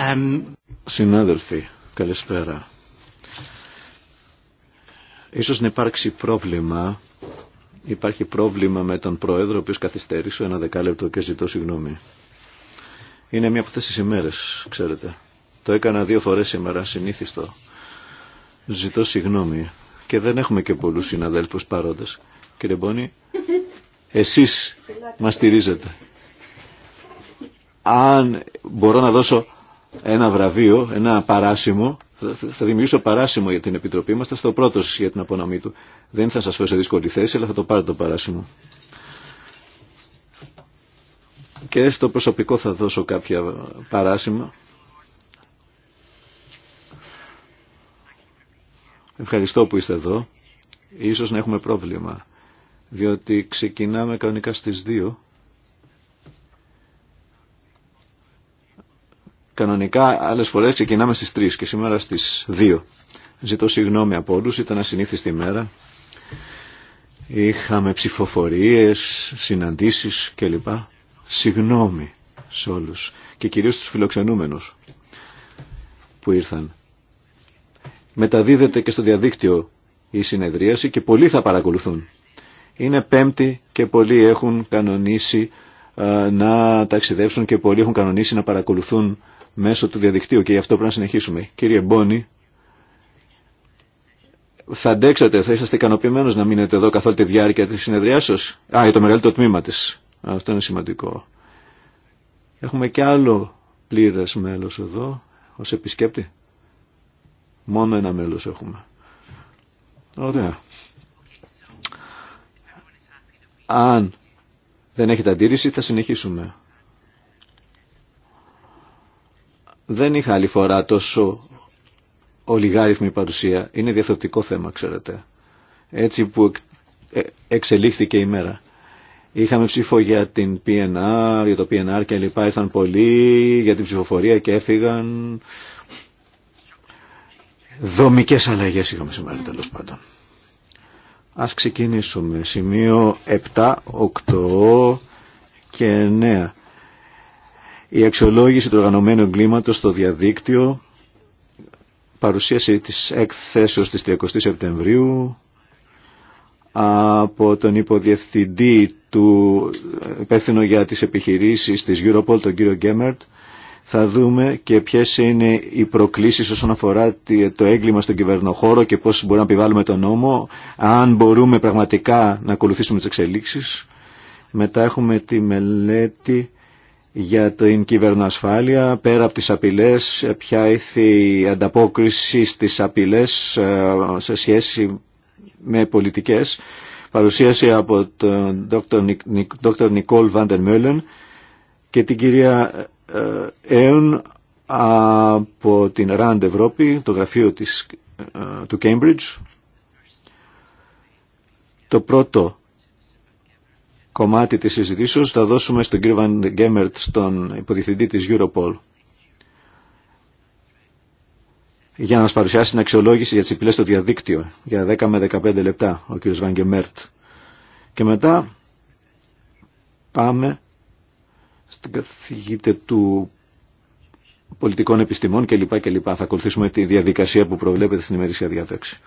Um, Συνάδελφοι, καλησπέρα. Ίσως να υπάρξει πρόβλημα, υπάρχει πρόβλημα με τον Πρόεδρο, ο οποίος καθυστέρησε ένα δεκάλεπτο και ζητώ συγγνώμη. Είναι μία από αυτές τις ημέρες, ξέρετε. Το έκανα δύο φορές σήμερα, συνήθιστο. Ζητώ συγγνώμη. Και δεν έχουμε και πολλούς συναδέλφους παρόντες. Κύριε Μπόνη, εσείς μας στηρίζετε αν μπορώ να δώσω ένα βραβείο, ένα παράσημο, θα δημιουργήσω παράσημο για την Επιτροπή μας, θα ο πρώτος για την απονομή του. Δεν θα σας φέρω σε δύσκολη θέση, αλλά θα το πάρω το παράσημο. Και στο προσωπικό θα δώσω κάποια παράσημα. Ευχαριστώ που είστε εδώ. Ίσως να έχουμε πρόβλημα, διότι ξεκινάμε κανονικά στις 2. Κανονικά άλλες φορές ξεκινάμε στις 3 και σήμερα στις 2. Ζητώ συγγνώμη από όλους, ήταν ασυνήθιστη ημέρα Είχαμε ψηφοφορίες, συναντήσεις κλπ. Συγγνώμη σε όλους και κυρίως στους φιλοξενούμενους που ήρθαν. Μεταδίδεται και στο διαδίκτυο η συνεδρίαση και πολλοί θα παρακολουθούν. Είναι πέμπτη και πολλοί έχουν κανονίσει ε, να ταξιδέψουν και πολλοί έχουν κανονίσει να παρακολουθούν μέσω του διαδικτύου και γι' αυτό πρέπει να συνεχίσουμε. Κύριε Μπόνη, θα αντέξατε, θα είσαστε ικανοποιημένο να μείνετε εδώ καθ' όλη τη διάρκεια τη σα. Α, για το μεγαλύτερο τμήμα τη. Αυτό είναι σημαντικό. Έχουμε και άλλο πλήρε μέλο εδώ, ω επισκέπτη. Μόνο ένα μέλο έχουμε. Ωραία. Αν δεν έχετε αντίρρηση, θα συνεχίσουμε. Δεν είχα άλλη φορά τόσο ολιγάριθμη παρουσία. Είναι διαθετικό θέμα, ξέρετε. Έτσι που ε, εξελίχθηκε η μέρα. Είχαμε ψήφο για την PNR, για το PNR και λοιπά, ήρθαν πολλοί για την ψηφοφορία και έφυγαν. Δομικές αλλαγές είχαμε σήμερα τέλος πάντων. Ας ξεκινήσουμε. Σημείο 7, 8 και 9. Η αξιολόγηση του οργανωμένου εγκλήματος στο διαδίκτυο, παρουσίαση της εκθέσεως της 30 Σεπτεμβρίου από τον υποδιευθυντή του υπεύθυνο για τις επιχειρήσεις της Europol, τον κύριο Γκέμερτ, θα δούμε και ποιες είναι οι προκλήσεις όσον αφορά το έγκλημα στον κυβερνοχώρο και πώς μπορούμε να επιβάλλουμε τον νόμο, αν μπορούμε πραγματικά να ακολουθήσουμε τις εξελίξεις. Μετά έχουμε τη μελέτη για την κυβερνοασφάλεια, πέρα από τις απειλές, ποια ήθη η ανταπόκριση στις απειλές ε, σε σχέση με πολιτικές. Παρουσίαση από τον Dr. Nicole Van και την κυρία Έων ε, από την RAND Ευρώπη, το γραφείο της, ε, του Cambridge. Το πρώτο κομμάτι της συζητήσεως θα δώσουμε στον κύριο Βαν Γκέμερτ, στον υποδιευθυντή της Europol, για να μας παρουσιάσει την αξιολόγηση για τις επιλές στο διαδίκτυο για 10 με 15 λεπτά, ο κύριος Βαν Γκέμερτ. Και μετά πάμε στην καθηγήτη του πολιτικών επιστημών κλπ. Θα ακολουθήσουμε τη διαδικασία που προβλέπεται στην ημερήσια διάταξη.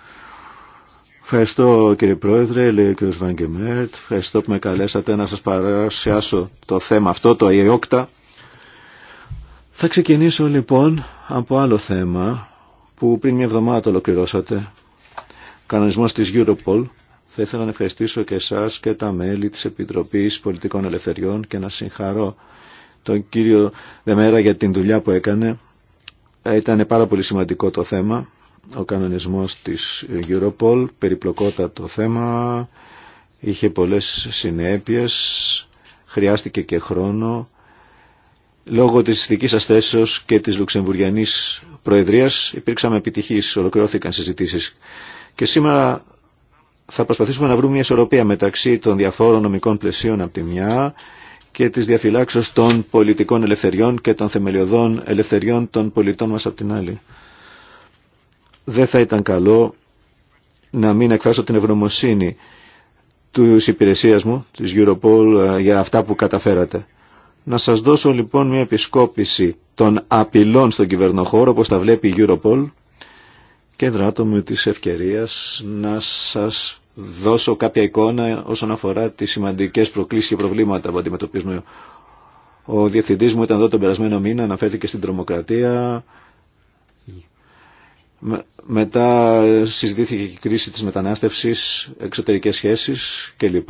Ευχαριστώ κύριε Πρόεδρε, λέει ο κ. Βαγκεμέρτ. Ευχαριστώ που με καλέσατε να σας παρουσιάσω το θέμα αυτό, το ΙΟΚΤΑ. Θα ξεκινήσω λοιπόν από άλλο θέμα που πριν μια εβδομάδα ολοκληρώσατε. Κανονισμός της Europol. Θα ήθελα να ευχαριστήσω και εσάς και τα μέλη της Επιτροπής Πολιτικών Ελευθεριών και να συγχαρώ τον κύριο Δεμέρα για την δουλειά που έκανε. Ήταν πάρα πολύ σημαντικό το θέμα ο κανονισμός της Europol, περιπλοκότατο θέμα, είχε πολλές συνέπειες, χρειάστηκε και χρόνο. Λόγω της δικής σας θέσεως και της Λουξεμβουριανής Προεδρίας υπήρξαμε επιτυχείς, ολοκληρώθηκαν συζητήσεις. Και σήμερα θα προσπαθήσουμε να βρούμε μια ισορροπία μεταξύ των διαφόρων νομικών πλαισίων από τη μια και της διαφυλάξεως των πολιτικών ελευθεριών και των θεμελιωδών ελευθεριών των πολιτών μας από την άλλη δεν θα ήταν καλό να μην εκφράσω την ευγνωμοσύνη του υπηρεσίας μου, της Europol, ε, για αυτά που καταφέρατε. Να σας δώσω λοιπόν μια επισκόπηση των απειλών στον κυβερνοχώρο, όπως τα βλέπει η Europol, και δράτω με της ευκαιρίας να σας δώσω κάποια εικόνα όσον αφορά τις σημαντικές προκλήσεις και προβλήματα που αντιμετωπίζουμε. Ο διευθυντής μου ήταν εδώ τον περασμένο μήνα, αναφέρθηκε στην τρομοκρατία, μετά συζητήθηκε η κρίση της μετανάστευσης, εξωτερικές σχέσεις κλπ.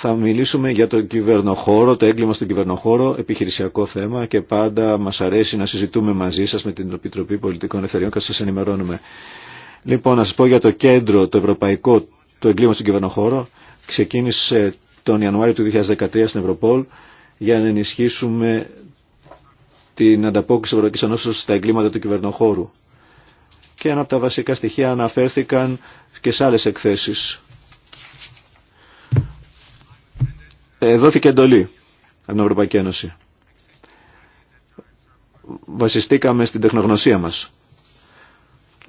Θα μιλήσουμε για το κυβερνοχώρο, το έγκλημα στον κυβερνοχώρο, επιχειρησιακό θέμα και πάντα μας αρέσει να συζητούμε μαζί σας με την Επιτροπή Πολιτικών Ελευθεριών και σας ενημερώνουμε. Λοιπόν, να σας πω για το κέντρο, το ευρωπαϊκό, το έγκλημα στον κυβερνοχώρο. Ξεκίνησε τον Ιανουάριο του 2013 στην Ευρωπόλ για να ενισχύσουμε την ανταπόκριση Ευρωπαϊκή Ένωση στα εγκλήματα του κυβερνοχώρου. Και ένα από τα βασικά στοιχεία αναφέρθηκαν και σε άλλες εκθέσεις. Ε, δόθηκε εντολή από την Ευρωπαϊκή Ένωση. Βασιστήκαμε στην τεχνογνωσία μας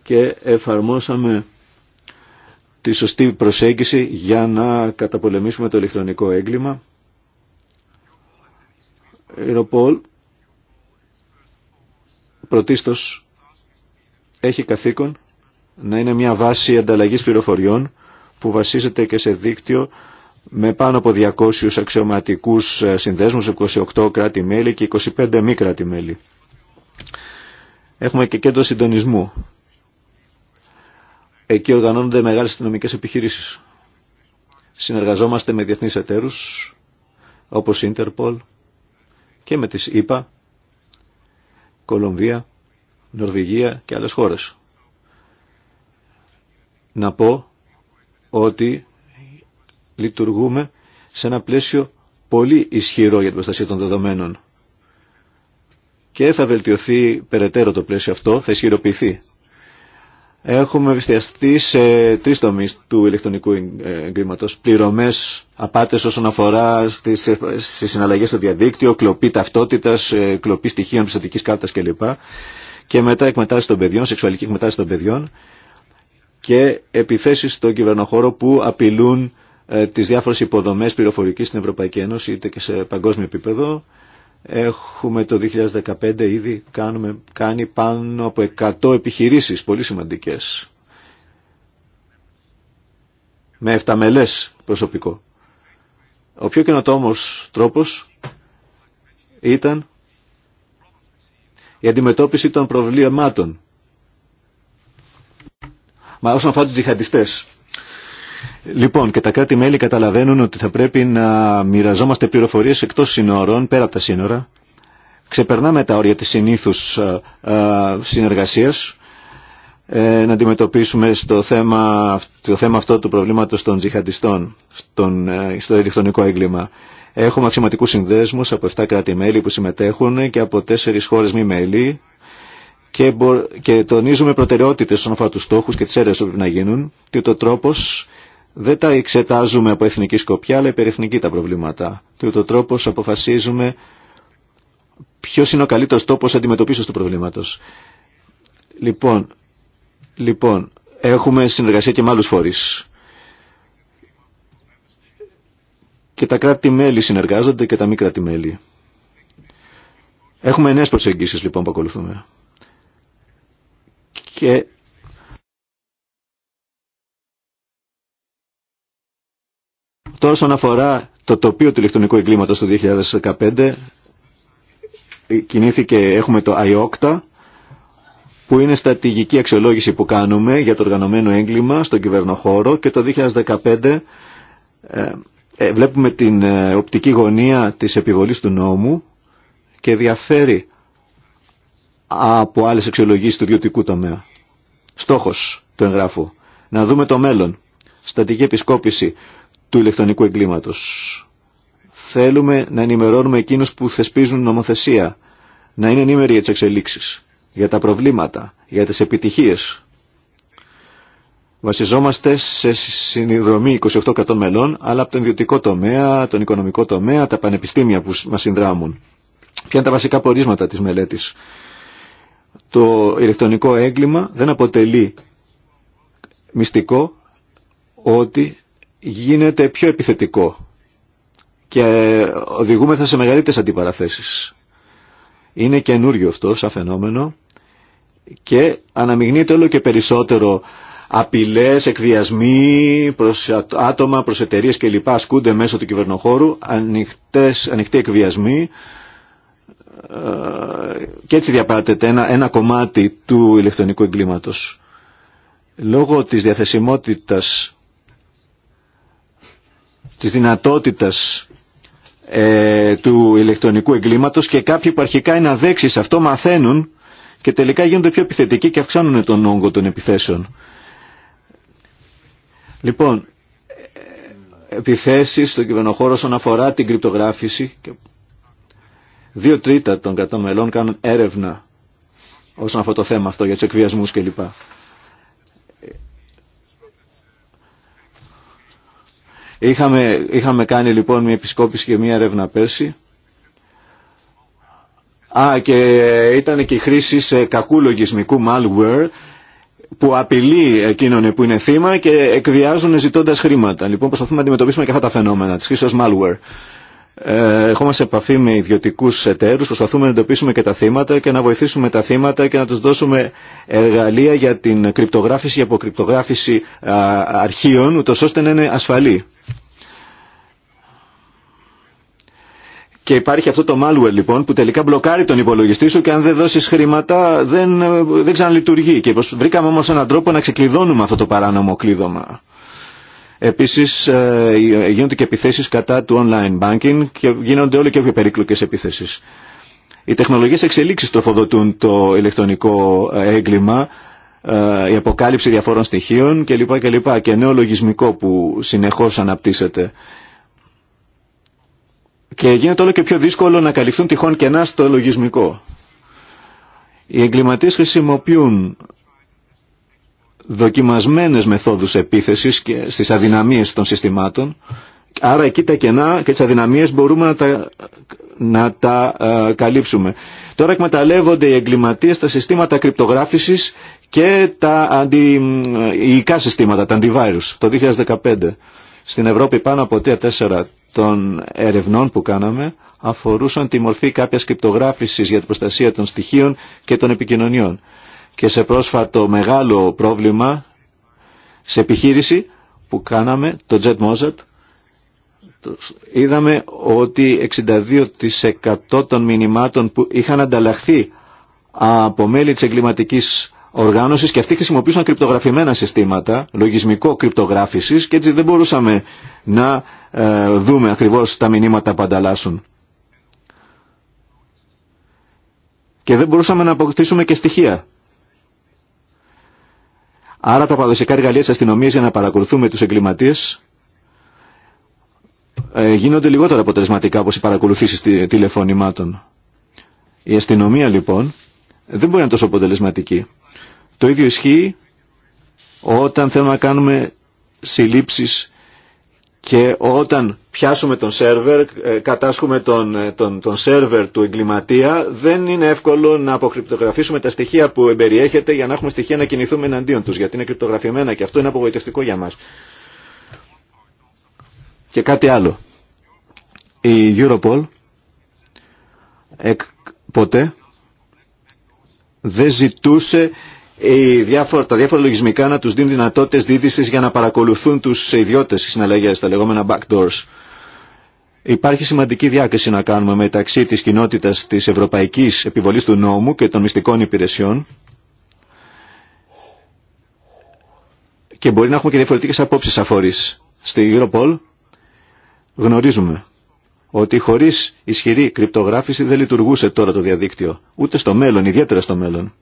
και εφαρμόσαμε τη σωστή προσέγγιση για να καταπολεμήσουμε το ηλεκτρονικό έγκλημα. Η πρωτίστως έχει καθήκον να είναι μια βάση ανταλλαγής πληροφοριών που βασίζεται και σε δίκτυο με πάνω από 200 αξιωματικούς ε, συνδέσμους, 28 κράτη-μέλη και 25 μη κράτη-μέλη. Έχουμε και κέντρο συντονισμού. Εκεί οργανώνονται μεγάλες αστυνομικέ επιχειρήσεις. Συνεργαζόμαστε με διεθνείς εταίρους, όπως Interpol και με τις ΙΠΑ Κολομβία, Νορβηγία και άλλες χώρες. Να πω ότι λειτουργούμε σε ένα πλαίσιο πολύ ισχυρό για την προστασία των δεδομένων και θα βελτιωθεί περαιτέρω το πλαίσιο αυτό, θα ισχυροποιηθεί έχουμε ευστιαστεί σε τρεις τομείς του ηλεκτρονικού ε, εγκλήματος. Πληρωμές, απάτες όσον αφορά στις, ε, στις συναλλαγές στο διαδίκτυο, κλοπή ταυτότητας, ε, κλοπή στοιχείων πιστοτικής κάρτας κλπ. Και μετά εκμετάλλευση των παιδιών, σεξουαλική εκμετάλλευση των παιδιών και επιθέσεις στον κυβερνοχώρο που απειλούν τις διάφορες υποδομές πληροφορικής στην Ευρωπαϊκή Ένωση είτε και σε παγκόσμιο επίπεδο. Έχουμε το 2015 ήδη κάνουμε, κάνει πάνω από 100 επιχειρήσεις πολύ σημαντικές. Με εφταμελές προσωπικό. Ο πιο καινοτόμος τρόπος ήταν η αντιμετώπιση των προβλημάτων. Μα όσον αφορά τους τζιχαντιστές, Λοιπόν, και τα κράτη-μέλη καταλαβαίνουν ότι θα πρέπει να μοιραζόμαστε πληροφορίες εκτός σύνορων, πέρα από τα σύνορα. Ξεπερνάμε τα όρια της συνήθους ε, ε, συνεργασίας ε, να αντιμετωπίσουμε στο θέμα, το θέμα αυτό του προβλήματος των τζιχαντιστών στον, στο ηλεκτρονικό έγκλημα. Έχουμε αξιωματικούς συνδέσμους από 7 κράτη-μέλη που συμμετέχουν και από 4 χώρες μη μέλη και, και τονίζουμε προτεραιότητες όσον αφορά τους στόχους και τις έρευνες που πρέπει να γίνουν και ο τρόπος δεν τα εξετάζουμε από εθνική σκοπιά, αλλά υπερεθνική τα προβλήματα. Και ούτω τρόπο αποφασίζουμε ποιο είναι ο καλύτερο τόπο αντιμετωπίσεω του προβλήματο. Λοιπόν, λοιπόν, έχουμε συνεργασία και με άλλου φορεί. Και τα κράτη-μέλη συνεργάζονται και τα μη κράτη-μέλη. Έχουμε νέε προσεγγίσεις λοιπόν που ακολουθούμε. Και Τώρα όσον αφορά το τοπίο του ηλεκτρονικού εγκλήματος το 2015 κινήθηκε, έχουμε το IOCTA που είναι στατηγική αξιολόγηση που κάνουμε για το οργανωμένο έγκλημα στον κυβερνοχώρο και το 2015 ε, ε, βλέπουμε την ε, οπτική γωνία της επιβολής του νόμου και διαφέρει από άλλες αξιολογήσεις του ιδιωτικού τομέα. Στόχος του εγγράφου. Να δούμε το μέλλον. Στατική επισκόπηση του ηλεκτρονικού εγκλήματος. Θέλουμε να ενημερώνουμε εκείνους που θεσπίζουν νομοθεσία, να είναι ενήμεροι για τις εξελίξεις, για τα προβλήματα, για τις επιτυχίες. Βασιζόμαστε σε συνδρομή 28 μελών, αλλά από τον ιδιωτικό τομέα, τον οικονομικό τομέα, τα πανεπιστήμια που μας συνδράμουν. Ποια είναι τα βασικά πορίσματα της μελέτης. Το ηλεκτρονικό έγκλημα δεν αποτελεί μυστικό ότι γίνεται πιο επιθετικό και οδηγούμεθα σε μεγαλύτερες αντιπαραθέσεις. Είναι καινούριο αυτό σαν φαινόμενο και αναμειγνύεται όλο και περισσότερο απειλές, εκβιασμοί προς άτομα, προς εταιρείες και ασκούνται μέσω του κυβερνοχώρου, ανοιχτές, ανοιχτοί εκβιασμοί ε, και έτσι διαπράτεται ένα, ένα κομμάτι του ηλεκτρονικού εγκλήματος. Λόγω της διαθεσιμότητας της δυνατότητας ε, του ηλεκτρονικού εγκλήματος και κάποιοι που αρχικά είναι αδέξεις αυτό μαθαίνουν και τελικά γίνονται πιο επιθετικοί και αυξάνουν τον όγκο των επιθέσεων. Λοιπόν, ε, επιθέσεις στον κυβερνοχώρο όσον αφορά την κρυπτογράφηση. και Δύο τρίτα των κρατών μελών κάνουν έρευνα όσον αφορά το θέμα αυτό για τους εκβιασμούς κλπ. Είχαμε, είχαμε κάνει λοιπόν μια επισκόπηση και μια έρευνα πέρσι. Α, και ήταν και η χρήση σε κακού λογισμικού malware που απειλεί εκείνον που είναι θύμα και εκβιάζουν ζητώντας χρήματα. Λοιπόν, προσπαθούμε να αντιμετωπίσουμε και αυτά τα φαινόμενα της χρήσης malware έχουμε σε επαφή με ιδιωτικούς εταίρους, προσπαθούμε να εντοπίσουμε και τα θύματα και να βοηθήσουμε τα θύματα και να τους δώσουμε εργαλεία για την κρυπτογράφηση και αποκρυπτογράφηση αρχείων, ούτως ώστε να είναι ασφαλή. Και υπάρχει αυτό το malware λοιπόν που τελικά μπλοκάρει τον υπολογιστή σου και αν δεν δώσεις χρήματα δεν, ε, δεν ξαναλειτουργεί. Και βρήκαμε όμως έναν τρόπο να ξεκλειδώνουμε αυτό το παράνομο κλείδωμα. Επίσης ε, γίνονται και επιθέσεις κατά του online banking και γίνονται όλο και πιο περίκλοκες επιθέσεις. Οι τεχνολογίες εξελίξεις τροφοδοτούν το ηλεκτρονικό ε, έγκλημα, ε, η αποκάλυψη διαφόρων στοιχείων κλπ. κλπ. και νέο λογισμικό που συνεχώς αναπτύσσεται. Και γίνεται όλο και πιο δύσκολο να καλυφθούν τυχόν κενά στο λογισμικό. Οι εγκληματίες χρησιμοποιούν δοκιμασμένες μεθόδους επίθεσης και στις αδυναμίες των συστημάτων. Άρα εκεί τα κενά και τις αδυναμίες μπορούμε να τα, να τα ε, καλύψουμε. Τώρα εκμεταλλεύονται οι εγκληματίες τα συστήματα κρυπτογράφησης και τα ε, υγικά συστήματα, τα αντιβάρους. Το 2015 στην Ευρώπη πάνω από 3-4 των ερευνών που κάναμε αφορούσαν τη μορφή κάποιας κρυπτογράφησης για την προστασία των στοιχείων και των επικοινωνιών και σε πρόσφατο μεγάλο πρόβλημα σε επιχείρηση που κάναμε, το Jet Mozart, είδαμε ότι 62% των μηνυμάτων που είχαν ανταλλαχθεί από μέλη της εγκληματικής οργάνωσης και αυτοί χρησιμοποιούσαν κρυπτογραφημένα συστήματα, λογισμικό κρυπτογράφησης και έτσι δεν μπορούσαμε να ε, δούμε ακριβώς τα μηνύματα που ανταλλάσσουν. Και δεν μπορούσαμε να αποκτήσουμε και στοιχεία Άρα τα παραδοσιακά εργαλεία της αστυνομίας για να παρακολουθούμε τους εγκληματίες ε, γίνονται λιγότερα αποτελεσματικά όπως οι παρακολουθήσεις τηλεφωνημάτων. Η αστυνομία λοιπόν δεν μπορεί να είναι τόσο αποτελεσματική. Το ίδιο ισχύει όταν θέλουμε να κάνουμε συλλήψεις και όταν πιάσουμε τον σερβερ, ε, κατάσχουμε τον, ε, τον, τον σερβερ του εγκληματία, δεν είναι εύκολο να αποκρυπτογραφήσουμε τα στοιχεία που εμπεριέχεται για να έχουμε στοιχεία να κινηθούμε εναντίον τους, γιατί είναι κρυπτογραφημένα και αυτό είναι απογοητευτικό για μας. Και κάτι άλλο. Η Europol εκ, ποτέ δεν ζητούσε ε, διάφορα, τα διάφορα λογισμικά να τους δίνουν δυνατότητες δίδυσης για να παρακολουθούν τους ιδιώτες στις συναλλαγές, τα λεγόμενα backdoors. Υπάρχει σημαντική διάκριση να κάνουμε μεταξύ της κοινότητας της ευρωπαϊκής επιβολής του νόμου και των μυστικών υπηρεσιών και μπορεί να έχουμε και διαφορετικές απόψεις αφορείς. Στη Europol γνωρίζουμε ότι χωρίς ισχυρή κρυπτογράφηση δεν λειτουργούσε τώρα το διαδίκτυο, ούτε στο μέλλον, ιδιαίτερα στο μέλλον.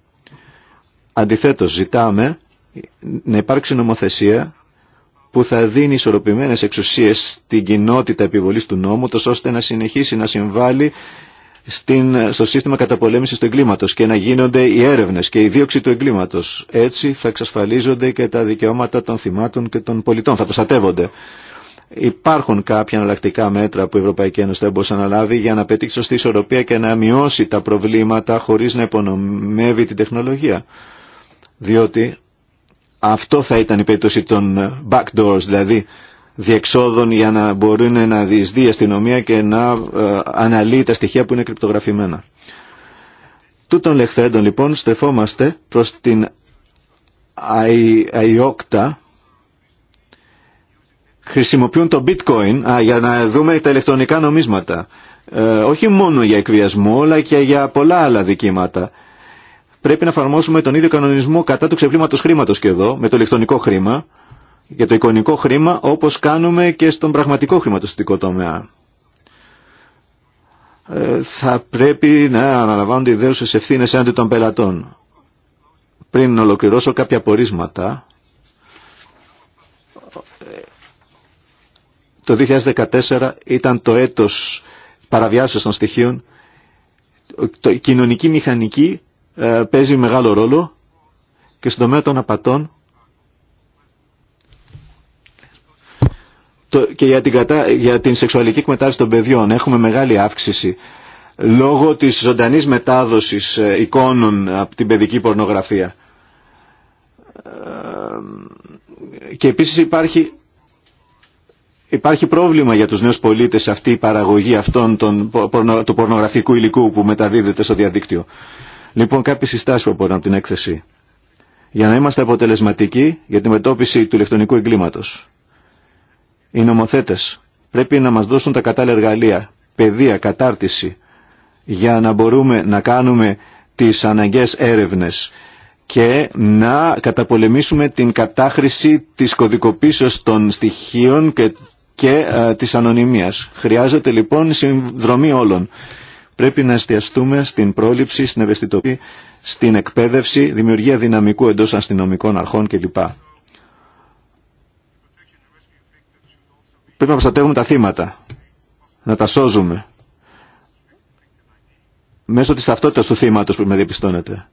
Αντιθέτως ζητάμε να υπάρξει νομοθεσία που θα δίνει ισορροπημένες εξουσίες στην κοινότητα επιβολής του νόμου, τόσο ώστε να συνεχίσει να συμβάλλει στην, στο σύστημα καταπολέμησης του εγκλήματος και να γίνονται οι έρευνες και η δίωξη του εγκλήματος. Έτσι θα εξασφαλίζονται και τα δικαιώματα των θυμάτων και των πολιτών, θα προστατεύονται. Υπάρχουν κάποια αναλλακτικά μέτρα που η Ευρωπαϊκή Ένωση δεν μπορούσε να λάβει για να πετύχει σωστή ισορροπία και να μειώσει τα προβλήματα χωρίς να υπονομεύει την τεχνολογία διότι αυτό θα ήταν η περίπτωση των backdoors, δηλαδή διεξόδων για να μπορούν να διεισδύει η αστυνομία και να ε, αναλύει τα στοιχεία που είναι κρυπτογραφημένα. Τούτων λεχθέντων λοιπόν στρεφόμαστε προς την ΑΙΟΚΤΑ χρησιμοποιούν το bitcoin για να δούμε τα ηλεκτρονικά νομίσματα. Ε, όχι μόνο για εκβιασμό αλλά και για πολλά άλλα δικήματα πρέπει να εφαρμόσουμε τον ίδιο κανονισμό κατά του ξεπλήματος χρήματο και εδώ, με το ηλεκτρονικό χρήμα, και το εικονικό χρήμα, όπως κάνουμε και στον πραγματικό χρηματοστατικό τομέα. Ε, θα πρέπει να αναλαμβάνονται ιδέουσες ευθύνε έναντι των πελατών. Πριν ολοκληρώσω κάποια πορίσματα, το 2014 ήταν το έτος παραβιάσεως των στοιχείων, η κοινωνική μηχανική ε, παίζει μεγάλο ρόλο και στον τομέα των απατών και για την, κατά, για την σεξουαλική εκμετάλλευση των παιδιών έχουμε μεγάλη αύξηση λόγω της ζωντανής μετάδοσης ε, εικόνων από την παιδική πορνογραφία. Ε, και επίσης υπάρχει, υπάρχει πρόβλημα για τους νέους πολίτες αυτή η παραγωγή αυτών των, του πορνογραφικού υλικού που μεταδίδεται στο διαδίκτυο. Λοιπόν, κάποιες συστάσεις που από την έκθεση. Για να είμαστε αποτελεσματικοί για τη μετώπιση του ηλεκτρονικού εγκλήματος. Οι νομοθέτες πρέπει να μας δώσουν τα κατάλληλα εργαλεία, παιδεία, κατάρτιση, για να μπορούμε να κάνουμε τις αναγκαίες έρευνες και να καταπολεμήσουμε την κατάχρηση της κωδικοποίησης των στοιχείων και, και α, ε, της Χρειάζεται λοιπόν συνδρομή όλων. Πρέπει να εστιαστούμε στην πρόληψη, στην ευαισθητοποίηση, στην εκπαίδευση, δημιουργία δυναμικού εντός αστυνομικών αρχών κλπ. Πρέπει να προστατεύουμε τα θύματα, να τα σώζουμε. Μέσω της ταυτότητας του θύματος που να διαπιστώνεται.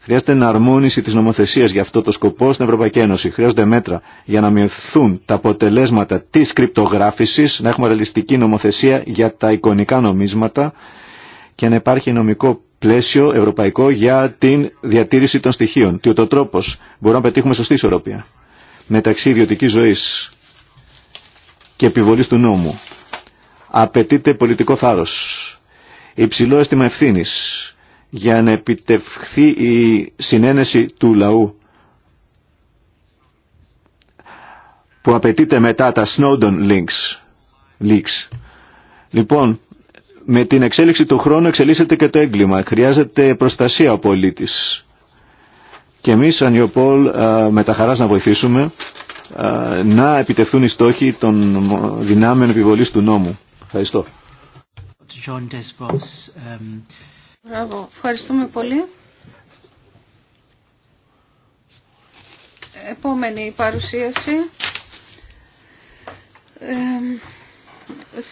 Χρειάζεται εναρμόνιση τη νομοθεσία για αυτό το σκοπό στην Ευρωπαϊκή Ένωση. Χρειάζονται μέτρα για να μειωθούν τα αποτελέσματα τη κρυπτογράφηση, να έχουμε ρεαλιστική νομοθεσία για τα εικονικά νομίσματα και να υπάρχει νομικό πλαίσιο ευρωπαϊκό για την διατήρηση των στοιχείων. Τι ο τρόπο μπορούμε να πετύχουμε σωστή ισορροπία μεταξύ ιδιωτική ζωή και επιβολή του νόμου. Απαιτείται πολιτικό θάρρο, υψηλό αίσθημα ευθύνη για να επιτευχθεί η συνένεση του λαού που απαιτείται μετά τα Snowden links. leaks. Λοιπόν, με την εξέλιξη του χρόνου εξελίσσεται και το έγκλημα. Χρειάζεται προστασία ο πολίτης. Και εμείς, σαν Ιωπόλ, με τα χαράς να βοηθήσουμε να επιτευχθούν οι στόχοι των δυνάμεων επιβολής του νόμου. Ευχαριστώ. Um, Μπράβο. Ευχαριστούμε πολύ. Επόμενη παρουσίαση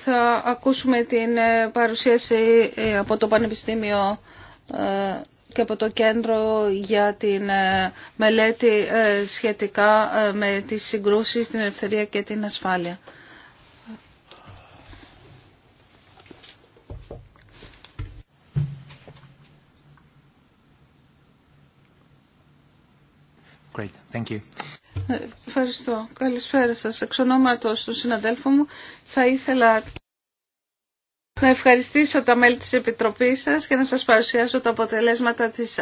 θα ακούσουμε την ε, παρουσίαση ε, από το Πανεπιστήμιο ε, και από το Κέντρο για την μελέτη σχετικά με τις συγκρούσεις, την ελευθερία και την ασφάλεια. Great. Thank you. Ευχαριστώ. Καλησπέρα σας. Εξ ονόματος του συναδέλφου μου θα ήθελα να ευχαριστήσω τα μέλη της Επιτροπής σας και να σας παρουσιάσω τα αποτελέσματα της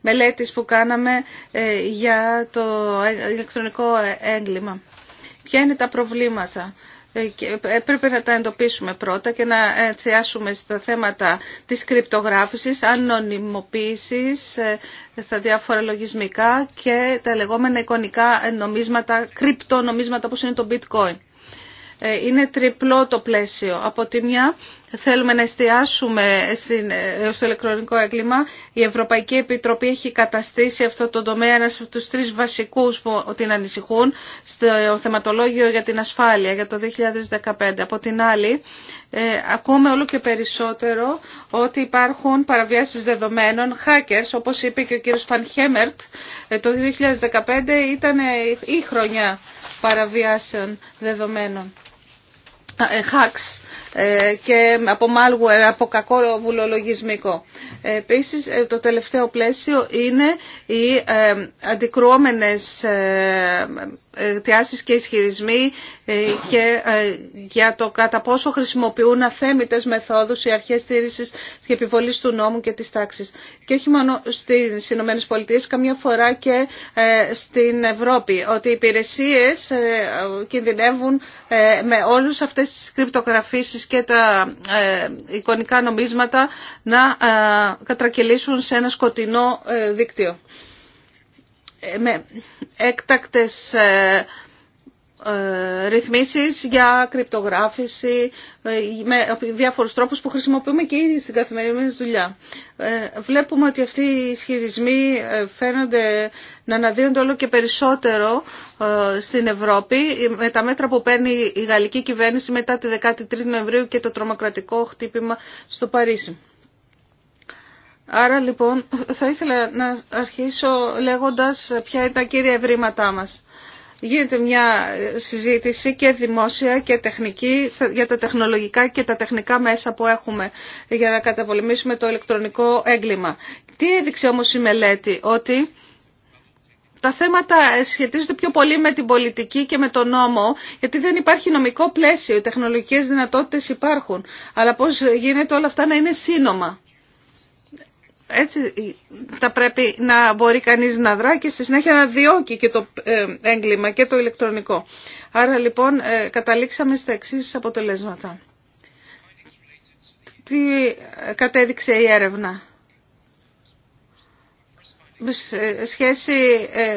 μελέτης που κάναμε ε, για το ε, ηλεκτρονικό έγκλημα. Ποια είναι τα προβλήματα. Ε, Πρέπει να τα εντοπίσουμε πρώτα και να τσιάσουμε στα θέματα της κρυπτογράφησης, ανωνυμοποίησης ε, στα διάφορα λογισμικά και τα λεγόμενα εικονικά νομίσματα, κρυπτονομίσματα όπως είναι το bitcoin. Ε, είναι τριπλό το πλαίσιο. Από τη μια θέλουμε να εστιάσουμε ε, στο ηλεκτρονικό έγκλημα. Η Ευρωπαϊκή Επιτροπή έχει καταστήσει αυτό το τομέα ένας από τους τρεις βασικούς που την ανησυχούν στο θεματολόγιο για την ασφάλεια για το 2015. Από την άλλη, ε, ακούμε όλο και περισσότερο ότι υπάρχουν παραβιάσεις δεδομένων, hackers, όπως είπε και ο κύριος Φανχέμερτ, το 2015 ήταν ε, η χρονιά παραβιάσεων δεδομένων. Ε, hacks ε, και από malware, από κακό βουλολογισμικό. Ε, επίσης, το τελευταίο πλαίσιο είναι οι αντικρουόμενες εκτιάσεις και ισχυρισμοί ε, και ε, για το κατά πόσο χρησιμοποιούν αθέμητες μεθόδους οι αρχές τήρησης και επιβολής του νόμου και της τάξης. Και όχι μόνο στις Ηνωμένες Πολιτείες, καμιά φορά και ε, στην Ευρώπη, ότι οι υπηρεσίες κινδυνεύουν με όλους αυτές τις κρυπτογραφήσεις και τα εικονικά νομίσματα να κατρακυλήσουν σε ένα σκοτεινό δίκτυο με έκτακτες ε, ε, ρυθμίσεις για κρυπτογράφηση ε, με διάφορους τρόπους που χρησιμοποιούμε και ήδη στην καθημερινή δουλειά. Βλέπουμε ότι αυτοί οι ισχυρισμοί φαίνονται να αναδύονται όλο και περισσότερο στην Ευρώπη με τα μέτρα που παίρνει η γαλλική κυβέρνηση μετά τη 13η Νοεμβρίου και το τρομοκρατικό χτύπημα στο Παρίσι. Άρα λοιπόν θα ήθελα να αρχίσω λέγοντας ποια είναι τα κύρια ευρήματά μας. Γίνεται μια συζήτηση και δημόσια και τεχνική για τα τεχνολογικά και τα τεχνικά μέσα που έχουμε για να καταπολεμήσουμε το ηλεκτρονικό έγκλημα. Τι έδειξε όμως η μελέτη, ότι τα θέματα σχετίζονται πιο πολύ με την πολιτική και με τον νόμο, γιατί δεν υπάρχει νομικό πλαίσιο, οι τεχνολογικές δυνατότητες υπάρχουν, αλλά πώς γίνεται όλα αυτά να είναι σύνομα. Έτσι θα πρέπει να μπορεί κανείς να δρά και στη συνέχεια να διώκει και το ε, έγκλημα και το ηλεκτρονικό. Άρα λοιπόν ε, καταλήξαμε στα εξή αποτελέσματα. Τι κατέδειξε η έρευνα σχέση ε,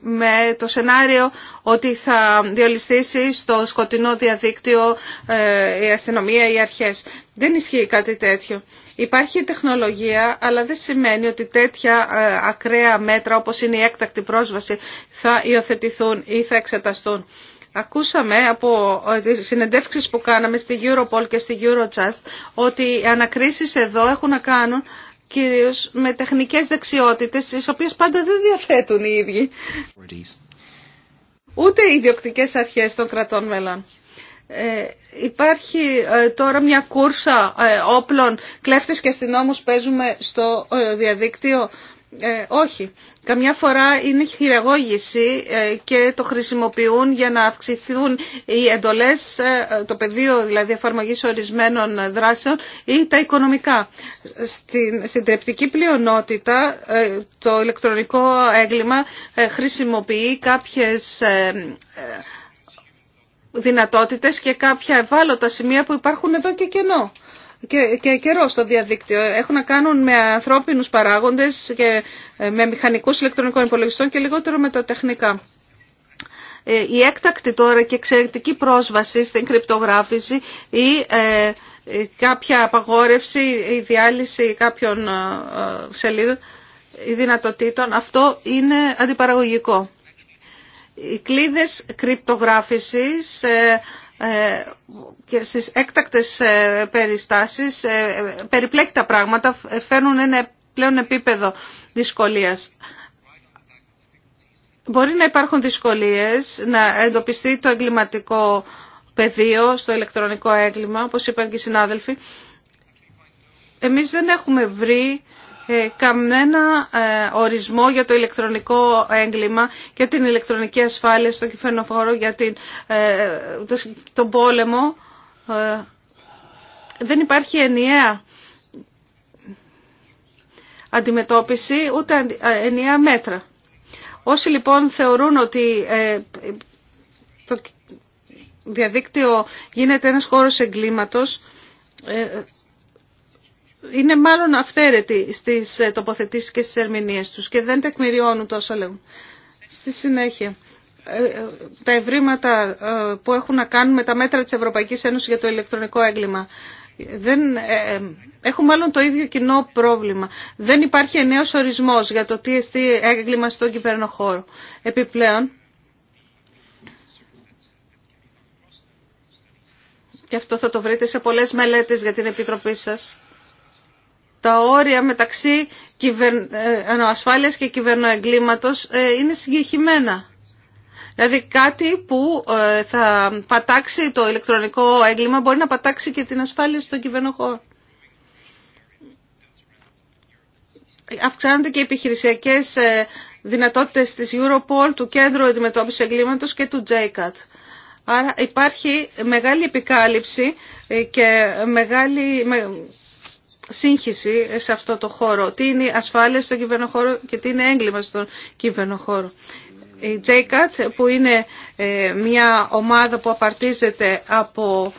με το σενάριο ότι θα διολυστήσει στο σκοτεινό διαδίκτυο ε, η αστυνομία ή οι αρχές. Δεν ισχύει κάτι τέτοιο. Υπάρχει τεχνολογία, αλλά δεν σημαίνει ότι τέτοια ε, ακραία μέτρα όπως είναι η έκτακτη πρόσβαση θα υιοθετηθούν ή θα εξεταστούν. Ακούσαμε από τις συνεντεύξεις που κάναμε στη Europol και στη Eurojust ότι οι ανακρίσεις εδώ έχουν να κάνουν κυρίως με τεχνικές δεξιότητες, τις οποίες πάντα δεν διαθέτουν οι ίδιοι. Ούτε οι ιδιοκτικές αρχές των κρατών μελών. Ε, υπάρχει ε, τώρα μια κούρσα ε, όπλων κλέφτες και αστυνόμους παίζουμε στο ε, διαδίκτυο ε, όχι. Καμιά φορά είναι χειραγώγηση ε, και το χρησιμοποιούν για να αυξηθούν οι εντολές, ε, το πεδίο δηλαδή εφαρμογής ορισμένων δράσεων ή τα οικονομικά. Στην συντριπτική πλειονότητα το ηλεκτρονικό έγκλημα χρησιμοποιεί κάποιες δυνατότητες και κάποια ευάλωτα σημεία που υπάρχουν εδώ και κενό και, και καιρό στο διαδίκτυο. Έχουν να κάνουν με ανθρώπινους παράγοντες και ε, με μηχανικούς ηλεκτρονικών υπολογιστών και λιγότερο με τα τεχνικά. Ε, η έκτακτη τώρα και εξαιρετική πρόσβαση στην κρυπτογράφηση ή ε, κάποια απαγόρευση ή διάλυση κάποιων σελίδων ή δυνατοτήτων, αυτό είναι αντιπαραγωγικό. Οι κλίδες κρυπτογράφησης ε, και στις έκτακτες ε, περιστάσεις ε, περιπλέκει τα πράγματα, φέρνουν ένα πλέον επίπεδο δυσκολίας. Μπορεί να υπάρχουν δυσκολίες να εντοπιστεί το εγκληματικό πεδίο στο ηλεκτρονικό έγκλημα, όπως είπαν και οι συνάδελφοι. Εμείς δεν έχουμε βρει ε, καμένα ε, ορισμό για το ηλεκτρονικό έγκλημα και την ηλεκτρονική ασφάλεια στο κυφαινοφόρο για την, ε, τον πόλεμο. Δεν υπάρχει ενιαία αντιμετώπιση ούτε ενιαία μέτρα. Όσοι λοιπόν θεωρούν ότι το διαδίκτυο γίνεται ένας χώρος εγκλήματος είναι μάλλον αυθαίρετοι στις ε, τοποθετήσεις και στις ερμηνείες τους και δεν τεκμηριώνουν τόσο λέγουν. Στη συνέχεια, ε, ε, τα ευρήματα που έχουν να κάνουν με τα μέτρα της Ευρωπαϊκής Ένωσης για το ηλεκτρονικό έγκλημα. Δεν, μάλλον το ίδιο κοινό πρόβλημα. Δεν υπάρχει νέος ορισμός για το τι εστί έγκλημα στον χώρο. Επιπλέον, και αυτό θα το βρείτε σε πολλές μελέτες για την Επιτροπή σας, τα όρια μεταξύ κυβερ... Ε, ασφάλειας και κυβερνοεγκλήματος ε, είναι συγκεχημένα. Δηλαδή κάτι που ε, θα πατάξει το ηλεκτρονικό έγκλημα μπορεί να πατάξει και την ασφάλεια στον κυβερνοχώρο. Αυξάνονται και οι επιχειρησιακές δυνατότητες της Europol, του Κέντρου Αντιμετώπισης Εγκλήματος και του JCAT. Άρα υπάρχει μεγάλη επικάλυψη και μεγάλη σύγχυση σε αυτό το χώρο. Τι είναι ασφάλεια στον κυβερνοχώρο και τι είναι έγκλημα στον κυβερνοχώρο. Η JCAT που είναι ε, μια ομάδα που απαρτίζεται από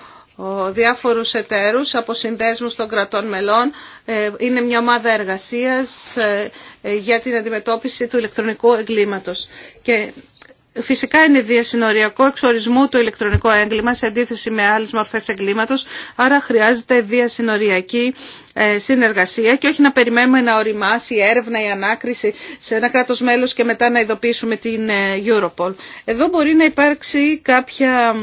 διάφορους εταίρους, από συνδέσμους των κρατών μελών. Ε, είναι μια ομάδα εργασίας ε, για την αντιμετώπιση του ηλεκτρονικού εγκλήματος. Και Φυσικά είναι διασυνοριακό εξορισμού το ηλεκτρονικό έγκλημα σε αντίθεση με άλλες μορφές εγκλήματος, άρα χρειάζεται διασυνοριακή ε, συνεργασία και όχι να περιμένουμε να οριμάσει η έρευνα, η ανάκριση σε ένα κράτος μέλος και μετά να ειδοποιήσουμε την ε, Europol. Εδώ μπορεί να υπάρξει κάποια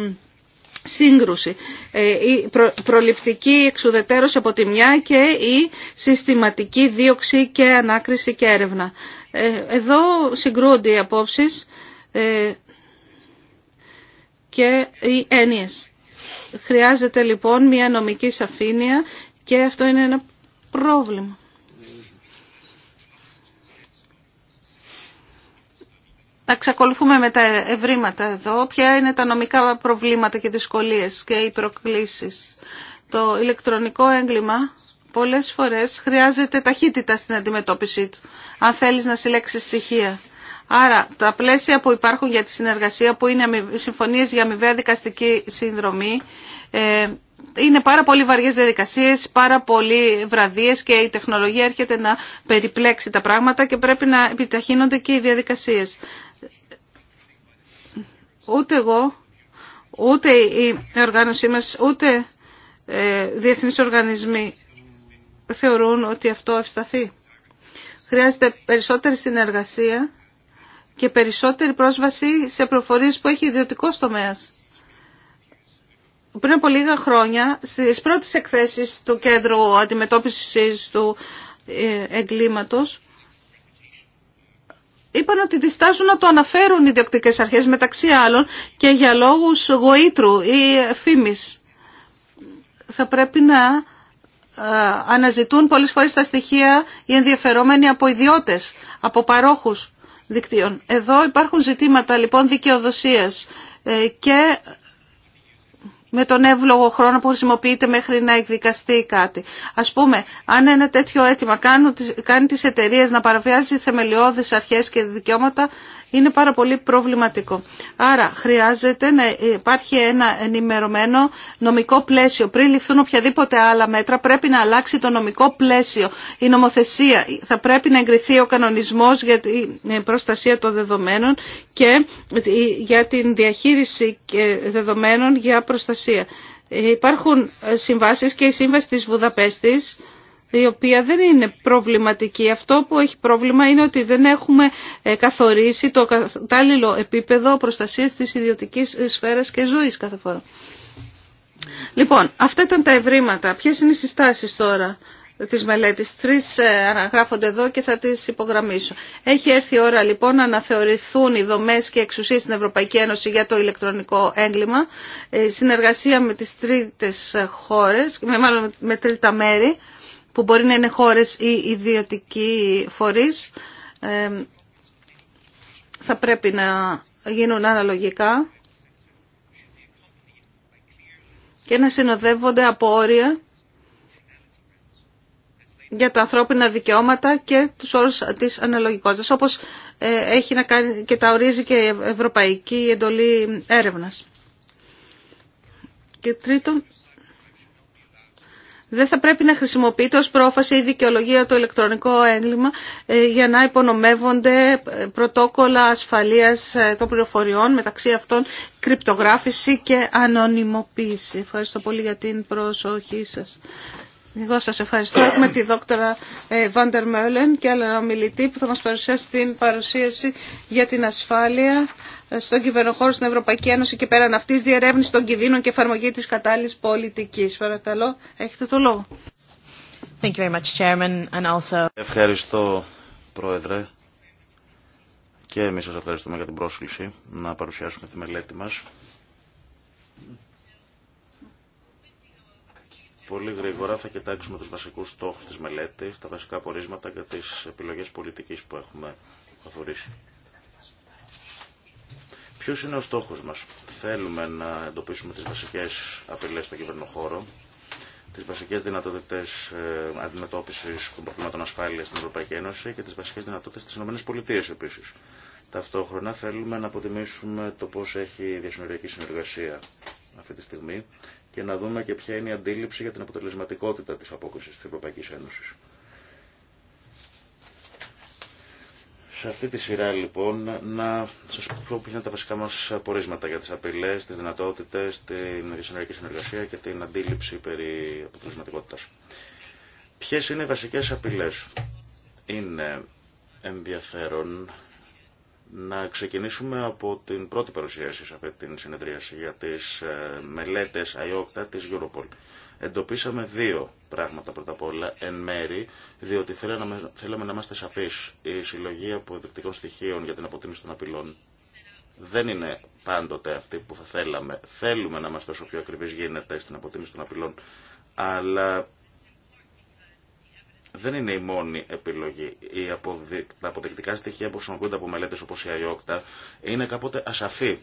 σύγκρουση. Ε, η προληπτική εξουδετέρωση από τη μια και η συστηματική δίωξη και ανάκριση και έρευνα. Εδώ συγκρούνται οι απόψεις ε, και οι έννοιες. Χρειάζεται λοιπόν μια νομική σαφήνεια και αυτό είναι ένα πρόβλημα. Να ξεκολουθούμε με τα ευρήματα εδώ. Ποια είναι τα νομικά προβλήματα και δυσκολίες και οι προκλήσεις. Το ηλεκτρονικό έγκλημα πολλές φορές χρειάζεται ταχύτητα στην αντιμετώπιση του, αν θέλεις να συλλέξεις στοιχεία. Άρα τα πλαίσια που υπάρχουν για τη συνεργασία που είναι συμφωνίες για αμοιβαία δικαστική συνδρομή ε, είναι πάρα πολύ βαριές διαδικασίες, πάρα πολύ βραδίες και η τεχνολογία έρχεται να περιπλέξει τα πράγματα και πρέπει να επιταχύνονται και οι διαδικασίες. Ούτε εγώ, ούτε η οργάνωσή μας, ούτε ε, διεθνείς οργανισμοί θεωρούν ότι αυτό ευσταθεί. Χρειάζεται περισσότερη συνεργασία και περισσότερη πρόσβαση σε προφορίες που έχει ιδιωτικό τομέα. Πριν από λίγα χρόνια, στις πρώτες εκθέσεις του Κέντρου Αντιμετώπισης του ε, Εγκλήματος, είπαν ότι διστάζουν να το αναφέρουν οι διοκτικές αρχές, μεταξύ άλλων, και για λόγους γοήτρου ή φήμης. Θα πρέπει να ε, αναζητούν πολλές φορές τα στοιχεία οι ενδιαφερόμενοι από ιδιώτες, από παρόχους εδώ υπάρχουν ζητήματα λοιπόν δικαιοδοσίας ε, και με τον εύλογο χρόνο που χρησιμοποιείται μέχρι να εκδικαστεί κάτι. Ας πούμε, αν ένα τέτοιο αίτημα κάνει τις εταιρείες να παραβιάζει θεμελιώδεις αρχές και δικαιώματα, είναι πάρα πολύ προβληματικό. Άρα χρειάζεται να υπάρχει ένα ενημερωμένο νομικό πλαίσιο. Πριν ληφθούν οποιαδήποτε άλλα μέτρα πρέπει να αλλάξει το νομικό πλαίσιο. Η νομοθεσία θα πρέπει να εγκριθεί ο κανονισμός για την προστασία των δεδομένων και για την διαχείριση δεδομένων για προστασία. Υπάρχουν συμβάσεις και η σύμβαση της Βουδαπέστης η οποία δεν είναι προβληματική. Αυτό που έχει πρόβλημα είναι ότι δεν έχουμε ε, καθορίσει το κατάλληλο επίπεδο προστασίας της ιδιωτικής σφαίρας και ζωής κάθε φορά. Λοιπόν, αυτά ήταν τα ευρήματα. Ποιες είναι οι συστάσεις τώρα της μελέτης. Τρεις ε, αναγράφονται εδώ και θα τις υπογραμμίσω. Έχει έρθει η ώρα λοιπόν να αναθεωρηθούν οι δομές και εξουσίες στην Ευρωπαϊκή Ένωση για το ηλεκτρονικό έγκλημα, ε, συνεργασία με τις τρίτες χώρες, με, μάλλον με τρίτα μέρη, που μπορεί να είναι χώρες ή ιδιωτικοί φορείς, ε, θα πρέπει να γίνουν αναλογικά και να συνοδεύονται από όρια για τα ανθρώπινα δικαιώματα και τους όρους της αναλογικότητας, όπως ε, έχει να κάνει και τα ορίζει και η Ευρωπαϊκή Εντολή Έρευνας. Και τρίτον, δεν θα πρέπει να χρησιμοποιείται ως πρόφαση η δικαιολογία το ηλεκτρονικό έγκλημα ε, για να υπονομεύονται ε, πρωτόκολλα ασφαλείας ε, των πληροφοριών μεταξύ αυτών κρυπτογράφηση και ανωνυμοποίηση. Ευχαριστώ πολύ για την προσοχή σας. Εγώ σας ευχαριστώ. Έχουμε τη δόκτωρα ε, Βάντερ Μέρλεν και άλλα ομιλητή που θα μας παρουσιάσει την παρουσίαση για την ασφάλεια ε, στον κυβερνοχώρο στην Ευρωπαϊκή Ένωση και πέραν αυτής διερεύνηση των κινδύνων και εφαρμογή της κατάλληλης πολιτικής. Παρακαλώ, έχετε το λόγο. Thank you very much, and also... Ευχαριστώ, Πρόεδρε. Και εμείς σας ευχαριστούμε για την πρόσκληση να παρουσιάσουμε τη μελέτη μας Πολύ γρήγορα θα κοιτάξουμε τους βασικούς στόχους της μελέτης, τα βασικά πορίσματα και τις επιλογές πολιτικής που έχουμε αφορήσει. Ποιος είναι ο στόχος μας. Θέλουμε να εντοπίσουμε τις βασικές απειλές στον κυβερνοχώρο, τις βασικές δυνατότητες ε, αντιμετώπισης των προβλήματων ασφάλειας στην Ευρωπαϊκή Ένωση και τις βασικές δυνατότητες της ΗΠΑ επίσης. Ταυτόχρονα θέλουμε να αποτιμήσουμε το πώς έχει η διασυνοριακή συνεργασία αυτή τη στιγμή και να δούμε και ποια είναι η αντίληψη για την αποτελεσματικότητα της απόκρισης της Ευρωπαϊκής Ένωσης. Σε αυτή τη σειρά λοιπόν να σας πω ποια είναι τα βασικά μας απορίσματα για τις απειλές, τις δυνατότητες, την συνεργική συνεργασία και την αντίληψη περί αποτελεσματικότητας. Ποιες είναι οι βασικές απειλές. Είναι ενδιαφέρον να ξεκινήσουμε από την πρώτη παρουσίαση σε αυτή την συνεδρίαση για τις ε, μελέτες ΑΙΟΚΤΑ της Europol. Εντοπίσαμε δύο πράγματα πρώτα απ' όλα εν μέρη, διότι θέλαμε, θέλαμε να είμαστε σαφείς. Η συλλογή αποδεικτικών στοιχείων για την αποτίμηση των απειλών δεν είναι πάντοτε αυτή που θα θέλαμε. Θέλουμε να είμαστε όσο πιο ακριβείς γίνεται στην αποτίμηση των απειλών, αλλά δεν είναι η μόνη επιλογή. Οι Τα αποδεικτικά στοιχεία που χρησιμοποιούνται από μελέτες όπως η ΑΙΟΚΤΑ είναι κάποτε ασαφή.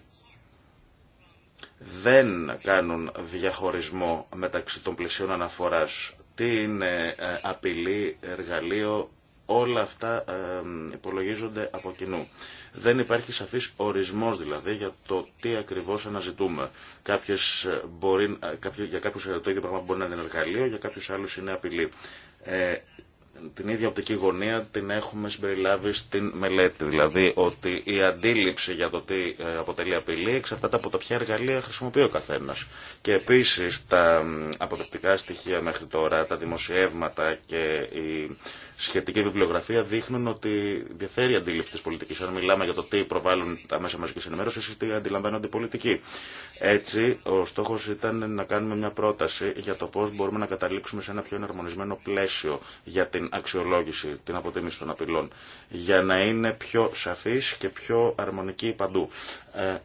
Δεν κάνουν διαχωρισμό μεταξύ των πλαισίων αναφοράς. Τι είναι ε, απειλή, εργαλείο, όλα αυτά ε, υπολογίζονται από κοινού. Δεν υπάρχει σαφής ορισμός δηλαδή για το τι ακριβώς αναζητούμε. Κάποιες ε, μπορεί, για κάποιους το ίδιο πράγμα μπορεί να είναι εργαλείο, για κάποιους άλλους είναι απειλή. Ε, την ίδια οπτική γωνία την έχουμε συμπεριλάβει στην μελέτη. Δηλαδή ότι η αντίληψη για το τι ε, αποτελεί απειλή εξαρτάται από τα ποια εργαλεία χρησιμοποιεί ο καθένα. Και επίση τα αποδεκτικά στοιχεία μέχρι τώρα, τα δημοσιεύματα και οι σχετική βιβλιογραφία δείχνουν ότι διαφέρει η αντίληψη τη πολιτική. Αν μιλάμε για το τι προβάλλουν τα μέσα μαζική ενημέρωση ή τι αντιλαμβάνονται οι πολιτικοί. Έτσι, ο στόχο ήταν να κάνουμε μια πρόταση για το πώ μπορούμε να καταλήξουμε σε ένα πιο εναρμονισμένο πλαίσιο για την αξιολόγηση, την αποτίμηση των απειλών. Για να είναι πιο σαφή και πιο αρμονική παντού. Ε,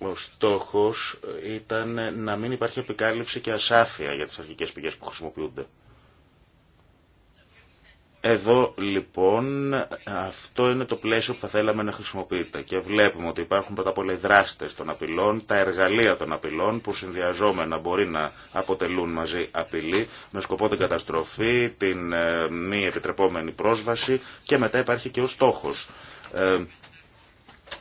ο στόχος ήταν να μην υπάρχει επικάλυψη και ασάφεια για τις αρχικές πηγές που χρησιμοποιούνται. Εδώ λοιπόν αυτό είναι το πλαίσιο που θα θέλαμε να χρησιμοποιείτε και βλέπουμε ότι υπάρχουν πρώτα απ' όλα δράστες των απειλών, τα εργαλεία των απειλών που συνδυαζόμενα μπορεί να αποτελούν μαζί απειλή με σκοπό την καταστροφή, την ε, μη επιτρεπόμενη πρόσβαση και μετά υπάρχει και ο στόχος ε,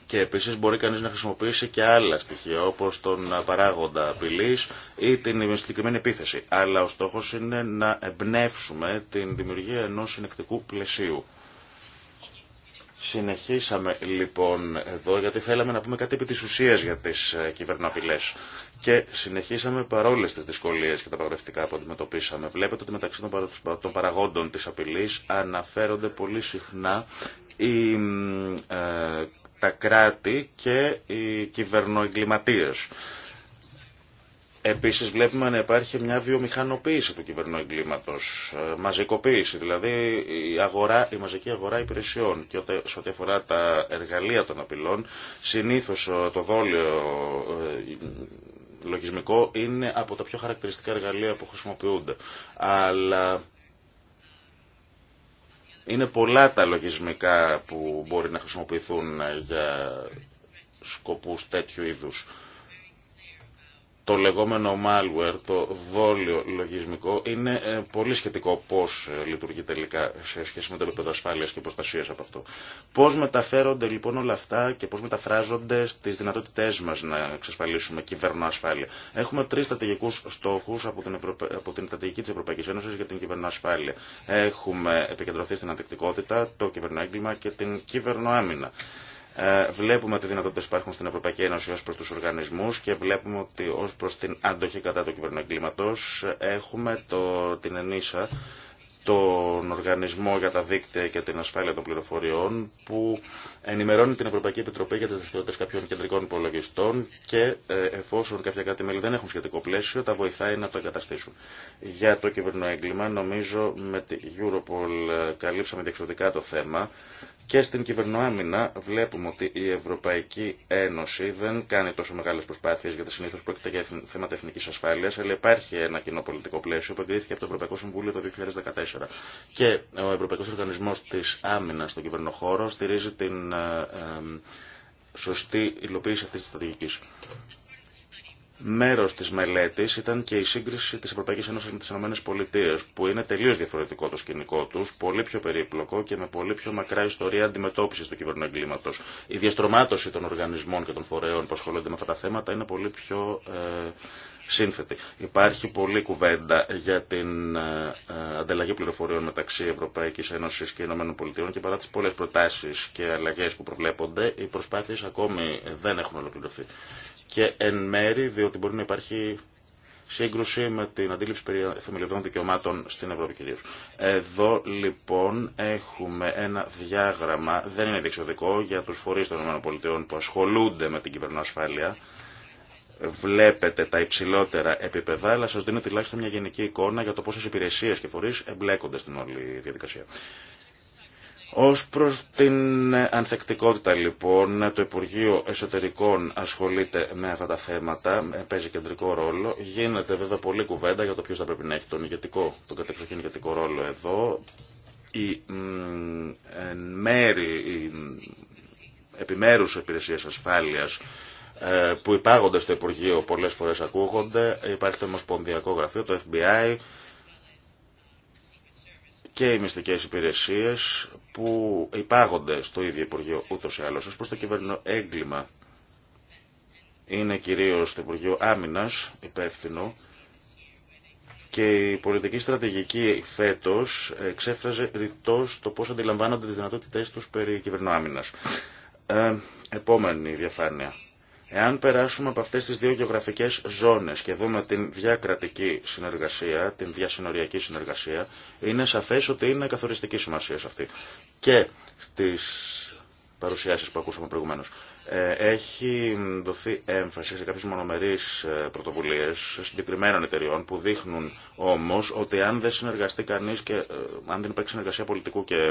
και επίσης μπορεί κανείς να χρησιμοποιήσει και άλλα στοιχεία όπως τον παράγοντα απειλή ή την συγκεκριμένη επίθεση. Αλλά ο στόχος είναι να εμπνεύσουμε την δημιουργία ενός συνεκτικού πλαισίου. Συνεχίσαμε λοιπόν εδώ γιατί θέλαμε να πούμε κάτι επί της ουσίας για τις ε, κυβερνοαπειλές και συνεχίσαμε παρόλες τις δυσκολίες και τα παγρευτικά που αντιμετωπίσαμε. Βλέπετε ότι μεταξύ των παραγόντων της απειλής αναφέρονται πολύ συχνά οι ε, τα κράτη και οι κυβερνοεγκληματίες. Επίσης βλέπουμε να υπάρχει μια βιομηχανοποίηση του κυβερνοεγκλήματος, ε, μαζικοποίηση, δηλαδή η, αγορά, η μαζική αγορά υπηρεσιών και σε ό,τι αφορά τα εργαλεία των απειλών, συνήθως ε, το δόλιο ε, λογισμικό είναι από τα πιο χαρακτηριστικά εργαλεία που χρησιμοποιούνται. Αλλά είναι πολλά τα λογισμικά που μπορεί να χρησιμοποιηθούν για σκοπούς τέτοιου είδους το λεγόμενο malware, το δόλιο λογισμικό, είναι ε, πολύ σχετικό πώς ε, λειτουργεί τελικά σε σχέση με το επίπεδο ασφάλειας και προστασίας από αυτό. Πώς μεταφέρονται λοιπόν όλα αυτά και πώς μεταφράζονται στις δυνατότητές μας να εξασφαλίσουμε κυβερνοασφάλεια. Έχουμε τρεις στρατηγικούς στόχους από την, Ευρωπα... από την στρατηγική της Ευρωπαϊκής Ένωσης για την ασφάλεια. Έχουμε επικεντρωθεί στην αντικτικότητα, το κυβερνοέγκλημα και την κυβερνοάμυνα. Ε, βλέπουμε τι δυνατότητε υπάρχουν στην Ευρωπαϊκή Ένωση ω προ του οργανισμού και βλέπουμε ότι ω προ την αντοχή κατά του εγκλήματο έχουμε το, την ΕΝΙΣΑ, τον Οργανισμό για τα Δίκτυα και την Ασφάλεια των Πληροφοριών, που ενημερώνει την Ευρωπαϊκή Επιτροπή για τι δραστηριότητε κάποιων κεντρικών υπολογιστών και ε, εφόσον κάποια κάτι μέλη δεν έχουν σχετικό πλαίσιο, τα βοηθάει να το εγκαταστήσουν. Για το έγκλημα νομίζω με την Europol ε, καλύψαμε διεξοδικά το θέμα. Και στην κυβερνοάμυνα βλέπουμε ότι η Ευρωπαϊκή Ένωση δεν κάνει τόσο μεγάλε προσπάθειε, γιατί συνήθω πρόκειται για θέματα εθνική ασφάλεια, αλλά υπάρχει ένα κοινό πολιτικό πλαίσιο που εγκρίθηκε από το Ευρωπαϊκό Συμβούλιο το 2014. Και ο Ευρωπαϊκό Οργανισμό τη Άμυνα στον κυβερνοχώρο στηρίζει την ε, ε, σωστή υλοποίηση αυτή τη στρατηγική. Μέρος της μελέτης ήταν και η σύγκριση της Ευρωπαϊκής Ένωσης με τις ΗΠΑ, που είναι τελείως διαφορετικό το σκηνικό τους, πολύ πιο περίπλοκο και με πολύ πιο μακρά ιστορία αντιμετώπισης του εγκλήματο. Η διαστρωμάτωση των οργανισμών και των φορέων που ασχολούνται με αυτά τα θέματα είναι πολύ πιο ε, σύνθετη. Υπάρχει πολλή κουβέντα για την ε, ε, ανταλλαγή πληροφοριών μεταξύ Ευρωπαϊκής Ένωσης και ΗΠΑ και παρά τις πολλές προτάσεις και αλλαγές που προβλέπονται, οι προσπάθειες ακόμη δεν έχουν ολοκληρωθεί και εν μέρη διότι μπορεί να υπάρχει σύγκρουση με την αντίληψη περί θεμελιωδών δικαιωμάτων στην Ευρώπη κυρίως. Εδώ λοιπόν έχουμε ένα διάγραμμα, δεν είναι διεξοδικό, για τους φορείς των ΗΠΑ που ασχολούνται με την κυβερνοασφάλεια. Βλέπετε τα υψηλότερα επίπεδα, αλλά σας δίνω τουλάχιστον μια γενική εικόνα για το πόσες υπηρεσίες και φορείς εμπλέκονται στην όλη διαδικασία. Ως προς την ανθεκτικότητα λοιπόν, το Υπουργείο Εσωτερικών ασχολείται με αυτά τα θέματα, παίζει κεντρικό ρόλο. Γίνεται βέβαια πολλή κουβέντα για το ποιος θα πρέπει να έχει τον ηγετικό, τον κατεξοχήν ηγετικό ρόλο εδώ. Η οι επιμέρους υπηρεσίες ασφάλειας ε, που υπάγονται στο Υπουργείο πολλές φορές ακούγονται. Υπάρχει το Ομοσπονδιακό Γραφείο, το FBI, και οι μυστικές υπηρεσίες που υπάγονται στο ίδιο Υπουργείο ούτως ή άλλως. Ως προς το κυβερνό έγκλημα είναι κυρίως το Υπουργείο Άμυνας υπεύθυνο και η πολιτική στρατηγική φέτος εξέφραζε ρητός το πώς αντιλαμβάνονται τις δυνατότητές τους περί Άμυνα. Ε, επόμενη διαφάνεια. Εάν περάσουμε από αυτές τις δύο γεωγραφικές ζώνες και δούμε την διακρατική συνεργασία, την διασυνοριακή συνεργασία, είναι σαφές ότι είναι καθοριστική σημασία σε αυτή. Και στις παρουσιάσεις που ακούσαμε προηγουμένως. Ε, έχει δοθεί έμφαση σε κάποιες μονομερείς ε, πρωτοβουλίες συγκεκριμένων εταιριών που δείχνουν όμως ότι αν δεν συνεργαστεί κανείς και ε, αν δεν υπάρξει συνεργασία πολιτικού και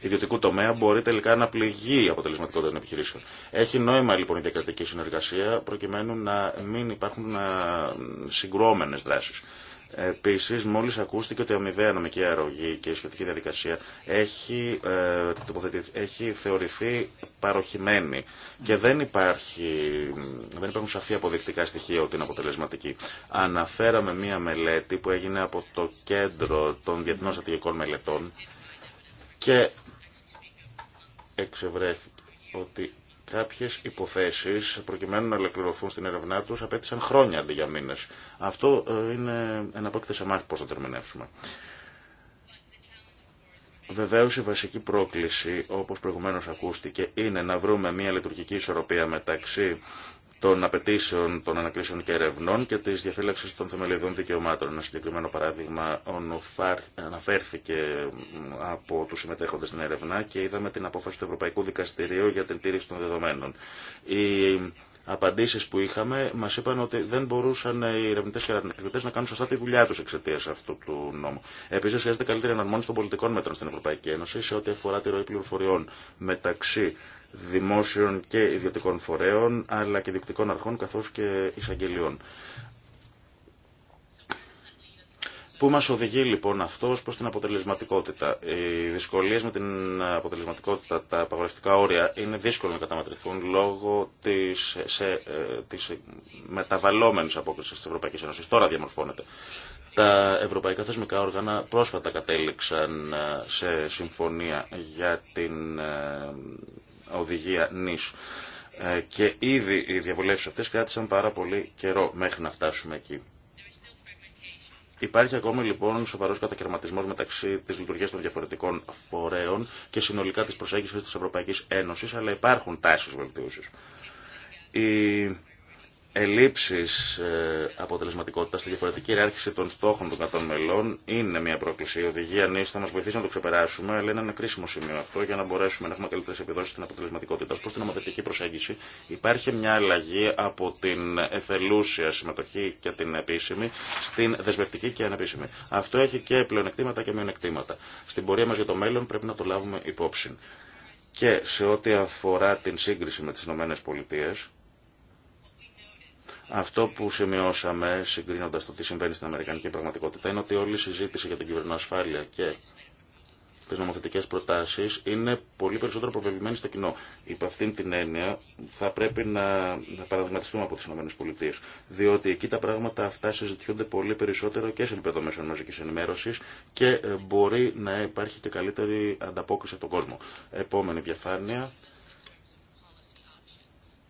ιδιωτικού τομέα μπορεί τελικά να πληγεί η αποτελεσματικότητα των επιχειρήσεων. Έχει νόημα λοιπόν η διακρατική συνεργασία προκειμένου να μην υπάρχουν συγκρόμενες δράσεις. Επίση, μόλι ακούστηκε ότι η αμοιβαία νομική αρρωγή και η σχετική διαδικασία έχει, ε, έχει θεωρηθεί παροχημένη και δεν, υπάρχει, δεν υπάρχουν σαφή αποδεικτικά στοιχεία ότι είναι αποτελεσματική. Αναφέραμε μία μελέτη που έγινε από το Κέντρο των Διεθνών Στρατηγικών Μελετών και εξευρέθηκε ότι Κάποιε υποθέσει, προκειμένου να ολοκληρωθούν στην έρευνά του, απέτησαν χρόνια αντί για μήνε. Αυτό ε, είναι ένα σε μάχη πώ θα τερμινεύσουμε. Βεβαίω η βασική πρόκληση, όπως προηγουμένως ακούστηκε, είναι να βρούμε μια λειτουργική ισορροπία μεταξύ των απαιτήσεων των ανακρίσεων και ερευνών και της διαφύλαξης των θεμελιωδών δικαιωμάτων. Ένα συγκεκριμένο παράδειγμα αναφέρθηκε από τους συμμετέχοντες στην έρευνα και είδαμε την απόφαση του Ευρωπαϊκού Δικαστηρίου για την τήρηση των δεδομένων. Η απαντήσεις που είχαμε μας είπαν ότι δεν μπορούσαν οι ερευνητές και ανακριτές να κάνουν σωστά τη δουλειά τους εξαιτίας αυτού του νόμου. Επίσης χρειάζεται καλύτερη αναρμόνιση των πολιτικών μέτρων στην Ευρωπαϊκή Ένωση σε ό,τι αφορά τη ροή πληροφοριών μεταξύ δημόσιων και ιδιωτικών φορέων αλλά και διεκτικών αρχών καθώς και εισαγγελιών. Πού μας οδηγεί λοιπόν αυτό προς την αποτελεσματικότητα. Οι δυσκολίες με την αποτελεσματικότητα, τα απαγορευτικά όρια είναι δύσκολο να καταματρηθούν λόγω της, σε, ε, της μεταβαλλόμενης απόκρισης της Ευρωπαϊκής Ένωσης. Τώρα διαμορφώνεται. Τα ευρωπαϊκά θεσμικά όργανα πρόσφατα κατέληξαν ε, σε συμφωνία για την ε, οδηγία νης και ήδη οι διαβουλεύσεις αυτές κράτησαν πάρα πολύ καιρό μέχρι να φτάσουμε εκεί. Υπάρχει ακόμη λοιπόν σοβαρό κατακαιρματισμό μεταξύ τη λειτουργία των διαφορετικών φορέων και συνολικά τη προσέγγιση τη Ευρωπαϊκή Ένωση, αλλά υπάρχουν τάσει βελτίωση. Η ελλείψεις ε, αποτελεσματικότητας στη διαφορετική ιεράρχηση των στόχων των κατων μελών είναι μια πρόκληση. Η οδηγία νης ναι, θα μας βοηθήσει να το ξεπεράσουμε, αλλά είναι ένα κρίσιμο σημείο αυτό για να μπορέσουμε να έχουμε καλύτερες επιδόσεις στην αποτελεσματικότητα. Ως την ομοθετική προσέγγιση υπάρχει μια αλλαγή από την εθελούσια συμμετοχή και την επίσημη στην δεσμευτική και ανεπίσημη. Αυτό έχει και πλεονεκτήματα και μειονεκτήματα. Στην πορεία μας για το μέλλον πρέπει να το λάβουμε υπόψη. Και σε ό,τι αφορά την σύγκριση με τις ΗΠΑ, αυτό που σημειώσαμε, συγκρίνοντα το τι συμβαίνει στην Αμερικανική πραγματικότητα, είναι ότι όλη η συζήτηση για την κυβερνοασφάλεια και τι νομοθετικέ προτάσει είναι πολύ περισσότερο προβεβλημένη στο κοινό. Υπ' αυτήν την έννοια θα πρέπει να, να παραδειγματιστούμε από τι ΗΠΑ. Διότι εκεί τα πράγματα αυτά συζητιούνται πολύ περισσότερο και σε επίπεδο μέσων μαζική ενημέρωση και ε, μπορεί να υπάρχει και καλύτερη ανταπόκριση από τον κόσμο. Επόμενη διαφάνεια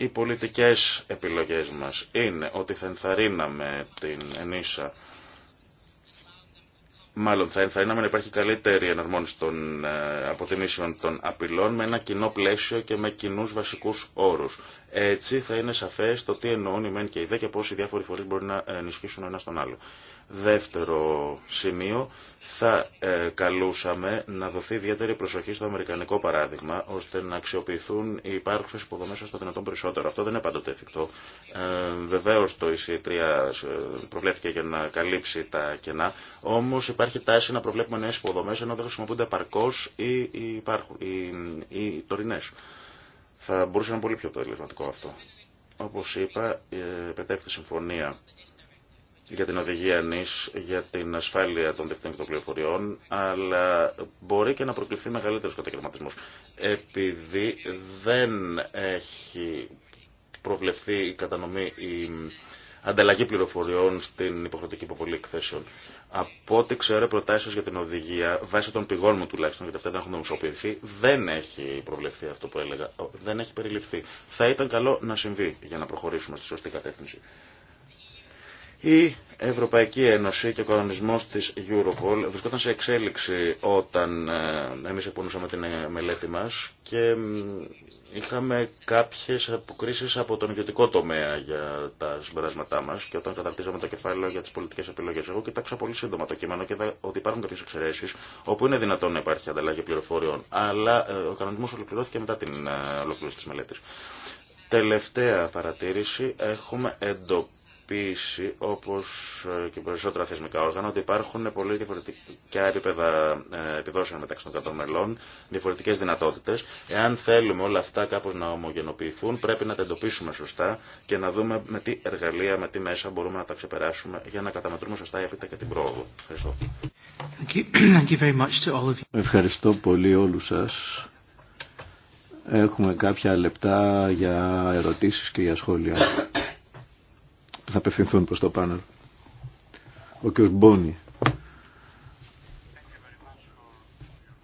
οι πολιτικές επιλογές μας είναι ότι θα ενθαρρύναμε την ενίσα Μάλλον θα ενθαρρύναμε να υπάρχει καλύτερη εναρμόνιση των ε, αποτιμήσεων των απειλών με ένα κοινό πλαίσιο και με κοινού βασικού όρου. Έτσι θα είναι σαφέ το τι εννοούν οι μεν και οι δε και πώ οι διάφοροι φορεί μπορεί να ενισχύσουν ένα τον άλλο. Δεύτερο σημείο, θα ε, καλούσαμε να δοθεί ιδιαίτερη προσοχή στο αμερικανικό παράδειγμα, ώστε να αξιοποιηθούν οι υπάρχουσε υποδομέ όσο το δυνατόν περισσότερο. Αυτό δεν είναι πάντοτε εφικτό. Ε, Βεβαίω το EC3 ε, προβλέφθηκε για να καλύψει τα κενά, όμω υπάρχει τάση να προβλέπουμε νέε υποδομέ ενώ δεν χρησιμοποιούνται επαρκώ οι, οι, οι, οι τωρινέ. Θα μπορούσε να είναι πολύ πιο αποτελεσματικό αυτό. Όπως είπα, ε, πετέχεται συμφωνία για την οδηγία νης, για την ασφάλεια των των πληροφοριών, αλλά μπορεί και να προκληθεί μεγαλύτερος κατακαιρματισμός. Επειδή δεν έχει προβλεφθεί η κατανομή, η ανταλλαγή πληροφοριών στην υποχρεωτική υποβολή εκθέσεων. Από ό,τι ξέρω, προτάσει για την οδηγία, βάσει των πηγών μου τουλάχιστον, γιατί αυτά δεν έχουν δημοσιοποιηθεί, δεν έχει προβλεφθεί αυτό που έλεγα. Δεν έχει περιληφθεί. Θα ήταν καλό να συμβεί για να προχωρήσουμε στη σωστή κατεύθυνση. Η Ευρωπαϊκή Ένωση και ο κανονισμός της Europol βρισκόταν σε εξέλιξη όταν ε, εμείς εκπονούσαμε την ε, μελέτη μας και είχαμε κάποιες αποκρίσεις από τον ιδιωτικό τομέα για τα συμπεράσματά μας και όταν καταρτίζαμε το κεφάλαιο για τις πολιτικές επιλογές. Εγώ κοιτάξα πολύ σύντομα το κείμενο και είδα ότι υπάρχουν κάποιες εξαιρέσεις όπου είναι δυνατόν να υπάρχει ανταλλαγή πληροφοριών, αλλά ε, ο κανονισμός ολοκληρώθηκε μετά την ολοκλήρωση της μελέτης. Τελευταία παρατήρηση έχουμε εντοπίσει συνειδητοποίηση, όπως ε, και περισσότερα θεσμικά όργανα, ότι υπάρχουν πολύ διαφορετικά επίπεδα ε, επιδόσεων μεταξύ των κρατών μελών, διαφορετικές δυνατότητες. Εάν θέλουμε όλα αυτά κάπως να ομογενοποιηθούν, πρέπει να τα εντοπίσουμε σωστά και να δούμε με τι εργαλεία, με τι μέσα μπορούμε να τα ξεπεράσουμε για να καταμετρούμε σωστά έπειτα και την πρόοδο. Ευχαριστώ. Ευχαριστώ πολύ όλους σας. Έχουμε κάποια λεπτά για ερωτήσεις και για σχόλια θα απευθυνθούν προς το πάνελ. Ο κ. Μπόνι.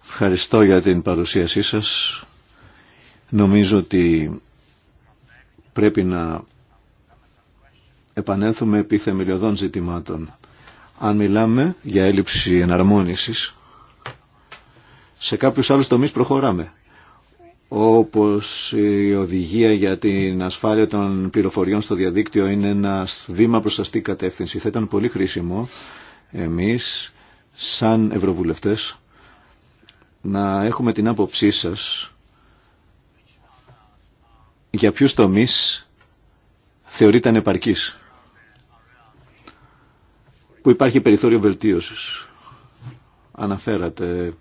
Ευχαριστώ για την παρουσίασή σας. Νομίζω ότι πρέπει να επανέλθουμε επί θεμελιωδών ζητημάτων. Αν μιλάμε για έλλειψη εναρμόνισης, σε κάποιους άλλους τομείς προχωράμε όπως η οδηγία για την ασφάλεια των πληροφοριών στο διαδίκτυο είναι ένα βήμα προς αυτή κατεύθυνση. Θα ήταν πολύ χρήσιμο εμείς σαν ευρωβουλευτές να έχουμε την άποψή σας για ποιους τομείς θεωρείται ανεπαρκής που υπάρχει περιθώριο βελτίωσης. Αναφέρατε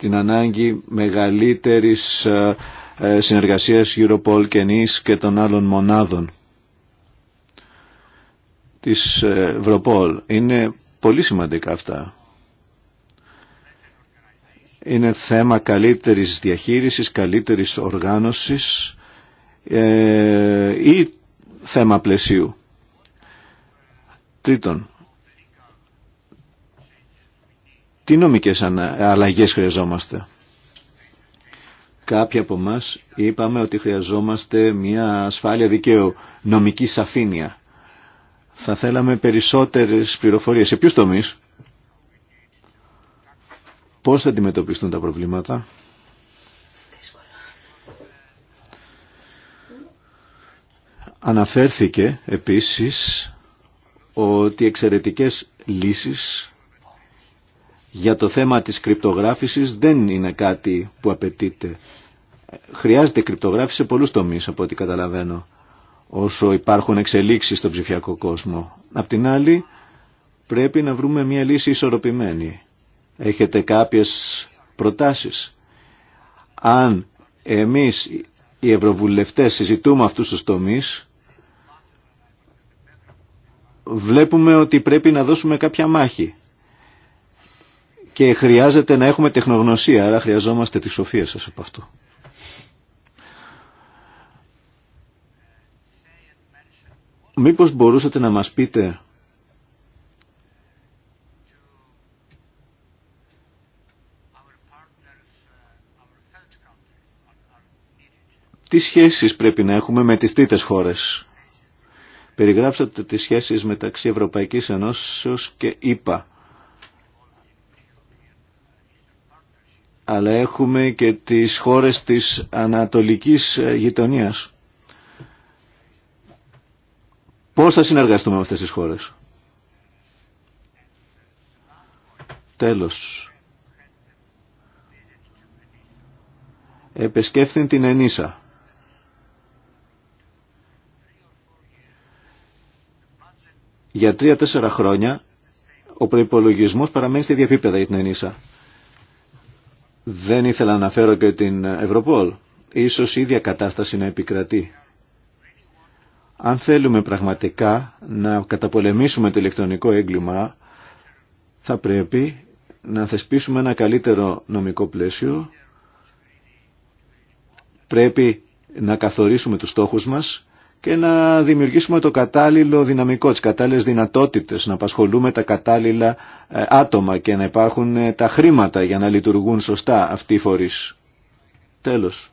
την ανάγκη μεγαλύτερης ε, ε, συνεργασίας Europol και και των άλλων μονάδων της ε, Ευρωπόλ. Είναι πολύ σημαντικά αυτά. Είναι θέμα καλύτερης διαχείρισης, καλύτερης οργάνωσης ή θέμα πλαισίου. Τρίτον, Τι νομικές αλλαγές χρειαζόμαστε. Κάποιοι από εμά είπαμε ότι χρειαζόμαστε μια ασφάλεια δικαίου, νομική σαφήνεια. Θα θέλαμε περισσότερες πληροφορίες. Σε ποιους τομείς, πώς θα αντιμετωπιστούν τα προβλήματα. Αναφέρθηκε επίσης ότι εξαιρετικές λύσεις για το θέμα της κρυπτογράφησης δεν είναι κάτι που απαιτείται. Χρειάζεται κρυπτογράφηση σε πολλούς τομείς από ό,τι καταλαβαίνω όσο υπάρχουν εξελίξεις στον ψηφιακό κόσμο. Απ' την άλλη πρέπει να βρούμε μια λύση ισορροπημένη. Έχετε κάποιες προτάσεις. Αν εμείς οι ευρωβουλευτές συζητούμε αυτούς τους τομείς βλέπουμε ότι πρέπει να δώσουμε κάποια μάχη και χρειάζεται να έχουμε τεχνογνωσία, άρα χρειαζόμαστε τη σοφία σας από αυτό. Μήπως μπορούσατε να μας πείτε τι σχέσεις πρέπει να έχουμε με τις τρίτες χώρες. Περιγράψατε τις σχέσεις μεταξύ Ευρωπαϊκής Ενώσεως και ΕΠΑ. αλλά έχουμε και τις χώρες της ανατολικής ε, γειτονίας. Πώς θα συνεργαστούμε με αυτές τις χώρες. Τέλος. Επεσκέφθην την Ενίσα. Για τρία-τέσσερα χρόνια ο προϋπολογισμός παραμένει στη διαπίπεδα για την Ενίσα. Δεν ήθελα να αναφέρω και την Ευρωπόλ. Ίσως η ίδια κατάσταση να επικρατεί. Αν θέλουμε πραγματικά να καταπολεμήσουμε το ηλεκτρονικό έγκλημα, θα πρέπει να θεσπίσουμε ένα καλύτερο νομικό πλαίσιο. Πρέπει να καθορίσουμε τους στόχους μας και να δημιουργήσουμε το κατάλληλο δυναμικό, τις κατάλληλες δυνατότητες, να απασχολούμε τα κατάλληλα ε, άτομα και να υπάρχουν ε, τα χρήματα για να λειτουργούν σωστά αυτοί οι φορείς. Τέλος.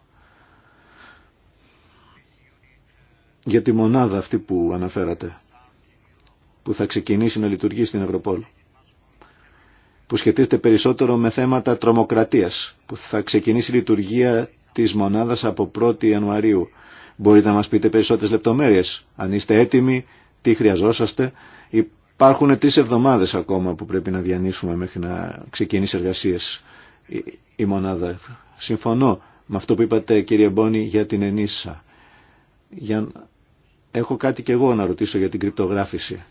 Για τη μονάδα αυτή που αναφέρατε, που θα ξεκινήσει να λειτουργεί στην Ευρωπόλ, που σχετίζεται περισσότερο με θέματα τρομοκρατίας, που θα ξεκινήσει η λειτουργία της μονάδας από 1η Ιανουαρίου Μπορείτε να μας πείτε περισσότερες λεπτομέρειες. Αν είστε έτοιμοι, τι χρειαζόσαστε. Υπάρχουν τρεις εβδομάδες ακόμα που πρέπει να διανύσουμε μέχρι να ξεκινήσει εργασίες η, μονάδα. Συμφωνώ με αυτό που είπατε κύριε Μπόνη για την Ενίσσα. Για... Έχω κάτι και εγώ να ρωτήσω για την κρυπτογράφηση.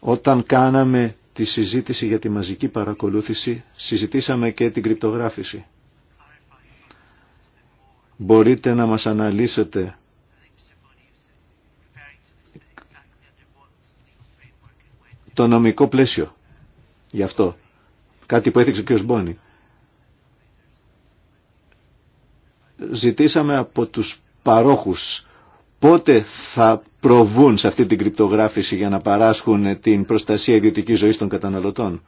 Όταν κάναμε τη συζήτηση για τη μαζική παρακολούθηση, συζητήσαμε και την κρυπτογράφηση. Μπορείτε να μας αναλύσετε το νομικό πλαίσιο γι' αυτό. Κάτι που έθιξε ο κ. Μπόνι. Ζητήσαμε από τους παρόχους πότε θα προβούν σε αυτή την κρυπτογράφηση για να παράσχουν την προστασία ιδιωτικής ζωής των καταναλωτών.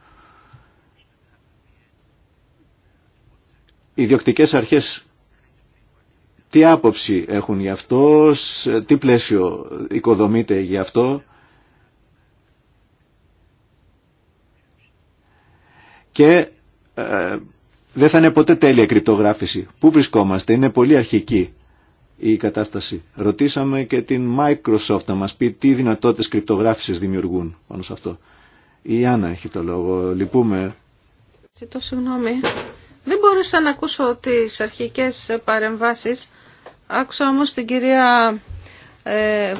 Οι αρχές τι άποψη έχουν γι' αυτό, τι πλαίσιο οικοδομείται γι' αυτό. Και ε, δεν θα είναι ποτέ τέλεια κρυπτογράφηση. Πού βρισκόμαστε, είναι πολύ αρχική η κατάσταση. Ρωτήσαμε και την Microsoft να μας πει τι δυνατότητες κρυπτογράφησης δημιουργούν πάνω σε αυτό. Η Άννα έχει το λόγο, λυπούμε. Ζητώ συγγνώμη. Δεν μπόρεσα να ακούσω τις αρχικές παρεμβάσεις Άκουσα όμως την κυρία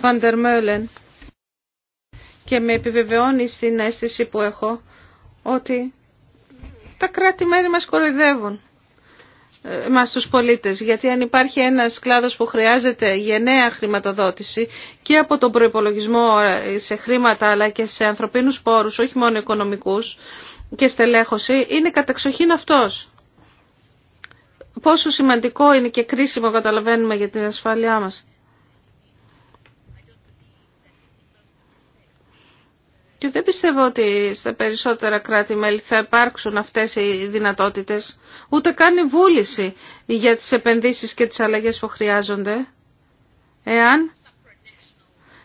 Βαντερ Μέλεν και με επιβεβαιώνει στην αίσθηση που έχω ότι τα κράτη-μέρη μας κοροϊδεύουν ε, μας τους πολίτες, γιατί αν υπάρχει ένας κλάδος που χρειάζεται γενναία χρηματοδότηση και από τον προϋπολογισμό ε, σε χρήματα αλλά και σε ανθρωπίνους πόρους, όχι μόνο οικονομικούς και στελέχωση, είναι κατεξοχήν αυτός πόσο σημαντικό είναι και κρίσιμο καταλαβαίνουμε για την ασφάλειά μας. Και δεν πιστεύω ότι στα περισσότερα κράτη-μέλη θα υπάρξουν αυτές οι δυνατότητες, ούτε καν η βούληση για τις επενδύσεις και τις αλλαγές που χρειάζονται, εάν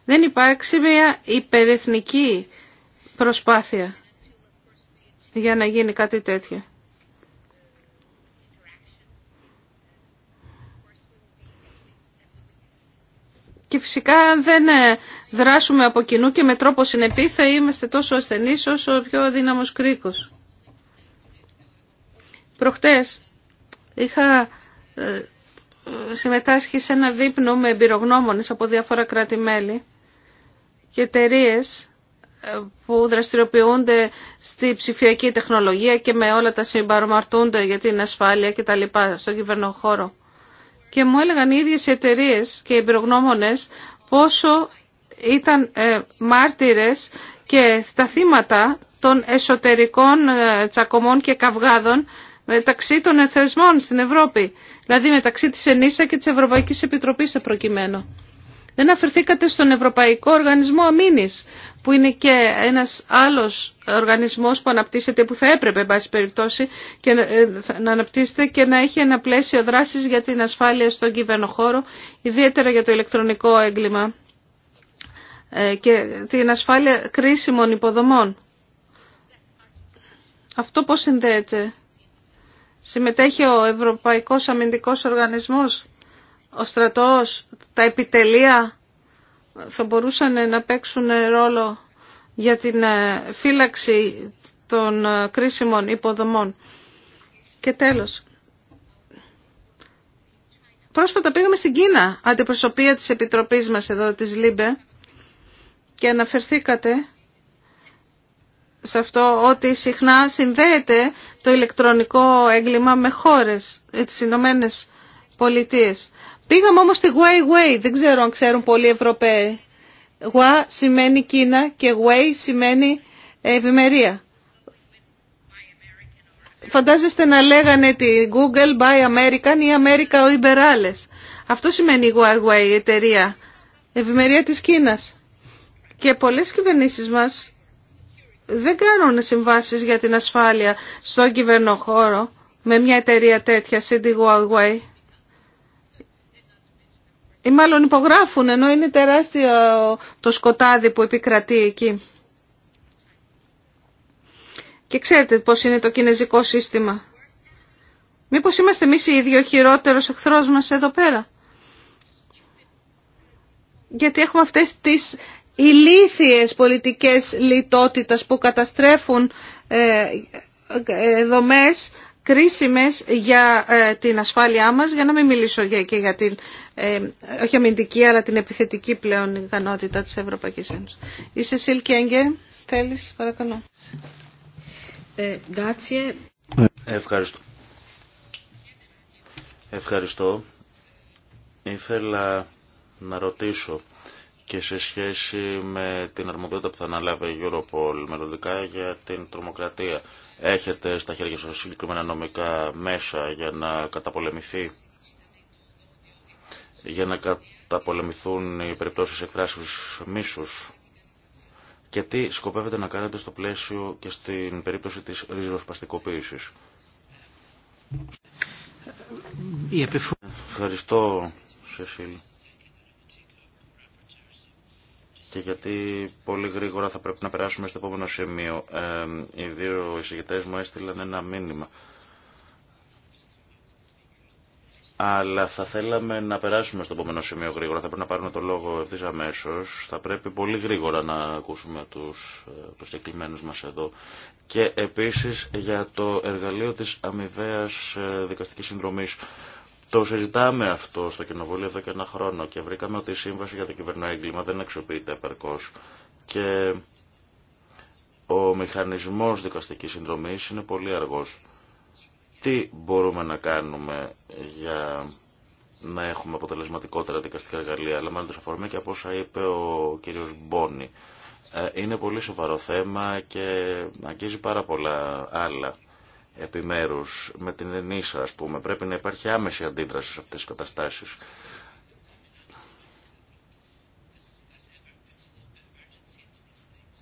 δεν υπάρξει μια υπερεθνική προσπάθεια για να γίνει κάτι τέτοιο. Και φυσικά δεν ε, δράσουμε από κοινού και με τρόπο συνεπή θα είμαστε τόσο ασθενείς όσο ο πιο αδύναμος κρίκος. Προχτές είχα ε, συμμετάσχει σε ένα δείπνο με εμπειρογνώμονες από διάφορα κράτη-μέλη και εταιρείε ε, που δραστηριοποιούνται στη ψηφιακή τεχνολογία και με όλα τα συμπαρομαρτούνται για την ασφάλεια και τα λοιπά στον κυβερνοχώρο και μου έλεγαν οι ίδιες εταιρείες και οι πόσο ήταν ε, μάρτυρες και τα θύματα των εσωτερικών ε, τσακωμών και καυγάδων μεταξύ των εθεσμών στην Ευρώπη, δηλαδή μεταξύ της ΕΝΗΣΑ και της Ευρωπαϊκής Επιτροπής σε προκειμένου. Δεν αφαιρθήκατε στον Ευρωπαϊκό Οργανισμό Αμήνης, που είναι και ένας άλλος οργανισμός που αναπτύσσεται, που θα έπρεπε, εν πάση περιπτώσει, και ε, να αναπτύσσεται και να έχει ένα πλαίσιο δράσης για την ασφάλεια στον κυβερνοχώρο, ιδιαίτερα για το ηλεκτρονικό έγκλημα ε, και την ασφάλεια κρίσιμων υποδομών. Αυτό πώς συνδέεται. Συμμετέχει ο Ευρωπαϊκός Αμυντικός Οργανισμός ο στρατός, τα επιτελεία θα μπορούσαν να παίξουν ρόλο για την ε, φύλαξη των ε, κρίσιμων υποδομών. Και τέλος. Πρόσφατα πήγαμε στην Κίνα, αντιπροσωπεία της Επιτροπής μας εδώ της ΛΥΜΠΕ και αναφερθήκατε σε αυτό ότι συχνά συνδέεται το ηλεκτρονικό έγκλημα με χώρες, ε, τις Ηνωμένε Πολιτείες. Πήγαμε όμως στη Huawei, δεν ξέρω αν ξέρουν πολλοί Ευρωπαίοι. Γουά σημαίνει Κίνα και Huawei σημαίνει ευημερία. Φαντάζεστε να λέγανε τη Google by American ή America Iberales. Αυτό σημαίνει η Huawei εταιρεία. Ευημερία της Κίνας. Και πολλές κυβερνήσεις μας δεν κάνουν συμβάσεις για την ασφάλεια στον κυβερνοχώρο με μια εταιρεία τέτοια, σύντη τη Huawei. Ή μάλλον υπογράφουν, ενώ είναι τεράστιο το σκοτάδι που επικρατεί εκεί. Και ξέρετε πώς είναι το κινέζικο σύστημα. Μήπως είμαστε εμείς οι ίδιοι ο χειρότερος εχθρός μας εδώ πέρα. Γιατί έχουμε αυτές τις ηλίθιες πολιτικές λιτότητας που καταστρέφουν ε, ε δομές κρίσιμες για ε, την ασφάλειά μας, για να μην μιλήσω και για την ε, όχι αμυντική αλλά την επιθετική πλέον ικανότητα της Ευρωπαϊκής Ένωσης. Είσαι Σιλ Κέγγε, θέλεις, παρακαλώ. Ε, Ευχαριστώ. Ευχαριστώ. Ήθελα να ρωτήσω και σε σχέση με την αρμοδιότητα που θα αναλάβει η Europol μελλοντικά για την τρομοκρατία. Έχετε στα χέρια σας συγκεκριμένα νομικά μέσα για να καταπολεμηθεί για να καταπολεμηθούν οι περιπτώσεις εκφράσεις μίσους και τι σκοπεύετε να κάνετε στο πλαίσιο και στην περίπτωση της ριζοσπαστικοποίησης. Ευχαριστώ, Σεσίλ και γιατί πολύ γρήγορα θα πρέπει να περάσουμε στο επόμενο σημείο. Ε, οι δύο εισηγητές μου έστειλαν ένα μήνυμα. Αλλά θα θέλαμε να περάσουμε στο επόμενο σημείο γρήγορα. Θα πρέπει να πάρουμε το λόγο ευθύ αμέσω. Θα πρέπει πολύ γρήγορα να ακούσουμε του προσκεκλημένου ε, μα εδώ. Και επίση για το εργαλείο τη αμοιβαία ε, δικαστική συνδρομή. Το συζητάμε αυτό στο Κοινοβούλιο εδώ και ένα χρόνο και βρήκαμε ότι η Σύμβαση για το Εγκλήμα δεν αξιοποιείται επαρκώ. και ο μηχανισμός δικαστικής συνδρομή είναι πολύ αργός. Τι μπορούμε να κάνουμε για να έχουμε αποτελεσματικότερα δικαστικά εργαλεία, αλλά λαμβάνοντας αφορμή και από όσα είπε ο κύριος Μπόνι. Ε, είναι πολύ σοβαρό θέμα και αγγίζει πάρα πολλά άλλα επιμέρους, με την ενίσα ας πούμε. Πρέπει να υπάρχει άμεση αντίδραση σε αυτές τις καταστάσεις.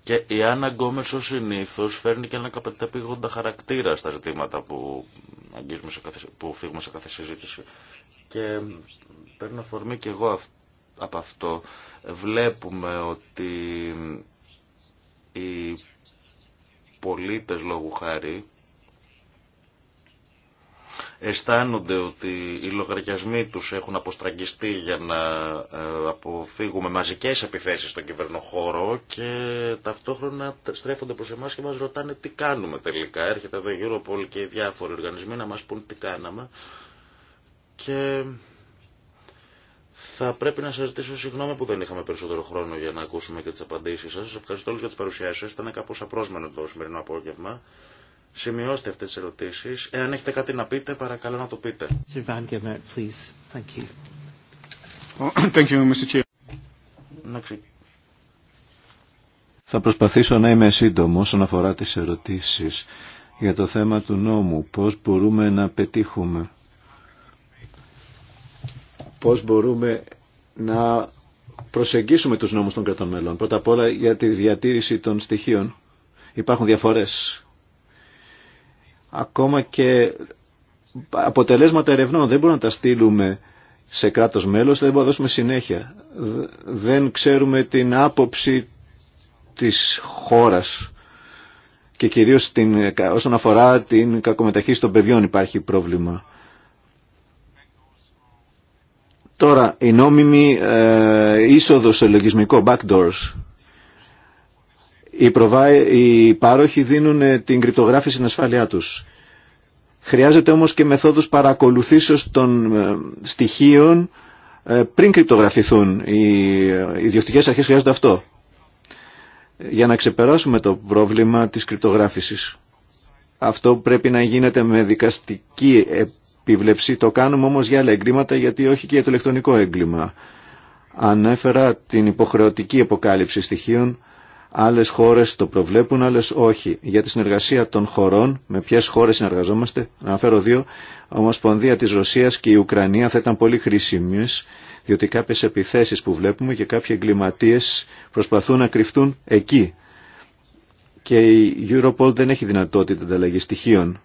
Και η Άννα Γκόμες συνήθως φέρνει και ένα καπεταπηγόντα χαρακτήρα στα ζητήματα που, σε που φύγουμε σε κάθε συζήτηση. Και παίρνω αφορμή και εγώ από αυτό. Βλέπουμε ότι οι πολίτες λόγου χάρη αισθάνονται ότι οι λογαριασμοί τους έχουν αποστραγγιστεί για να ε, αποφύγουμε μαζικές επιθέσεις στον κυβερνοχώρο και ταυτόχρονα στρέφονται προς εμάς και μας ρωτάνε τι κάνουμε τελικά. Έρχεται εδώ η Europol και οι διάφοροι οργανισμοί να μας πούν τι κάναμε και θα πρέπει να σα ζητήσω συγγνώμη που δεν είχαμε περισσότερο χρόνο για να ακούσουμε και τι απαντήσει σα. Ευχαριστώ όλους για τις παρουσιάσεις σα. Ήταν κάπως απρόσμενο το σημερινό απόγευμα. Σημειώστε αυτές τις ερωτήσεις. Εάν έχετε κάτι να πείτε, παρακαλώ να το πείτε. Θα προσπαθήσω να είμαι σύντομο όσον αφορά τις ερωτήσεις για το θέμα του νόμου. Πώς μπορούμε να πετύχουμε. Πώς μπορούμε να προσεγγίσουμε τους νόμους των κρατών μελών. Πρώτα απ' όλα για τη διατήρηση των στοιχείων. Υπάρχουν διαφορές Ακόμα και αποτελέσματα ερευνών δεν μπορούμε να τα στείλουμε σε κράτος μέλος, δεν μπορούμε να δώσουμε συνέχεια. Δεν ξέρουμε την άποψη της χώρας και κυρίως την, όσον αφορά την κακομεταχείριση των παιδιών υπάρχει πρόβλημα. Τώρα, η νόμιμη ε, είσοδος στο λογισμικό, backdoors, οι, πάροχοι δίνουν ε, την κρυπτογράφηση στην ασφάλειά τους. Χρειάζεται όμως και μεθόδους παρακολουθήσεως των ε, στοιχείων ε, πριν κρυπτογραφηθούν. Οι ιδιωτικές αρχές χρειάζονται αυτό για να ξεπεράσουμε το πρόβλημα της κρυπτογράφησης. Αυτό πρέπει να γίνεται με δικαστική επιβλεψή. Το κάνουμε όμως για άλλα εγκλήματα γιατί όχι και για το ηλεκτρονικό έγκλημα. Ανέφερα την υποχρεωτική αποκάλυψη στοιχείων Άλλες χώρες το προβλέπουν, άλλες όχι. Για τη συνεργασία των χωρών, με ποιες χώρες συνεργαζόμαστε, αναφέρω δύο, Ομοσπονδία της Ρωσίας και η Ουκρανία θα ήταν πολύ χρήσιμες, διότι κάποιες επιθέσεις που βλέπουμε και κάποιοι εγκληματίες προσπαθούν να κρυφτούν εκεί. Και η Europol δεν έχει δυνατότητα ανταλλαγή στοιχείων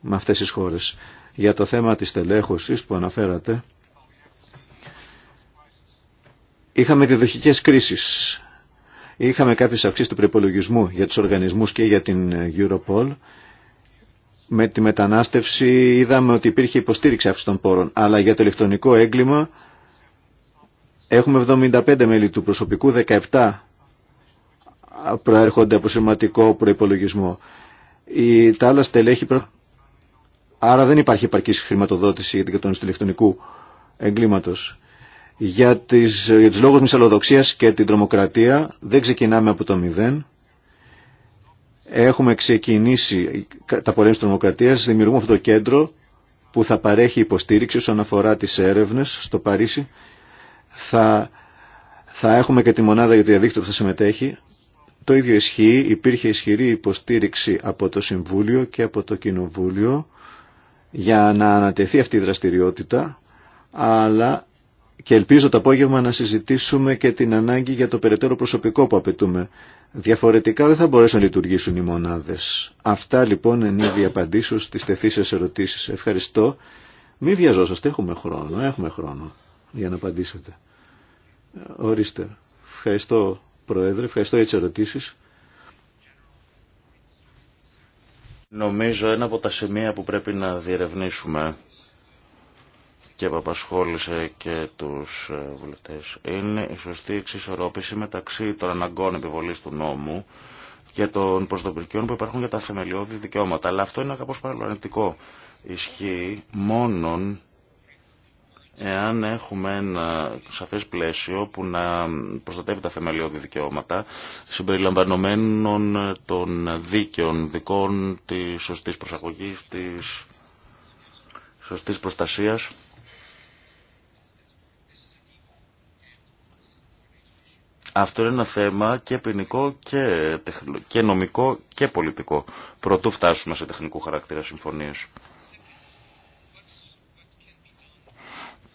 με αυτές τις χώρες. Για το θέμα της τελέχωσης που αναφέρατε, είχαμε διδοχικές κρίσεις Είχαμε κάποιες αυξήσεις του προπολογισμού για τους οργανισμούς και για την ε, Europol. Με τη μετανάστευση είδαμε ότι υπήρχε υποστήριξη αύξηση των πόρων, αλλά για το ηλεκτρονικό έγκλημα έχουμε 75 μέλη του προσωπικού, 17 προέρχονται από σημαντικό προϋπολογισμό. Η, τα άλλα στελέχη, άρα δεν υπάρχει επαρκής χρηματοδότηση για την του ηλεκτρονικού εγκλήματος. Για, τις, για τους λόγους και την τρομοκρατία δεν ξεκινάμε από το μηδέν. Έχουμε ξεκινήσει τα της τρομοκρατίας, δημιουργούμε αυτό το κέντρο που θα παρέχει υποστήριξη όσον αφορά τις έρευνες στο Παρίσι. Θα, θα έχουμε και τη μονάδα για το διαδίκτυο που θα συμμετέχει. Το ίδιο ισχύει, υπήρχε ισχυρή υποστήριξη από το Συμβούλιο και από το Κοινοβούλιο για να ανατεθεί αυτή η δραστηριότητα, αλλά και ελπίζω το απόγευμα να συζητήσουμε και την ανάγκη για το περαιτέρω προσωπικό που απαιτούμε. Διαφορετικά δεν θα μπορέσουν να λειτουργήσουν οι μονάδες. Αυτά λοιπόν είναι είδη απαντήσω στις τεθήσεις ερωτήσεις. Ευχαριστώ. Μην βιαζόσαστε, έχουμε χρόνο, έχουμε χρόνο για να απαντήσετε. Ορίστε. Ευχαριστώ Πρόεδρε, ευχαριστώ για τις ερωτήσεις. Νομίζω ένα από τα σημεία που πρέπει να διερευνήσουμε και που απασχόλησε και τους ε, βουλευτές είναι η σωστή εξισορρόπηση μεταξύ των αναγκών επιβολής του νόμου και των προστατευτικών που υπάρχουν για τα θεμελιώδη δικαιώματα. Αλλά αυτό είναι κάπως παραλογικό. Ισχύει μόνον εάν έχουμε ένα σαφές πλαίσιο που να προστατεύει τα θεμελιώδη δικαιώματα συμπεριλαμβανομένων των δίκαιων δικών της σωστής προσαγωγής, της σωστής προστασίας Αυτό είναι ένα θέμα και ποινικό και, και νομικό και πολιτικό. Προτού φτάσουμε σε τεχνικού χαρακτήρα συμφωνίες.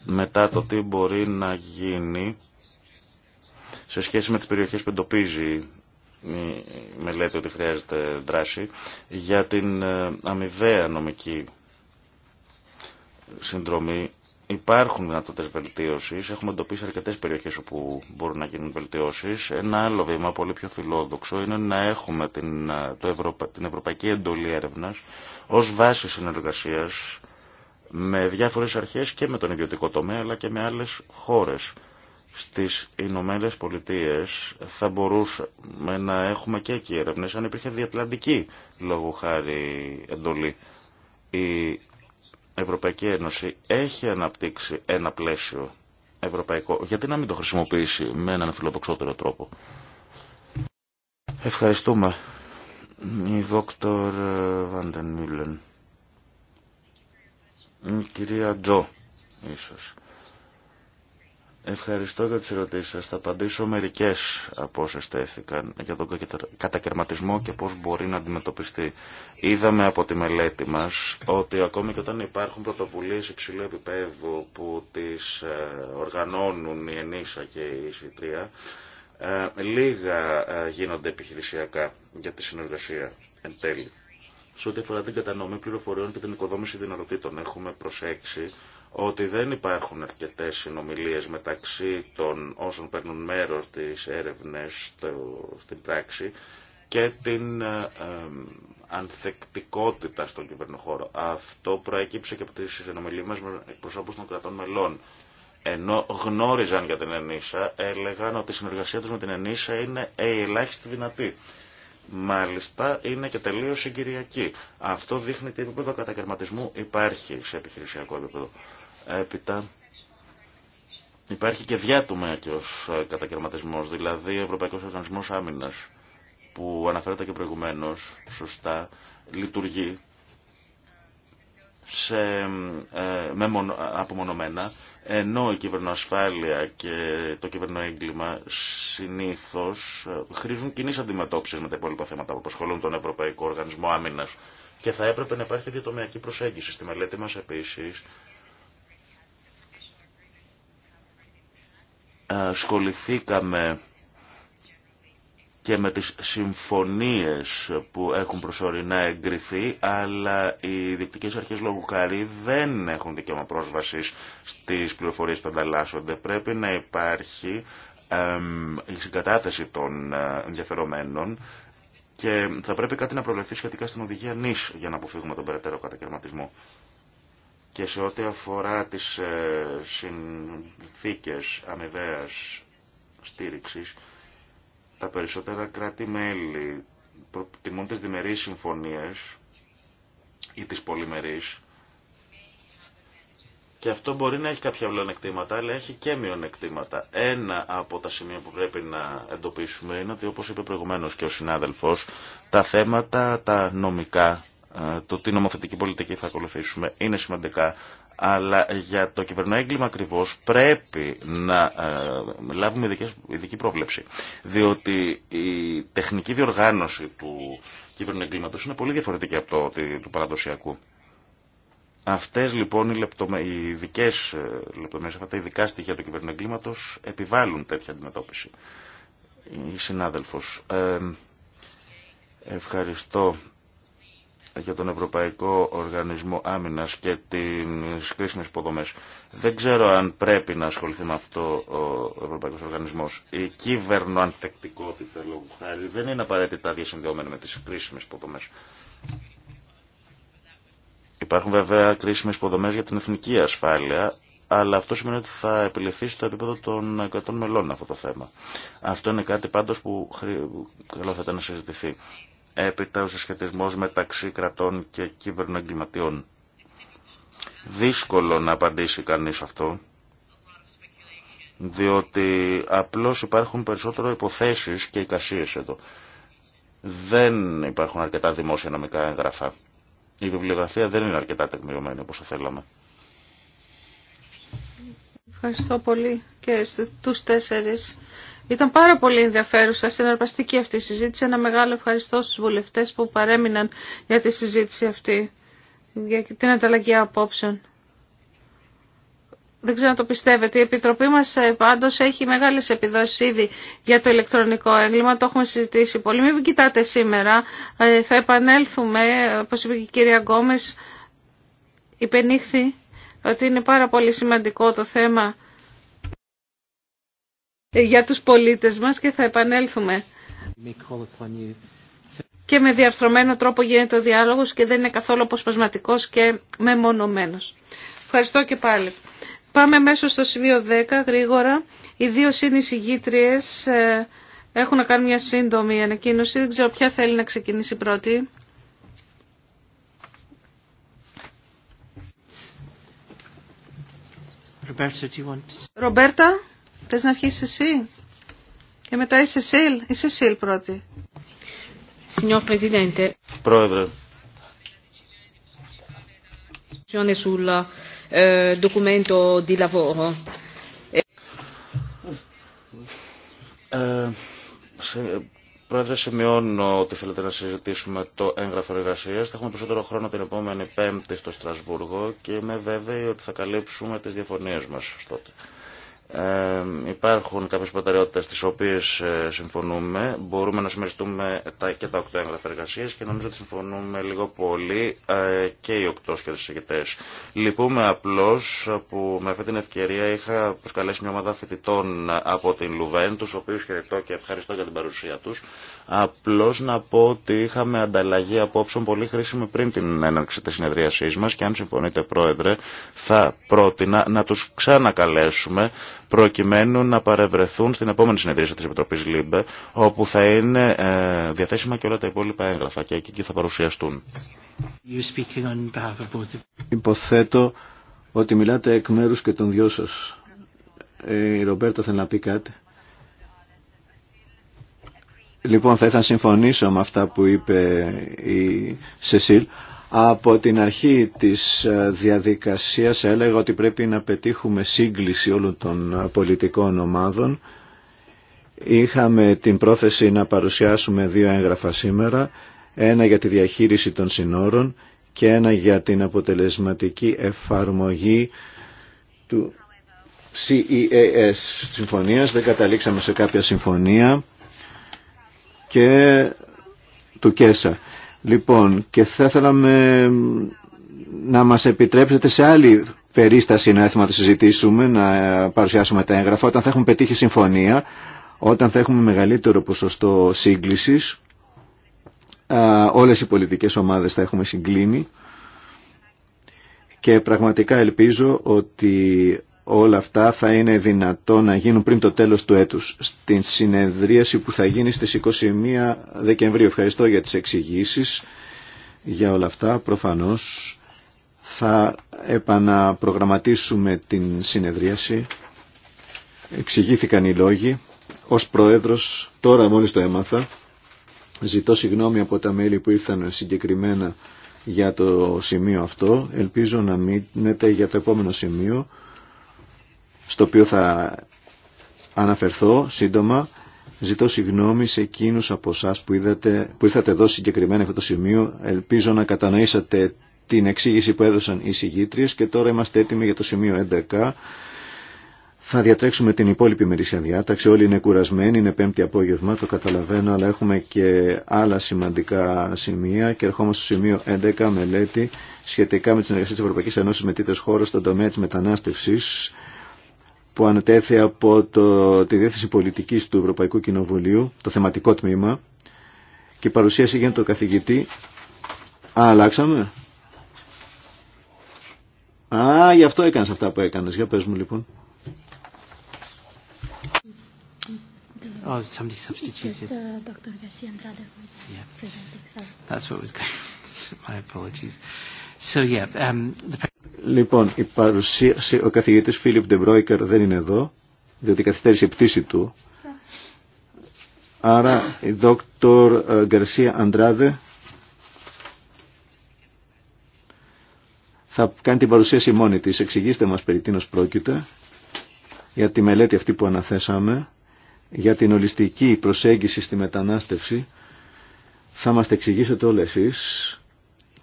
Μετά το τι μπορεί να γίνει σε σχέση με τις περιοχές που εντοπίζει η μελέτη ότι χρειάζεται δράση για την ε, αμοιβαία νομική συνδρομή Υπάρχουν δυνατότητε βελτίωση. Έχουμε εντοπίσει αρκετέ περιοχέ όπου μπορούν να γίνουν βελτιώσει. Ένα άλλο βήμα, πολύ πιο φιλόδοξο, είναι να έχουμε την, το Ευρωπα... την Ευρωπαϊκή Εντολή Έρευνα ω βάση συνεργασία με διάφορε αρχέ και με τον ιδιωτικό τομέα αλλά και με άλλε χώρε. Στι Ηνωμένε Πολιτείε θα μπορούσαμε να έχουμε και εκεί έρευνε αν υπήρχε διατλαντική λόγω χάρη εντολή. Η Ευρωπαϊκή Ένωση έχει αναπτύξει ένα πλαίσιο ευρωπαϊκό. Γιατί να μην το χρησιμοποιήσει με έναν φιλοδοξότερο τρόπο. Ευχαριστούμε. Η δόκτωρ ε, Βαντεν Η κυρία Τζο, ίσως. Ευχαριστώ για τις ερωτήσεις σας. Θα απαντήσω μερικές από όσες τέθηκαν για τον κατακαιρματισμό και πώς μπορεί να αντιμετωπιστεί. Είδαμε από τη μελέτη μας ότι ακόμη και όταν υπάρχουν πρωτοβουλίες υψηλού επίπεδου που τις ε, οργανώνουν η ΕΝΗΣΑ και η ΣΥΤΡΙΑ, ε, λίγα ε, γίνονται επιχειρησιακά για τη συνεργασία εν τέλει. Σε ό,τι αφορά την κατανομή πληροφοριών και την οικοδόμηση δυνατοτήτων, έχουμε προσέξει ότι δεν υπάρχουν αρκετές συνομιλίες μεταξύ των όσων παίρνουν μέρος στις έρευνες στην πράξη και την ε, ε, ανθεκτικότητα στον κυβερνοχώρο. Αυτό προέκυψε και από τις συνομιλίες μας με προσώπους των κρατών μελών. Ενώ γνώριζαν για την ΕΝΗΣΑ, έλεγαν ότι η συνεργασία τους με την ΕΝΗΣΑ είναι ε, η ελάχιστη δυνατή. Μάλιστα είναι και τελείως συγκυριακή. Αυτό δείχνει τι επίπεδο κατακαιρματισμού υπάρχει σε επιχειρησιακό επίπεδο. Έπειτα υπάρχει και διάτομα και ως ε, κατακαιρματισμός, δηλαδή ο Ευρωπαϊκός Οργανισμός Άμυνας που αναφέρεται και προηγουμένως, σωστά, λειτουργεί σε, ε, απομονωμένα, ενώ η κυβερνοασφάλεια και το κυβερνοέγκλημα συνήθως ε, χρήζουν κοινή αντιμετώπιση με τα υπόλοιπα θέματα που απασχολούν τον Ευρωπαϊκό Οργανισμό Άμυνας. Και θα έπρεπε να υπάρχει διατομιακή προσέγγιση. Στη μελέτη μας επίσης ασχοληθήκαμε και με τις συμφωνίες που έχουν προσωρινά εγκριθεί, αλλά οι διεκτικές αρχές λόγου χάρη δεν έχουν δικαίωμα πρόσβασης στις πληροφορίες που ανταλλάσσονται. Πρέπει να υπάρχει η συγκατάθεση των ε, ενδιαφερομένων και θα πρέπει κάτι να προβλεφθεί σχετικά στην οδηγία νης για να αποφύγουμε τον περαιτέρω κατακαιρματισμό και σε ό,τι αφορά τις ε, συνθήκες αμοιβαίας στήριξης, τα περισσότερα κράτη-μέλη προτιμούν τις διμερείς συμφωνίες ή τις πολυμερείς και αυτό μπορεί να έχει κάποια πλεονεκτήματα, αλλά έχει και μειονεκτήματα. Ένα από τα σημεία που πρέπει να εντοπίσουμε είναι ότι, όπως είπε προηγουμένως και ο συνάδελφος, τα θέματα τα νομικά το τι νομοθετική πολιτική θα ακολουθήσουμε είναι σημαντικά. Αλλά για το κυβερνό έγκλημα ακριβώ πρέπει να ε, λάβουμε ειδική πρόβλεψη. Διότι η τεχνική διοργάνωση του κυβερνού εγκλήματος είναι πολύ διαφορετική από το του παραδοσιακού. Αυτές λοιπόν οι, λεπτομε... οι ειδικές ε, αυτά τα ειδικά στοιχεία του κυβερνού έγκληματο επιβάλλουν τέτοια αντιμετώπιση. Η συνάδελφο. Ε, ευχαριστώ για τον Ευρωπαϊκό Οργανισμό Άμυνας και τις κρίσιμες υποδομές. Δεν ξέρω αν πρέπει να ασχοληθεί με αυτό ο Ευρωπαϊκός Οργανισμός. Η κυβερνοανθεκτικότητα λόγω χάρη δεν είναι απαραίτητα διασυνδεόμενη με τις κρίσιμες υποδομές. Υπάρχουν βέβαια κρίσιμες υποδομές για την εθνική ασφάλεια, αλλά αυτό σημαίνει ότι θα επιληθεί στο επίπεδο των κρατών μελών αυτό το θέμα. Αυτό είναι κάτι πάντως που καλό θα ήταν να συζητηθεί έπειτα ο συσχετισμό μεταξύ κρατών και εγκληματιών. Δύσκολο να απαντήσει κανείς αυτό, διότι απλώς υπάρχουν περισσότερο υποθέσεις και εικασίες εδώ. Δεν υπάρχουν αρκετά δημόσια νομικά έγγραφα. Η βιβλιογραφία δεν είναι αρκετά τεκμηριωμένη όπως θα θέλαμε. Ευχαριστώ πολύ και στους τέσσερις ήταν πάρα πολύ ενδιαφέρουσα, συναρπαστική αυτή η συζήτηση. Ένα μεγάλο ευχαριστώ στους βουλευτές που παρέμειναν για τη συζήτηση αυτή, για την ανταλλαγή απόψεων. Δεν ξέρω να το πιστεύετε. Η Επιτροπή μας ε, πάντως έχει μεγάλες επιδόσεις ήδη για το ηλεκτρονικό έγκλημα. Το έχουμε συζητήσει πολύ. Μην κοιτάτε σήμερα. Ε, θα επανέλθουμε, ε, όπως είπε και η κυρία Γκόμες, υπενήχθη ότι είναι πάρα πολύ σημαντικό το θέμα για τους πολίτες μας και θα επανέλθουμε. Και με διαρθρωμένο τρόπο γίνεται ο διάλογος και δεν είναι καθόλου αποσπασματικός και μεμονωμένος. Ευχαριστώ και πάλι. Πάμε μέσω στο σημείο 10 γρήγορα. Οι δύο συνεισηγήτριες ε, έχουν να κάνουν μια σύντομη ανακοίνωση. Δεν ξέρω ποια θέλει να ξεκινήσει πρώτη. Ρομπέρτα. Θες να αρχίσεις εσύ και μετά η Σεσίλ. Η Σεσίλ πρώτη. Πρόεδρε. Eh, ε, πρόεδρε, σημειώνω ότι θέλετε να συζητήσουμε το έγγραφο εργασία. Θα έχουμε περισσότερο χρόνο την επόμενη Πέμπτη στο Στρασβούργο και είμαι βέβαιη ότι θα καλύψουμε τι διαφωνίε μα τότε υπάρχουν κάποιες προτεραιότητες τις οποίες ε, συμφωνούμε. Μπορούμε να συμμεριστούμε και τα οκτώ έγγραφα εργασία και νομίζω ότι συμφωνούμε λίγο πολύ ε, και οι οκτώ σκεδεσηγητές. Λυπούμε απλώς που με αυτή την ευκαιρία είχα προσκαλέσει μια ομάδα φοιτητών από την Λουβέν, τους οποίους χαιρετώ και ευχαριστώ για την παρουσία τους. Απλώς να πω ότι είχαμε ανταλλαγή απόψεων πολύ χρήσιμη πριν την έναρξη της συνεδρίασής μας και αν συμφωνείτε πρόεδρε θα πρότεινα να τους ξανακαλέσουμε προκειμένου να παρευρεθούν στην επόμενη συνεδρίαση της Επιτροπής ΛΥΜΠΕ όπου θα είναι ε, διαθέσιμα και όλα τα υπόλοιπα έγγραφα και εκεί θα παρουσιαστούν. Υποθέτω ότι μιλάτε εκ μέρους και των δυο σα, ε, η Ρομπέρτα θέλει να πει κάτι. Λοιπόν, θα ήθελα να συμφωνήσω με αυτά που είπε η Σεσίλ. Από την αρχή της ε, διαδικασίας έλεγα ότι πρέπει να πετύχουμε σύγκληση όλων των ε, πολιτικών ομάδων. Είχαμε την πρόθεση να παρουσιάσουμε δύο έγγραφα σήμερα, ένα για τη διαχείριση των συνόρων και ένα για την αποτελεσματική εφαρμογή του CEAS συμφωνίας. Δεν καταλήξαμε σε κάποια συμφωνία και του ΚΕΣΑ. Λοιπόν, και θα θέλαμε να μας επιτρέψετε σε άλλη περίσταση να έρθουμε να το συζητήσουμε, να παρουσιάσουμε τα έγγραφα, όταν θα έχουμε πετύχει συμφωνία, όταν θα έχουμε μεγαλύτερο ποσοστό σύγκλησης, όλες οι πολιτικές ομάδες θα έχουμε συγκλίνει και πραγματικά ελπίζω ότι όλα αυτά θα είναι δυνατό να γίνουν πριν το τέλος του έτους στην συνεδρίαση που θα γίνει στις 21 Δεκεμβρίου. Ευχαριστώ για τις εξηγήσει για όλα αυτά. Προφανώς θα επαναπρογραμματίσουμε την συνεδρίαση. Εξηγήθηκαν οι λόγοι. Ως Πρόεδρος, τώρα μόλις το έμαθα, ζητώ συγγνώμη από τα μέλη που ήρθαν συγκεκριμένα για το σημείο αυτό. Ελπίζω να μείνετε για το επόμενο σημείο στο οποίο θα αναφερθώ σύντομα. Ζητώ συγγνώμη σε εκείνους από εσά που, είδατε, που ήρθατε εδώ συγκεκριμένα αυτό το σημείο. Ελπίζω να κατανοήσατε την εξήγηση που έδωσαν οι συγγήτριες και τώρα είμαστε έτοιμοι για το σημείο 11. Θα διατρέξουμε την υπόλοιπη μερίσια διάταξη. Όλοι είναι κουρασμένοι, είναι πέμπτη απόγευμα, το καταλαβαίνω, αλλά έχουμε και άλλα σημαντικά σημεία και ερχόμαστε στο σημείο 11, μελέτη, σχετικά με τις συνεργασίες της Ευρωπαϊκής Ένωσης με τίτες χώρες στον τομέα της μετανάστευσης που ανατέθη από το, τη Διεύθυνση Πολιτικής του Ευρωπαϊκού Κοινοβουλίου, το θεματικό τμήμα, και παρουσίαση γίνεται το καθηγητή. Α, αλλάξαμε. Α, γι' αυτό έκανες αυτά που έκανες. Για πες μου λοιπόν. Oh, somebody substituted. Uh, That's what was going. My apologies. So yeah, um, Λοιπόν, η παρουσίαση, ο καθηγητής Φίλιπ Ντεμπρόικερ δεν είναι εδώ, διότι καθυστέρησε η πτήση του. Άρα, η δόκτωρ ε, Γκαρσία Αντράδε θα κάνει την παρουσίαση μόνη της. Εξηγήστε μας περί τίνος πρόκειται για τη μελέτη αυτή που αναθέσαμε, για την ολιστική προσέγγιση στη μετανάστευση. Θα μας τα εξηγήσετε όλα εσείς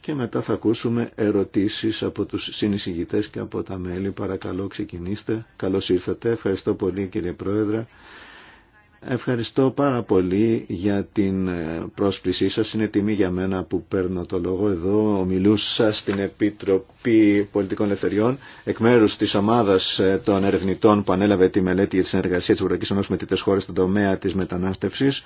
και μετά θα ακούσουμε ερωτήσεις από τους συνεισηγητές και από τα μέλη. Παρακαλώ ξεκινήστε. Καλώς ήρθατε. Ευχαριστώ πολύ κύριε Πρόεδρε. Ευχαριστώ πάρα πολύ για την ε, πρόσκλησή σας. Είναι τιμή για μένα που παίρνω το λόγο εδώ. Ομιλούσα στην Επιτροπή Πολιτικών Ελευθεριών εκ μέρους της ομάδας ε, των ερευνητών που ανέλαβε τη μελέτη για τη συνεργασία της Ευρωπαϊκής Ένωσης με τις χώρες στον τομέα της μετανάστευσης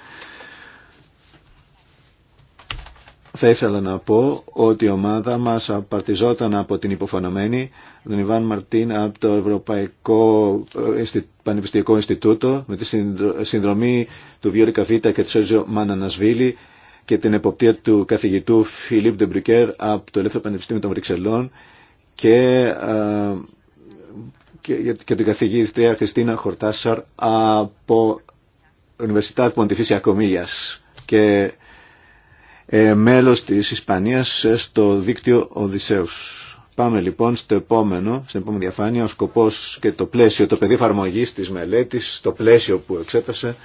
θα ήθελα να πω ότι η ομάδα μας απαρτιζόταν από την υποφανωμένη τον Ιβάν Μαρτίν από το Ευρωπαϊκό ε, Πανεπιστημιακό Ινστιτούτο, με τη συνδρομή του Βιώρικα Καβίτα και του Σέζιο Μανανασβίλη και την εποπτεία του καθηγητού Φιλίπ Ντεμπρικέρ από το Ελεύθερο Πανεπιστήμιο των Βρυξελών και, ε, και, και την καθηγήτρια Χριστίνα Χορτάσαρ από Ουνιβερσιτάτ Ποντιφίσια Κομίλιας. Και ε, μέλος της Ισπανίας στο δίκτυο Οδυσσέους. Πάμε λοιπόν στο επόμενο, στην επόμενη διαφάνεια, ο σκοπός και το πλαίσιο, το πεδίο εφαρμογή της μελέτης, το πλαίσιο που εξέτασε,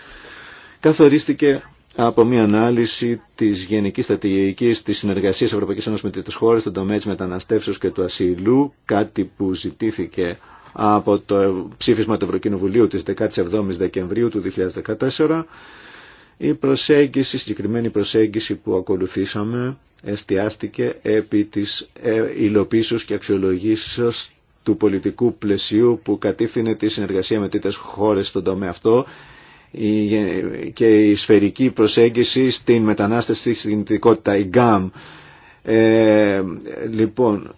καθορίστηκε από μια ανάλυση της γενικής στρατηγικής της συνεργασίας Ευρωπαϊκής Ένωσης με τις χώρες στον τομέα της μεταναστεύσεως και του ασυλού, κάτι που ζητήθηκε από το ψήφισμα του Ευρωκοινοβουλίου της 17 Δεκεμβρίου του 2014, η προσέγγιση, η συγκεκριμένη προσέγγιση που ακολουθήσαμε εστιάστηκε επί της ε, υλοποίησης και αξιολογήσεως του πολιτικού πλαισίου που κατήφθηνε τη συνεργασία με τέτοιες χώρες στον τομέα αυτό και η σφαιρική προσέγγιση στην μετανάστευση στην κινητικότητα, η ΓΑΜ. Ε, λοιπόν,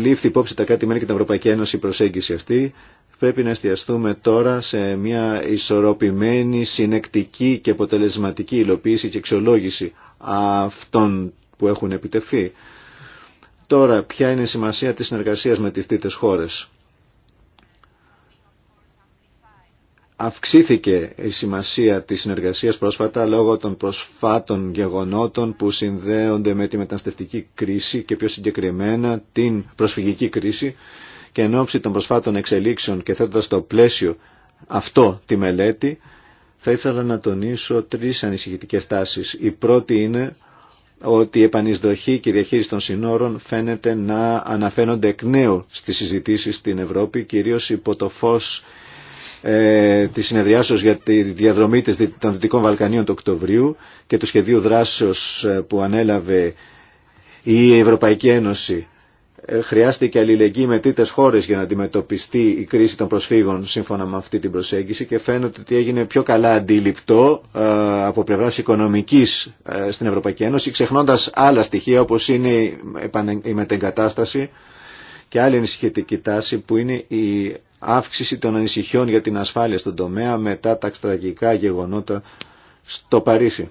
λήφθη υπόψη τα κράτη-μέλη και την Ευρωπαϊκή Ένωση η προσέγγιση αυτή. Πρέπει να εστιαστούμε τώρα σε μια ισορροπημένη, συνεκτική και αποτελεσματική υλοποίηση και εξολόγηση αυτών που έχουν επιτευχθεί. Τώρα, ποια είναι η σημασία της συνεργασίας με τις τρίτες χώρες. Αυξήθηκε η σημασία της συνεργασίας πρόσφατα λόγω των προσφάτων γεγονότων που συνδέονται με τη μεταναστευτική κρίση και πιο συγκεκριμένα την προσφυγική κρίση και εν ώψη των προσφάτων εξελίξεων και θέτοντας στο πλαίσιο αυτό τη μελέτη, θα ήθελα να τονίσω τρεις ανησυχητικές τάσεις. Η πρώτη είναι ότι η επανεισδοχή και η διαχείριση των συνόρων φαίνεται να αναφέρονται εκ νέου στις συζητήσεις στην Ευρώπη, κυρίως υπό το φως ε, της συνεδριάσεως για τη διαδρομή της, των Δυτικών Βαλκανίων του Οκτωβρίου και του σχεδίου δράσεως ε, που ανέλαβε η Ευρωπαϊκή Ένωση ε, χρειάστηκε αλληλεγγύη με τρίτε χώρε για να αντιμετωπιστεί η κρίση των προσφύγων σύμφωνα με αυτή την προσέγγιση και φαίνεται ότι έγινε πιο καλά αντιληπτό ε, από πλευράς οικονομικής ε, στην Ευρωπαϊκή Ένωση ξεχνώντα άλλα στοιχεία όπως είναι η μετεγκατάσταση και άλλη ενισχυτική τάση που είναι η αύξηση των ανησυχιών για την ασφάλεια στον τομέα μετά τα τραγικά γεγονότα στο Παρίσι.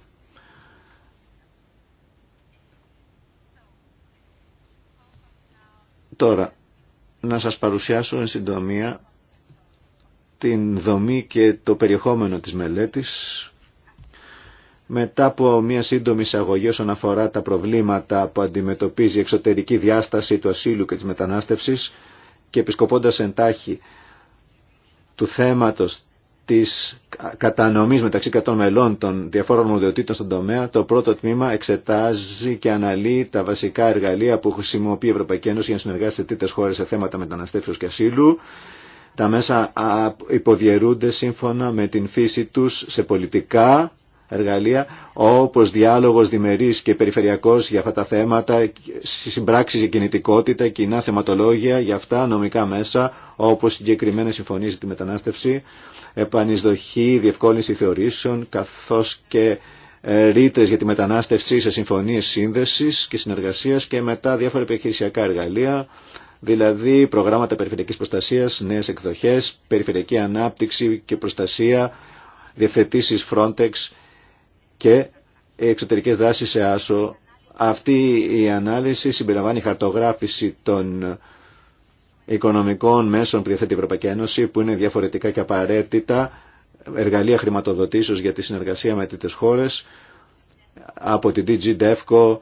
Τώρα, να σας παρουσιάσω εν συντομία την δομή και το περιεχόμενο της μελέτης. Μετά από μια σύντομη εισαγωγή όσον αφορά τα προβλήματα που αντιμετωπίζει η εξωτερική διάσταση του ασύλου και της μετανάστευσης και επισκοπώντας εντάχει του θέματος της κατανομής μεταξύ των μελών των διαφόρων ομοδιοτήτων στον τομέα, το πρώτο τμήμα εξετάζει και αναλύει τα βασικά εργαλεία που χρησιμοποιεί η Ευρωπαϊκή Ένωση για να συνεργάσει σε τρίτες χώρες σε θέματα μεταναστεύσεως και ασύλου. Τα μέσα υποδιαιρούνται σύμφωνα με την φύση τους σε πολιτικά, εργαλεία όπως διάλογος διμερής και περιφερειακός για αυτά τα θέματα, συμπράξεις για κινητικότητα, κοινά θεματολόγια για αυτά νομικά μέσα όπως συγκεκριμένε συμφωνίες για τη μετανάστευση, επανεισδοχή, διευκόλυνση θεωρήσεων καθώς και ε, ρήτρε για τη μετανάστευση σε συμφωνίες σύνδεσης και συνεργασίας και μετά διάφορα επιχειρησιακά εργαλεία δηλαδή προγράμματα περιφερειακής προστασίας, νέες εκδοχές, περιφερειακή ανάπτυξη και προστασία, διευθετήσεις Frontex και εξωτερικές δράσεις σε άσο. Αυτή η ανάλυση συμπεριλαμβάνει χαρτογράφηση των οικονομικών μέσων που διαθέτει η Ευρωπαϊκή Ένωση που είναι διαφορετικά και απαραίτητα εργαλεία χρηματοδοτήσεως για τη συνεργασία με τέτοιες χώρες από την DG DEFCO,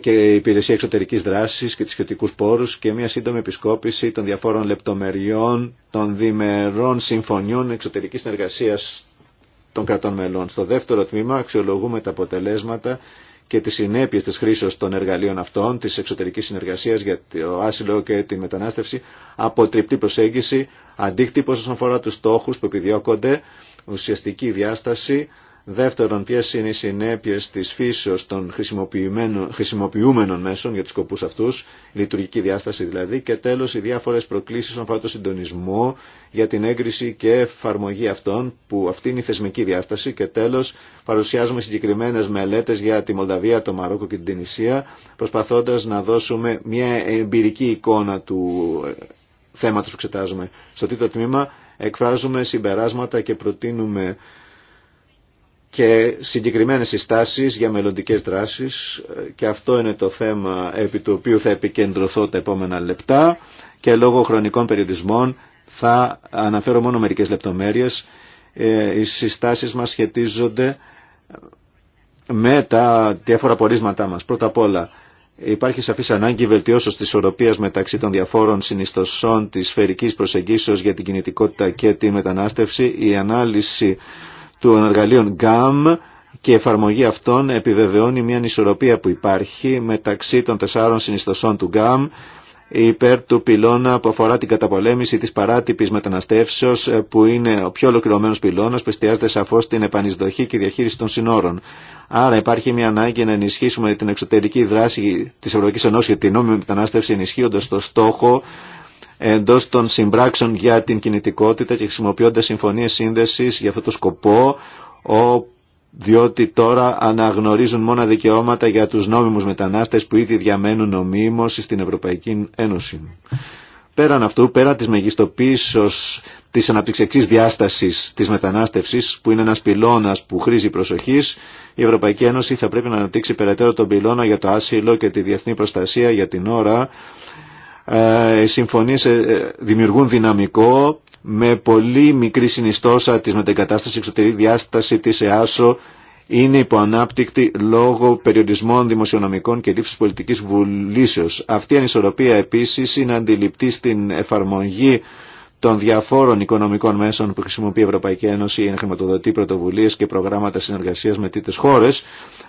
και η Υπηρεσία Εξωτερικής Δράσης και τις σχετικούς πόρους και μια σύντομη επισκόπηση των διαφόρων λεπτομεριών των διμερών συμφωνιών εξωτερικής συνεργασία των κρατών μελών. Στο δεύτερο τμήμα αξιολογούμε τα αποτελέσματα και τις συνέπειες της χρήσης των εργαλείων αυτών, της εξωτερικής συνεργασίας για το άσυλο και τη μετανάστευση, από τριπτή προσέγγιση, αντίκτυπο όσον αφορά τους στόχους που επιδιώκονται, ουσιαστική διάσταση, Δεύτερον, ποιε είναι οι συνέπειε τη φύσεω των χρησιμοποιούμενων μέσων για του σκοπού αυτού, λειτουργική διάσταση δηλαδή. Και τέλο, οι διάφορε προκλήσει όσον αφορά το συντονισμό για την έγκριση και εφαρμογή αυτών, που αυτή είναι η θεσμική διάσταση. Και τέλο, παρουσιάζουμε συγκεκριμένε μελέτε για τη Μολδαβία, το Μαρόκο και την Τινησία, προσπαθώντα να δώσουμε μια εμπειρική εικόνα του θέματο που εξετάζουμε. Στο τρίτο τμήμα εκφράζουμε συμπεράσματα και προτείνουμε και συγκεκριμένες συστάσεις για μελλοντικές δράσεις και αυτό είναι το θέμα επί του οποίου θα επικεντρωθώ τα επόμενα λεπτά και λόγω χρονικών περιορισμών θα αναφέρω μόνο μερικές λεπτομέρειες. Ε, οι συστάσεις μας σχετίζονται με τα διάφορα πορίσματά μας. Πρώτα απ' όλα υπάρχει σαφής ανάγκη βελτιώσεως της οροπίας μεταξύ των διαφόρων συνιστοσών της σφαιρικής προσεγγίσεως για την κινητικότητα και τη μετανάστευση. Η ανάλυση των εργαλείων GAM και η εφαρμογή αυτών επιβεβαιώνει μια ανισορροπία που υπάρχει μεταξύ των τεσσάρων συνιστοσών του GAM υπέρ του πυλώνα που αφορά την καταπολέμηση της παράτυπης μεταναστεύσεως που είναι ο πιο ολοκληρωμένος πυλώνας που εστιάζεται σαφώς στην επανεισδοχή και διαχείριση των συνόρων. Άρα υπάρχει μια ανάγκη να ενισχύσουμε την εξωτερική δράση της ΕΕ για την νόμιμη μετανάστευση ενισχύοντας το στόχο εντός των συμπράξεων για την κινητικότητα και χρησιμοποιώντας συμφωνίες σύνδεσης για αυτό το σκοπό, διότι τώρα αναγνωρίζουν μόνα δικαιώματα για τους νόμιμους μετανάστες που ήδη διαμένουν νομίμως στην Ευρωπαϊκή Ένωση. Πέραν αυτού, πέρα της μεγιστοποίησης της αναπτυξιακής διάστασης της μετανάστευσης, που είναι ένας πυλώνας που χρήζει προσοχή, η Ευρωπαϊκή Ένωση θα πρέπει να αναπτύξει περαιτέρω τον πυλώνα για το άσυλο και τη διεθνή προστασία για την ώρα, ε, οι συμφωνίες ε, δημιουργούν δυναμικό με πολύ μικρή συνιστόσα της μετεγκατάστασης εξωτερική διάσταση της ΕΑΣΟ είναι υποανάπτυκτη λόγω περιορισμών δημοσιονομικών και λήψης πολιτικής βουλήσεως. Αυτή η ανισορροπία επίσης είναι αντιληπτή στην εφαρμογή των διαφόρων οικονομικών μέσων που χρησιμοποιεί η Ευρωπαϊκή Ένωση για να χρηματοδοτεί πρωτοβουλίε και προγράμματα συνεργασία με τίτε χώρε,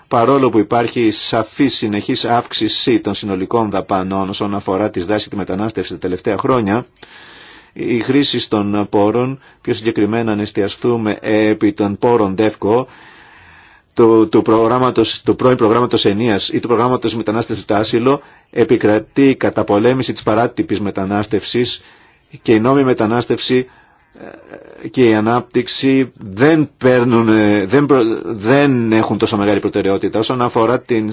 παρόλο που υπάρχει σαφή συνεχή αύξηση των συνολικών δαπανών όσον αφορά τη δράση τη μετανάστευση τα τελευταία χρόνια, η χρήση των πόρων, πιο συγκεκριμένα να εστιαστούμε επί των πόρων ΔΕΦΚΟ, του, του, προγράμματος, του πρώην προγράμματος ενίας ή του προγράμματος μετανάστευσης του άσυλο επικρατεί η του προγραμματος μεταναστευσης του ασυλο επικρατει κατά καταπολεμηση της παράτυπης μετανάστευση και η νόμιμη μετανάστευση ε, και η ανάπτυξη δεν, παίρνουν, δεν, δεν έχουν τόσο μεγάλη προτεραιότητα. Όσον αφορά την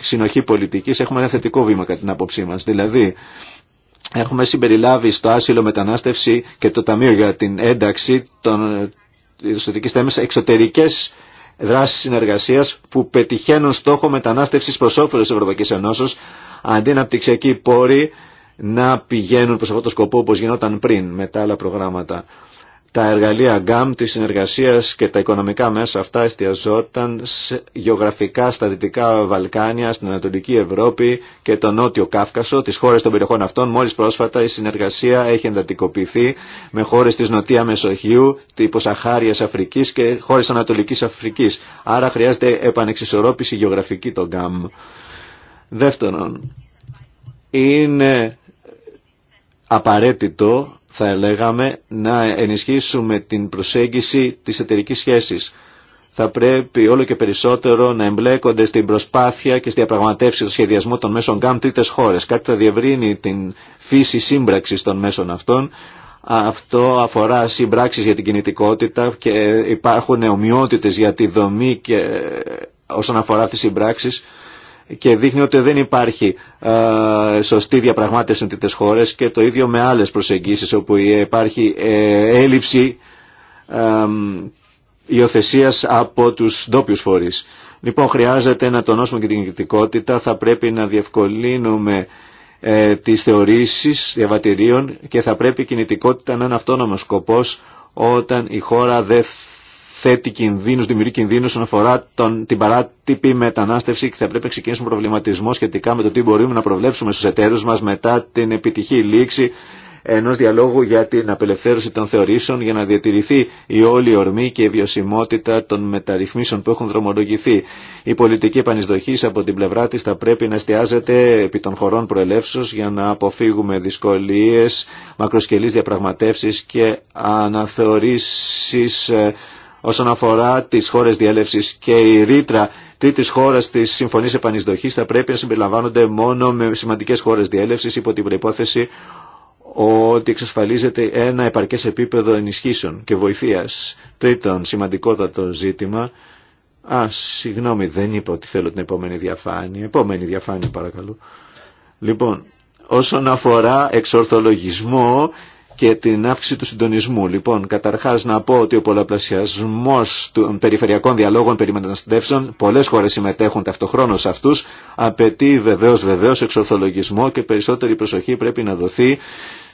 συνοχή πολιτικής έχουμε ένα θετικό βήμα κατά την άποψή μας. Δηλαδή έχουμε συμπεριλάβει στο άσυλο μετανάστευση και το Ταμείο για την ένταξη των ιδιωτικής ε, θέμης εξωτερικές δράσεις συνεργασίας που πετυχαίνουν στόχο μετανάστευσης προς όφελος της Ευρωπαϊκής Ενώσεως αντί πτυξιακή πόροι να πηγαίνουν προς αυτό το σκοπό όπως γινόταν πριν με τα άλλα προγράμματα. Τα εργαλεία ΓΑΜ της συνεργασίας και τα οικονομικά μέσα αυτά εστιαζόταν σε γεωγραφικά στα Δυτικά Βαλκάνια, στην Ανατολική Ευρώπη και τον Νότιο Κάφκασο, τις χώρες των περιοχών αυτών. Μόλις πρόσφατα η συνεργασία έχει εντατικοποιηθεί με χώρες της Νοτία Μεσοχείου, τύπος Σαχάριας Αφρικής και χώρες Ανατολικής Αφρικής. Άρα χρειάζεται επανεξισορρόπηση γεωγραφική των γάμ. Δεύτερον, είναι απαραίτητο, θα έλεγαμε, να ενισχύσουμε την προσέγγιση της εταιρική σχέσης. Θα πρέπει όλο και περισσότερο να εμπλέκονται στην προσπάθεια και στη διαπραγματεύση του σχεδιασμού των μέσων ΓΑΜ τρίτε χώρε. Κάτι θα διευρύνει την φύση σύμπραξη των μέσων αυτών. Αυτό αφορά συμπράξει για την κινητικότητα και υπάρχουν ομοιότητες για τη δομή και ε, όσον αφορά τι συμπράξεις και δείχνει ότι δεν υπάρχει ε, σωστή διαπραγμάτευση με χώρες και το ίδιο με άλλες προσεγγίσεις όπου υπάρχει ε, έλλειψη ε, υιοθεσία από τους ντόπιου φορείς. Λοιπόν, χρειάζεται να τονώσουμε και την κινητικότητα, θα πρέπει να διευκολύνουμε ε, τις θεωρήσεις διαβατηρίων και θα πρέπει η κινητικότητα να είναι αυτόνομος σκοπός όταν η χώρα δεν θέτει κινδύνου, δημιουργεί κινδύνου όσον αφορά τον, την παράτυπη μετανάστευση και θα πρέπει να ξεκινήσουμε προβληματισμό σχετικά με το τι μπορούμε να προβλέψουμε στου εταίρου μα μετά την επιτυχή λήξη ενό διαλόγου για την απελευθέρωση των θεωρήσεων για να διατηρηθεί η όλη ορμή και η βιωσιμότητα των μεταρρυθμίσεων που έχουν δρομολογηθεί. Η πολιτική επανεισδοχή από την πλευρά τη θα πρέπει να εστιάζεται επί των χωρών προελεύσεω για να αποφύγουμε δυσκολίε μακροσκελεί διαπραγματεύσει και αναθεωρήσεις ε, όσον αφορά τις χώρες διέλευσης και η ρήτρα τρίτης χώρας της Συμφωνής Επανεισδοχής θα πρέπει να συμπεριλαμβάνονται μόνο με σημαντικές χώρες διέλευσης υπό την προϋπόθεση ότι εξασφαλίζεται ένα επαρκές επίπεδο ενισχύσεων και βοηθείας. Τρίτον, σημαντικότατο ζήτημα. Α, συγγνώμη, δεν είπα ότι θέλω την επόμενη διαφάνεια. Επόμενη διαφάνεια παρακαλώ. Λοιπόν, όσον αφορά εξορθολογισμό και την αύξηση του συντονισμού. Λοιπόν, καταρχά να πω ότι ο πολλαπλασιασμό των περιφερειακών διαλόγων περί μεταναστεύσεων, πολλές χώρες συμμετέχουν ταυτοχρόνω σε αυτού, απαιτεί βεβαίως βεβαίως εξορθολογισμό και περισσότερη προσοχή πρέπει να δοθεί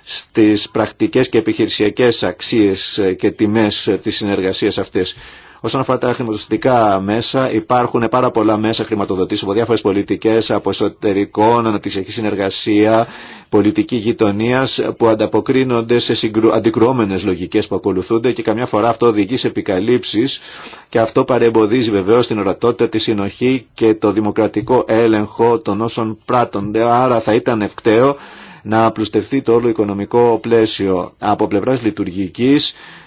στις πρακτικές και επιχειρησιακές αξίες και τιμές της συνεργασίας αυτής. Όσον αφορά τα χρηματοδοτικά μέσα, υπάρχουν πάρα πολλά μέσα χρηματοδοτήσεων από διάφορε πολιτικέ, από εσωτερικών, αναπτυξιακή συνεργασία, πολιτική γειτονία, που ανταποκρίνονται σε συγκρου... αντικρουόμενε λογικέ που ακολουθούνται και καμιά φορά αυτό οδηγεί σε επικαλύψει και αυτό παρεμποδίζει βεβαίω την ορατότητα, τη συνοχή και το δημοκρατικό έλεγχο των όσων πράττονται. Άρα θα ήταν ευκταίο να απλουστευτεί το όλο οικονομικό πλαίσιο από πλευρά λειτουργική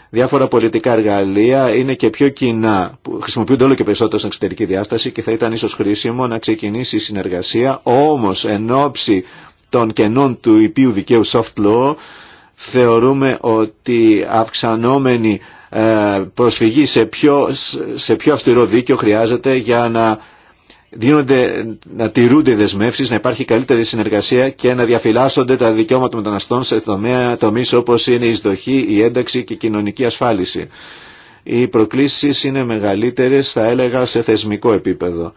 διάφορα πολιτικά εργαλεία είναι και πιο κοινά, που χρησιμοποιούνται όλο και περισσότερο στην εξωτερική διάσταση και θα ήταν ίσως χρήσιμο να ξεκινήσει η συνεργασία, όμως εν ώψη των κενών του υπείου δικαίου soft law θεωρούμε ότι αυξανόμενη ε, προσφυγή σε πιο, σε πιο αυστηρό δίκαιο χρειάζεται για να δίνονται, να τηρούνται οι δεσμεύσει, να υπάρχει καλύτερη συνεργασία και να διαφυλάσσονται τα δικαιώματα των μεταναστών σε τομεί όπω είναι η εισδοχή, η ένταξη και η κοινωνική ασφάλιση. Οι προκλήσει είναι μεγαλύτερε, θα έλεγα, σε θεσμικό επίπεδο.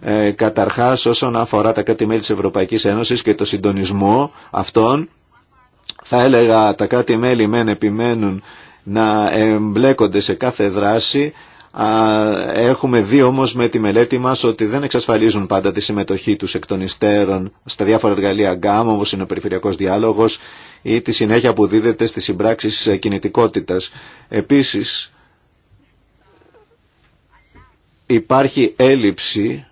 Ε, Καταρχά, όσον αφορά τα κράτη-μέλη τη Ευρωπαϊκή Ένωση και το συντονισμό αυτών, θα έλεγα τα κράτη-μέλη μεν επιμένουν να εμπλέκονται σε κάθε δράση Έχουμε δει όμως με τη μελέτη μας ότι δεν εξασφαλίζουν πάντα τη συμμετοχή τους εκ των υστέρων στα διάφορα εργαλεία ΓΚΑΜ, όπως είναι ο περιφερειακός διάλογος ή τη συνέχεια που δίδεται στις συμπράξεις κινητικότητας. Επίσης υπάρχει έλλειψη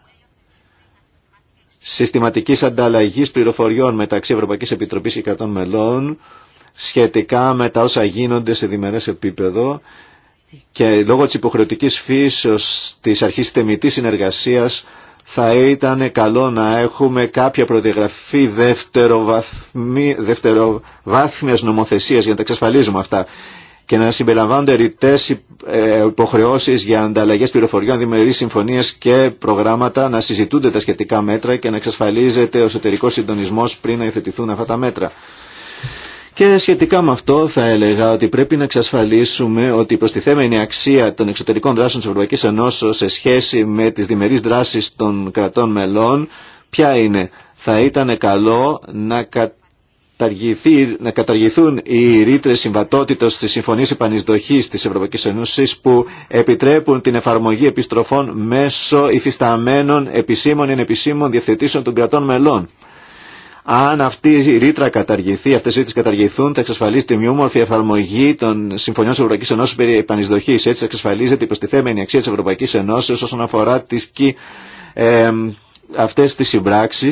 συστηματικής ανταλλαγής πληροφοριών μεταξύ Ευρωπαϊκής Επιτροπής και 100 μελών σχετικά με τα όσα γίνονται σε διμερές επίπεδο και λόγω της υποχρεωτικής φύσεως της αρχής θεμητής συνεργασίας θα ήταν καλό να έχουμε κάποια προδιαγραφή δευτεροβάθμι, δευτεροβάθμιας νομοθεσίας για να τα εξασφαλίζουμε αυτά και να συμπεριλαμβάνονται ρητέ ε, υποχρεώσεις για ανταλλαγές πληροφοριών, διμερεί συμφωνίες και προγράμματα, να συζητούνται τα σχετικά μέτρα και να εξασφαλίζεται ο εσωτερικό συντονισμό πριν να υιοθετηθούν αυτά τα μέτρα. Και σχετικά με αυτό θα έλεγα ότι πρέπει να εξασφαλίσουμε ότι η προστιθέμενη αξία των εξωτερικών δράσεων της Ευρωπαϊκής Ενώσεως σε σχέση με τις διμερείς δράσεις των κρατών μελών, ποια είναι. Θα ήταν καλό να να καταργηθούν οι ρήτρε συμβατότητα τη Συμφωνία Επανεισδοχή τη Ευρωπαϊκή Ένωση που επιτρέπουν την εφαρμογή επιστροφών μέσω υφισταμένων επισήμων ή ανεπισήμων διευθετήσεων των κρατών μελών. Αν αυτή η ρήτρα καταργηθεί, αυτέ οι ρήτρε καταργηθούν, θα εξασφαλίσει τη μειούμορφη εφαρμογή των συμφωνιών τη Ευρωπαϊκή Ενώση περί επανεισδοχή. Έτσι, θα εξασφαλίζεται η προστιθέμενη αξία τη Ευρωπαϊκή Ενώσης όσον αφορά τι ε, αυτέ τι συμπράξει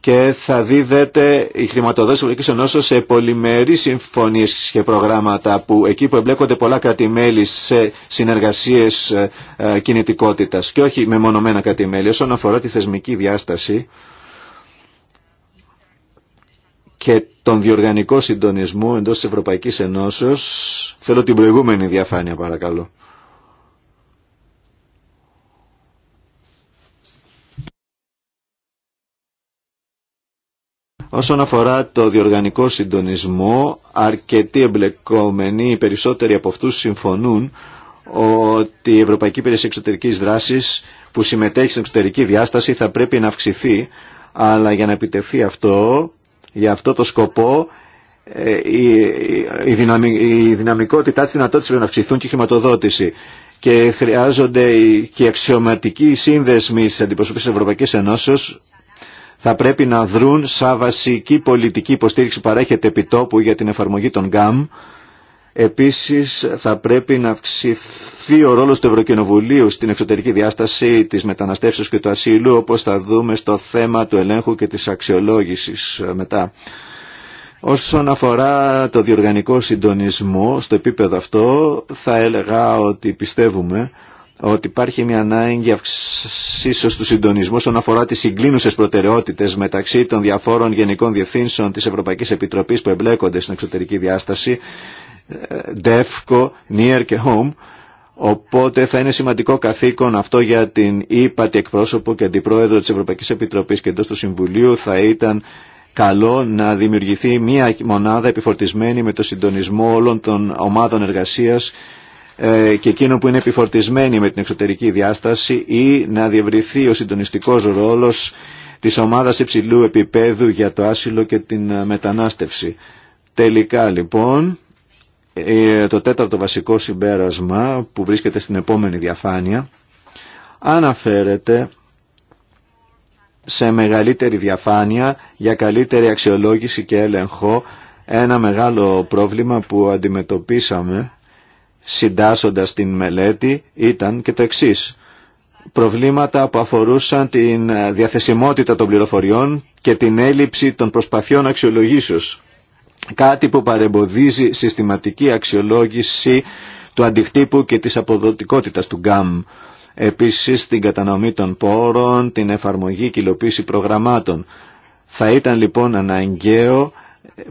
και θα δίδεται η χρηματοδότηση της Ευρωπαϊκής σε πολυμερείς συμφωνίες και προγράμματα που εκεί που εμπλέκονται πολλά σε συνεργασίες ε, ε, κινητικότητας και όχι μεμονωμένα Όσον αφορά τη θεσμική διάσταση, και τον διοργανικό συντονισμό εντός της Ευρωπαϊκής Ενώσεως. Θέλω την προηγούμενη διαφάνεια παρακαλώ. Όσον αφορά το διοργανικό συντονισμό, αρκετοί εμπλεκόμενοι, οι περισσότεροι από αυτούς συμφωνούν ότι η Ευρωπαϊκή Υπηρεσία Εξωτερικής Δράσης που συμμετέχει στην εξωτερική διάσταση θα πρέπει να αυξηθεί, αλλά για να επιτευχθεί αυτό για αυτό το σκοπό ε, η, η, δυναμι, η δυναμικότητά της να αυξηθούν και η χρηματοδότηση και χρειάζονται και αξιωματικοί σύνδεσμοι στις αντιπροσωπήσεις της Ευρωπαϊκής Ενώσεως θα πρέπει να δρουν σαν βασική πολιτική υποστήριξη παρέχεται επιτόπου για την εφαρμογή των ΓΑΜ Επίσης θα πρέπει να αυξηθεί ο ρόλος του Ευρωκοινοβουλίου στην εξωτερική διάσταση της μεταναστεύσεως και του ασύλου όπως θα δούμε στο θέμα του ελέγχου και της αξιολόγησης ε, μετά. Όσον αφορά το διοργανικό συντονισμό στο επίπεδο αυτό θα έλεγα ότι πιστεύουμε ότι υπάρχει μια ανάγκη αυξήσεως του συντονισμού όσον αφορά τις συγκλίνουσες προτεραιότητες μεταξύ των διαφόρων γενικών διευθύνσεων της Ευρωπαϊκής Επιτροπής που εμπλέκονται στην εξωτερική διάσταση DEFCO, NEAR και HOME, οπότε θα είναι σημαντικό καθήκον αυτό για την ύπατη εκπρόσωπο και αντιπρόεδρο της Ευρωπαϊκής Επιτροπής και εντός του Συμβουλίου θα ήταν καλό να δημιουργηθεί μια μονάδα επιφορτισμένη με το συντονισμό όλων των ομάδων εργασίας ε, και εκείνων που είναι επιφορτισμένοι με την εξωτερική διάσταση ή να διευρυθεί ο συντονιστικός ρόλος της ομάδας υψηλού επίπεδου για το άσυλο και την μετανάστευση. Τελικά λοιπόν ε, το τέταρτο βασικό συμπέρασμα που βρίσκεται στην επόμενη διαφάνεια αναφέρεται σε μεγαλύτερη διαφάνεια για καλύτερη αξιολόγηση και έλεγχο ένα μεγάλο πρόβλημα που αντιμετωπίσαμε συντάσσοντας την μελέτη ήταν και το εξής προβλήματα που αφορούσαν την διαθεσιμότητα των πληροφοριών και την έλλειψη των προσπαθειών αξιολογήσεως κάτι που παρεμποδίζει συστηματική αξιολόγηση του αντιχτύπου και της αποδοτικότητας του ΓΑΜ. Επίσης την κατανομή των πόρων, την εφαρμογή και υλοποίηση προγραμμάτων. Θα ήταν λοιπόν αναγκαίο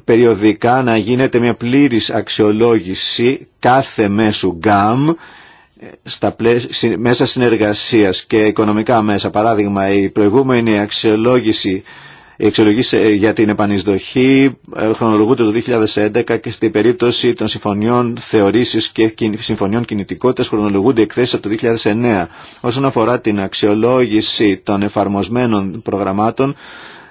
περιοδικά να γίνεται μια πλήρης αξιολόγηση κάθε μέσου ΓΑΜ στα μέσα συνεργασίας και οικονομικά μέσα. Παράδειγμα, η προηγούμενη αξιολόγηση η εξολογήσει ε, για την επανεισδοχή ε, χρονολογούνται το 2011 και στην περίπτωση των συμφωνιών θεωρήσεις και συμφωνιών κινητικότητας χρονολογούνται εκθέσεις από το 2009. Όσον αφορά την αξιολόγηση των εφαρμοσμένων προγραμμάτων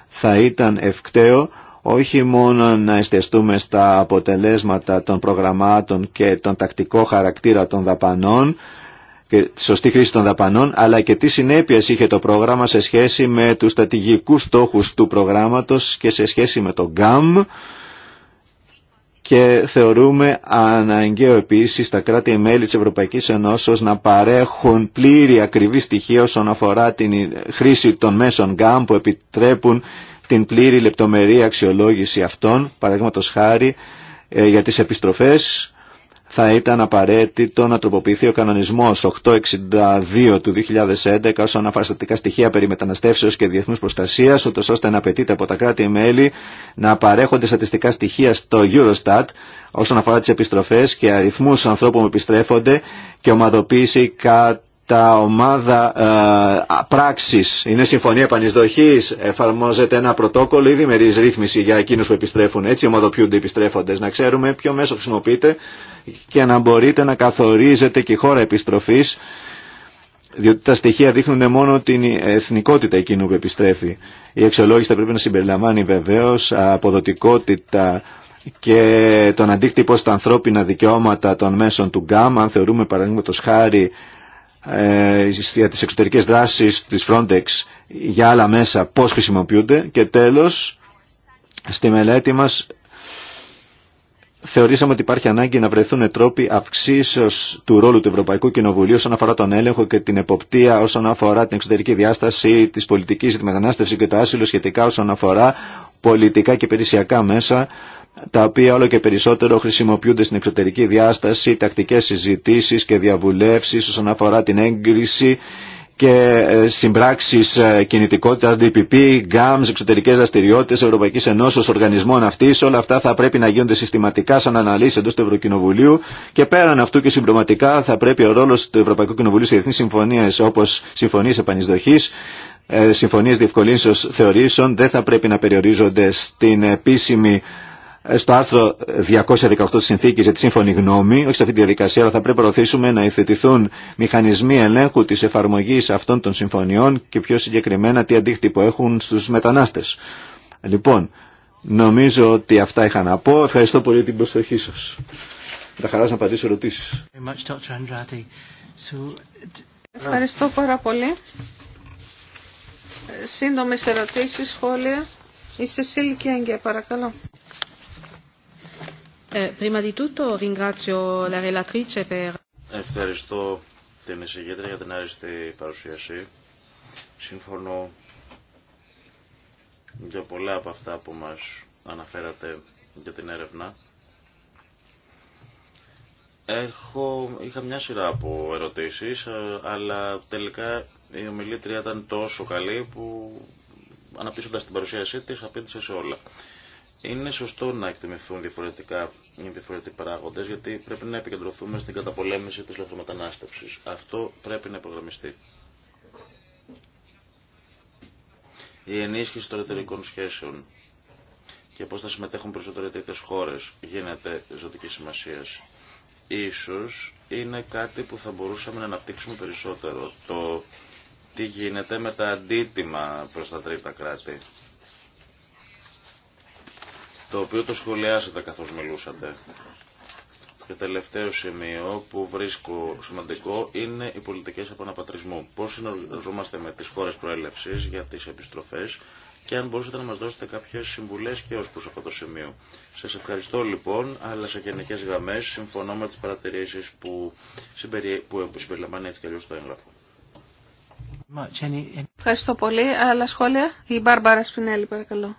θα ήταν ευκταίο όχι μόνο να εστιαστούμε στα αποτελέσματα των προγραμμάτων και τον τακτικό χαρακτήρα των δαπανών και τη σωστή χρήση των δαπανών, αλλά και τι συνέπειε είχε το πρόγραμμα σε σχέση με του στατηγικούς στόχου του προγράμματο και σε σχέση με το γάμ και θεωρούμε αναγκαίο επίση τα κράτη-μέλη τη Ευρωπαϊκή Ενώσεω να παρέχουν πλήρη ακριβή στοιχεία όσον αφορά την χρήση των μέσων γάμ που επιτρέπουν την πλήρη λεπτομερή αξιολόγηση αυτών, παραδείγματο χάρη ε, για τις επιστροφές θα ήταν απαραίτητο να τροποποιηθεί ο κανονισμός 862 του 2011 όσον αφορά στατικά στοιχεία περί μεταναστεύσεως και διεθνούς προστασίας, ούτως ώστε να απαιτείται από τα κράτη-μέλη να παρέχονται στατιστικά στοιχεία στο Eurostat όσον αφορά τις επιστροφές και αριθμούς ανθρώπων που επιστρέφονται και ομαδοποίηση κατά τα ομάδα ε, πράξης είναι συμφωνία επανεισδοχής, εφαρμόζεται ένα πρωτόκολλο ή διμερής ρύθμιση για εκείνους που επιστρέφουν, έτσι ομαδοποιούνται οι επιστρέφοντες, να ξέρουμε ποιο μέσο χρησιμοποιείτε και να μπορείτε να καθορίζετε και η χώρα επιστροφής, διότι τα στοιχεία δείχνουν μόνο την εθνικότητα εκείνου που επιστρέφει. Η αξιολόγηση θα πρέπει να συμπεριλαμβάνει βεβαίως αποδοτικότητα και τον αντίκτυπο στα ανθρώπινα δικαιώματα των μέσων του ΓΚΑΜ, αν θεωρούμε παραδείγματο χάρη για ε, τις εξωτερικές δράσεις της Frontex για άλλα μέσα πώς χρησιμοποιούνται και τέλος στη μελέτη μας θεωρήσαμε ότι υπάρχει ανάγκη να βρεθούν τρόποι αυξήσεως του ρόλου του Ευρωπαϊκού Κοινοβουλίου όσον αφορά τον έλεγχο και την εποπτεία, όσον αφορά την εξωτερική διάσταση της πολιτικής, τη μετανάστευση και το άσυλο σχετικά όσον αφορά πολιτικά και περισσιακά μέσα τα οποία όλο και περισσότερο χρησιμοποιούνται στην εξωτερική διάσταση, τακτικές συζητήσεις και διαβουλεύσεις όσον αφορά την έγκριση και ε, συμπράξεις ε, κινητικότητα, DPP, GAMS, εξωτερικές δραστηριότητες, Ευρωπαϊκής Ενώσεως, οργανισμών αυτής, όλα αυτά θα πρέπει να γίνονται συστηματικά σαν αναλύσεις εντός του Ευρωκοινοβουλίου και πέραν αυτού και συμπληρωματικά θα πρέπει ο ρόλος του Ευρωπαϊκού Κοινοβουλίου σε διεθνείς συμφωνίες όπως συμφωνίες επανεισδοχής ε, συμφωνίες διευκολύνσεως θεωρήσεων δεν θα πρέπει να περιορίζονται στην επίσημη ε, στο άρθρο 218 της συνθήκης για τη σύμφωνη γνώμη, όχι σε αυτή τη διαδικασία, αλλά θα πρέπει να προωθήσουμε να υθετηθούν μηχανισμοί ελέγχου της εφαρμογής αυτών των συμφωνιών και πιο συγκεκριμένα τι αντίκτυπο έχουν στους μετανάστες. Λοιπόν, νομίζω ότι αυτά είχα να πω. Ευχαριστώ πολύ την προσοχή σας. Θα χαρά να απαντήσω ερωτήσεις. Ευχαριστώ πάρα πολύ. Ε, σύντομες ερωτήσεις, σχόλια. Η Σεσίλ Κέγκε, παρακαλώ. Ε, Ευχαριστώ την εισηγήτρια για την άριστη παρουσίαση. Συμφωνώ για πολλά από αυτά που μας αναφέρατε για την έρευνα. Έχω, είχα μια σειρά από ερωτήσεις, αλλά τελικά η ομιλήτρια ήταν τόσο καλή που αναπτύσσοντας την παρουσίασή της απήντησε σε όλα. Είναι σωστό να εκτιμηθούν διαφορετικά οι διαφορετικοί παράγοντε γιατί πρέπει να επικεντρωθούμε στην καταπολέμηση τη λαθρομετανάστευση. Αυτό πρέπει να προγραμμιστεί. Η ενίσχυση των εταιρικών σχέσεων και πώ θα συμμετέχουν περισσότερο οι τρίτε χώρες γίνεται ζωτική σημασία. σω είναι κάτι που θα μπορούσαμε να αναπτύξουμε περισσότερο. Το τι γίνεται με τα αντίτιμα προ τα τρίτα κράτη το οποίο το σχολιάσατε καθώς μιλούσατε. Και τελευταίο σημείο που βρίσκω σημαντικό είναι οι πολιτικές επαναπατρισμού. Πώς συνεργαζόμαστε με τις χώρες προέλευσης για τις επιστροφές και αν μπορούσατε να μας δώσετε κάποιες συμβουλές και ως προς αυτό το σημείο. Σας ευχαριστώ λοιπόν, αλλά σε γενικέ γραμμές συμφωνώ με τις παρατηρήσεις που, συμπερι... που συμπεριλαμβάνει έτσι και το έγγραφο. Ευχαριστώ πολύ. Άλλα σχόλια. Η Μπάρμπαρα Σπινέλη, παρακαλώ.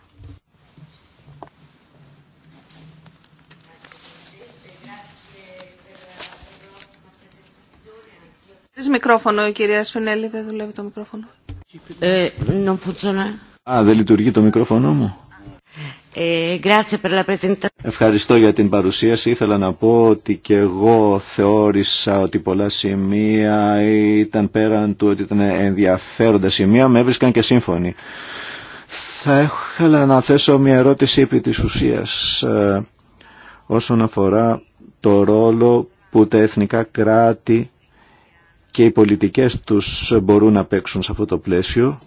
μικρόφωνο, κυρία Σφινέλη, δεν δουλεύει το μικρόφωνο. Ε, δεν λειτουργεί το μικρόφωνο μου. Ε, Ευχαριστώ για την παρουσίαση. Ήθελα να πω ότι και εγώ θεώρησα ότι πολλά σημεία ήταν πέραν του ότι ήταν ενδιαφέροντα σημεία, με έβρισκαν και σύμφωνοι. Θα ήθελα να θέσω μια ερώτηση επί της ουσίας ε, όσον αφορά το ρόλο που τα εθνικά κράτη και οι πολιτικές τους μπορούν να παίξουν σε αυτό το πλαίσιο.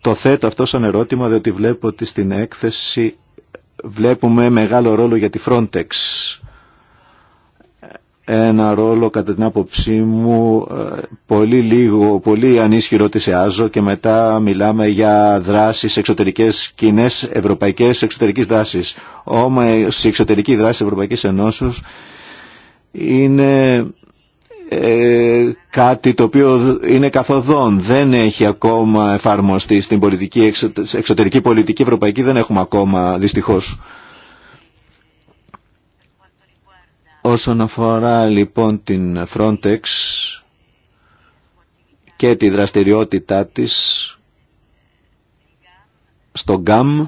Το θέτω αυτό σαν ερώτημα διότι βλέπω ότι στην έκθεση βλέπουμε μεγάλο ρόλο για τη Frontex. Ένα ρόλο κατά την άποψή μου ε, πολύ λίγο, πολύ ανίσχυρο της ΕΑΖΟ και μετά μιλάμε για δράσεις εξωτερικές, κοινέ ευρωπαϊκές εξωτερικής δράσης. Όμως η εξωτερική δράση Ευρωπαϊκής Ενώσεως είναι ε, κάτι το οποίο είναι καθοδόν, δεν έχει ακόμα εφαρμοστεί στην πολιτική, εξωτερική πολιτική ευρωπαϊκή, δεν έχουμε ακόμα δυστυχώς. Όσον αφορά λοιπόν την Frontex και τη δραστηριότητά της στο ΓΑΜ,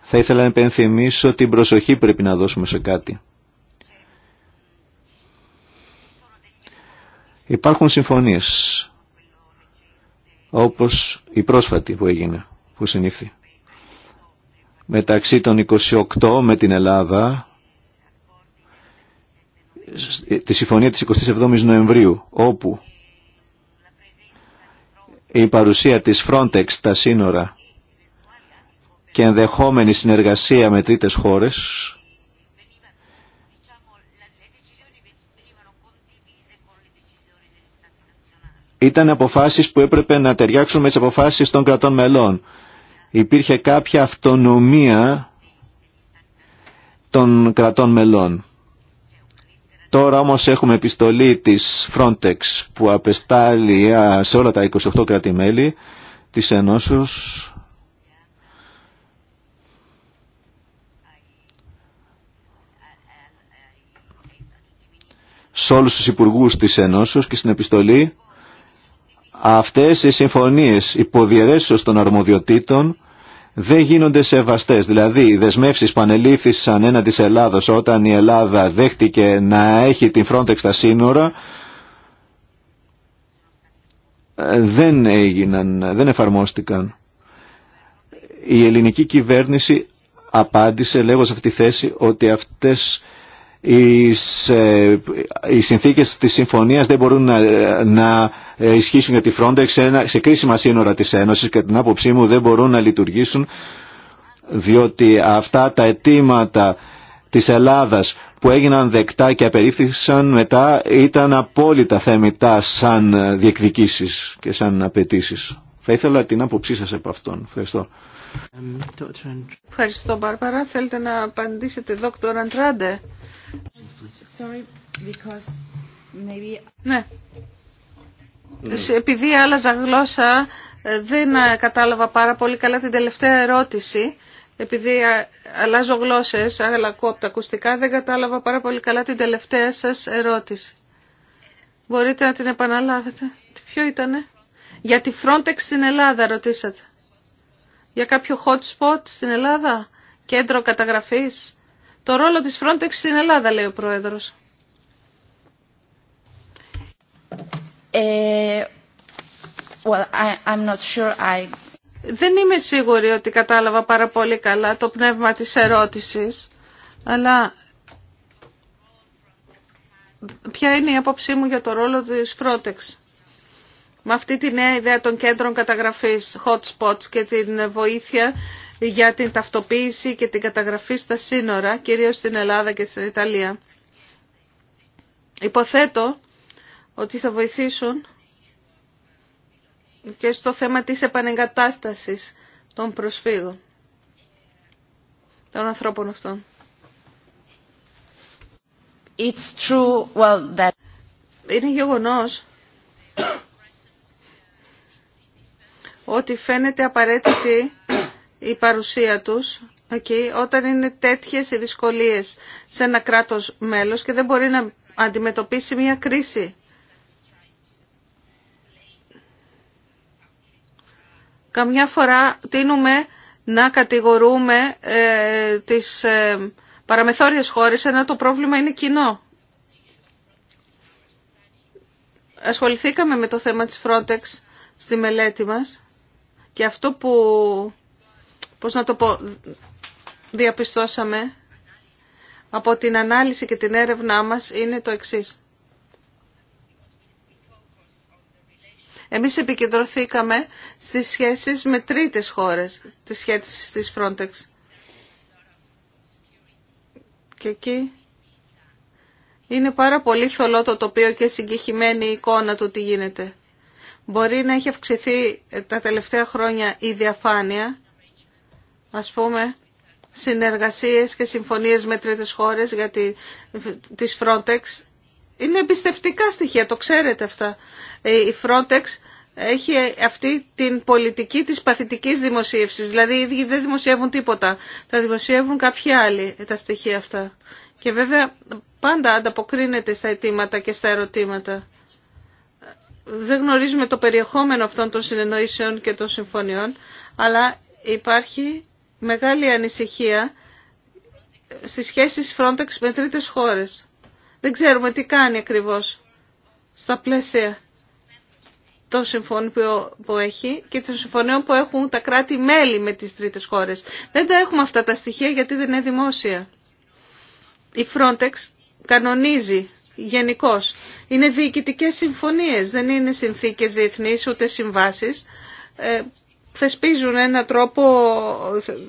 θα ήθελα να επενθυμίσω την προσοχή πρέπει να δώσουμε σε κάτι. Υπάρχουν συμφωνίες, όπως η πρόσφατη που έγινε, που συνήφθη. Μεταξύ των 28 με την Ελλάδα, τη συμφωνία της 27ης Νοεμβρίου, όπου η παρουσία της Frontex στα σύνορα και ενδεχόμενη συνεργασία με τρίτες χώρες ήταν αποφάσεις που έπρεπε να ταιριάξουν με τις αποφάσεις των κρατών μελών. Υπήρχε κάποια αυτονομία των κρατών μελών. Τώρα όμως έχουμε επιστολή της Frontex που απεστάλλει σε όλα τα 28 κράτη-μέλη της Ενώσεως σε όλους τους υπουργούς της Ενώσεως και στην επιστολή αυτές οι συμφωνίες υποδιαιρέσεως των αρμοδιοτήτων δεν γίνονται σεβαστές. Δηλαδή οι δεσμεύσεις που ανελήφθησαν ένα της Ελλάδος όταν η Ελλάδα δέχτηκε να έχει την Frontex στα σύνορα δεν έγιναν, δεν εφαρμόστηκαν. Η ελληνική κυβέρνηση απάντησε λέγοντας αυτή τη θέση ότι αυτές ε, οι συνθήκες της συμφωνίας δεν μπορούν να, να ισχύσουν για τη Frontex σε κρίσιμα σύνορα της Ένωσης και την άποψή μου δεν μπορούν να λειτουργήσουν διότι αυτά τα αιτήματα της Ελλάδας που έγιναν δεκτά και απερίφθησαν μετά ήταν απόλυτα θέμητα σαν διεκδικήσεις και σαν απαιτήσει. Θα ήθελα την άποψή σας από αυτόν. Ευχαριστώ. Ευχαριστώ, Μπάρπαρα. Θέλετε να απαντήσετε, δόκτωρ Αντράντε. Ναι. Επειδή άλλαζα γλώσσα, ε, δεν ε, κατάλαβα πάρα πολύ καλά την τελευταία ερώτηση. Επειδή ε, αλλάζω γλώσσες, αλλά ακούω από τα ακουστικά, δεν κατάλαβα πάρα πολύ καλά την τελευταία σας ερώτηση. Μπορείτε να την επαναλάβετε. Ποιο ήτανε? Για τη Frontex στην Ελλάδα ρωτήσατε για κάποιο hot spot στην Ελλάδα, κέντρο καταγραφής. Το ρόλο της Frontex στην Ελλάδα, λέει ο Πρόεδρος. Ε, I'm not Δεν είμαι σίγουρη ότι κατάλαβα πάρα πολύ καλά το πνεύμα της ερώτησης, αλλά ποια είναι η άποψή μου για το ρόλο της Frontex με αυτή τη νέα ιδέα των κέντρων καταγραφής hot spots και την βοήθεια για την ταυτοποίηση και την καταγραφή στα σύνορα, κυρίως στην Ελλάδα και στην Ιταλία. Υποθέτω ότι θα βοηθήσουν και στο θέμα της επανεγκατάστασης των προσφύγων, των ανθρώπων αυτών. It's true, Είναι γεγονός ότι φαίνεται απαραίτητη η παρουσία τους εκεί όταν είναι τέτοιες οι δυσκολίες σε ένα κράτος μέλος και δεν μπορεί να αντιμετωπίσει μια κρίση. Καμιά φορά τίνουμε να κατηγορούμε ε, τις ε, παραμεθόριες χώρες ενώ το πρόβλημα είναι κοινό. Ασχοληθήκαμε με το θέμα της Frontex στη μελέτη μας και αυτό που, πώς να το πω, διαπιστώσαμε από την ανάλυση και την έρευνά μας είναι το εξής. Εμείς επικεντρωθήκαμε στις σχέσεις με τρίτες χώρες, της σχέσεις της Frontex. Και εκεί είναι πάρα πολύ θολό το τοπίο και συγκεχημένη η εικόνα του τι γίνεται. Μπορεί να έχει αυξηθεί τα τελευταία χρόνια η διαφάνεια, ας πούμε, συνεργασίες και συμφωνίες με τρίτες χώρες για τη, της Frontex. Είναι εμπιστευτικά στοιχεία, το ξέρετε αυτά. Ε, η Frontex έχει αυτή την πολιτική της παθητικής δημοσίευσης. Δηλαδή οι ίδιοι δεν δημοσιεύουν τίποτα. Τα δημοσιεύουν κάποιοι άλλοι τα στοιχεία αυτά. Και βέβαια πάντα ανταποκρίνεται στα αιτήματα και στα ερωτήματα δεν γνωρίζουμε το περιεχόμενο αυτών των συνεννοήσεων και των συμφωνιών, αλλά υπάρχει μεγάλη ανησυχία στις σχέσεις Frontex με τρίτες χώρες. Δεν ξέρουμε τι κάνει ακριβώς στα πλαίσια των συμφωνιών που έχει και των συμφωνιών που έχουν τα κράτη-μέλη με τις τρίτες χώρες. Δεν τα έχουμε αυτά τα στοιχεία γιατί δεν είναι δημόσια. Η Frontex κανονίζει γενικώς είναι διοικητικές συμφωνίες, δεν είναι συνθήκες διεθνείς ούτε συμβάσεις. Ε, θεσπίζουν ένα τρόπο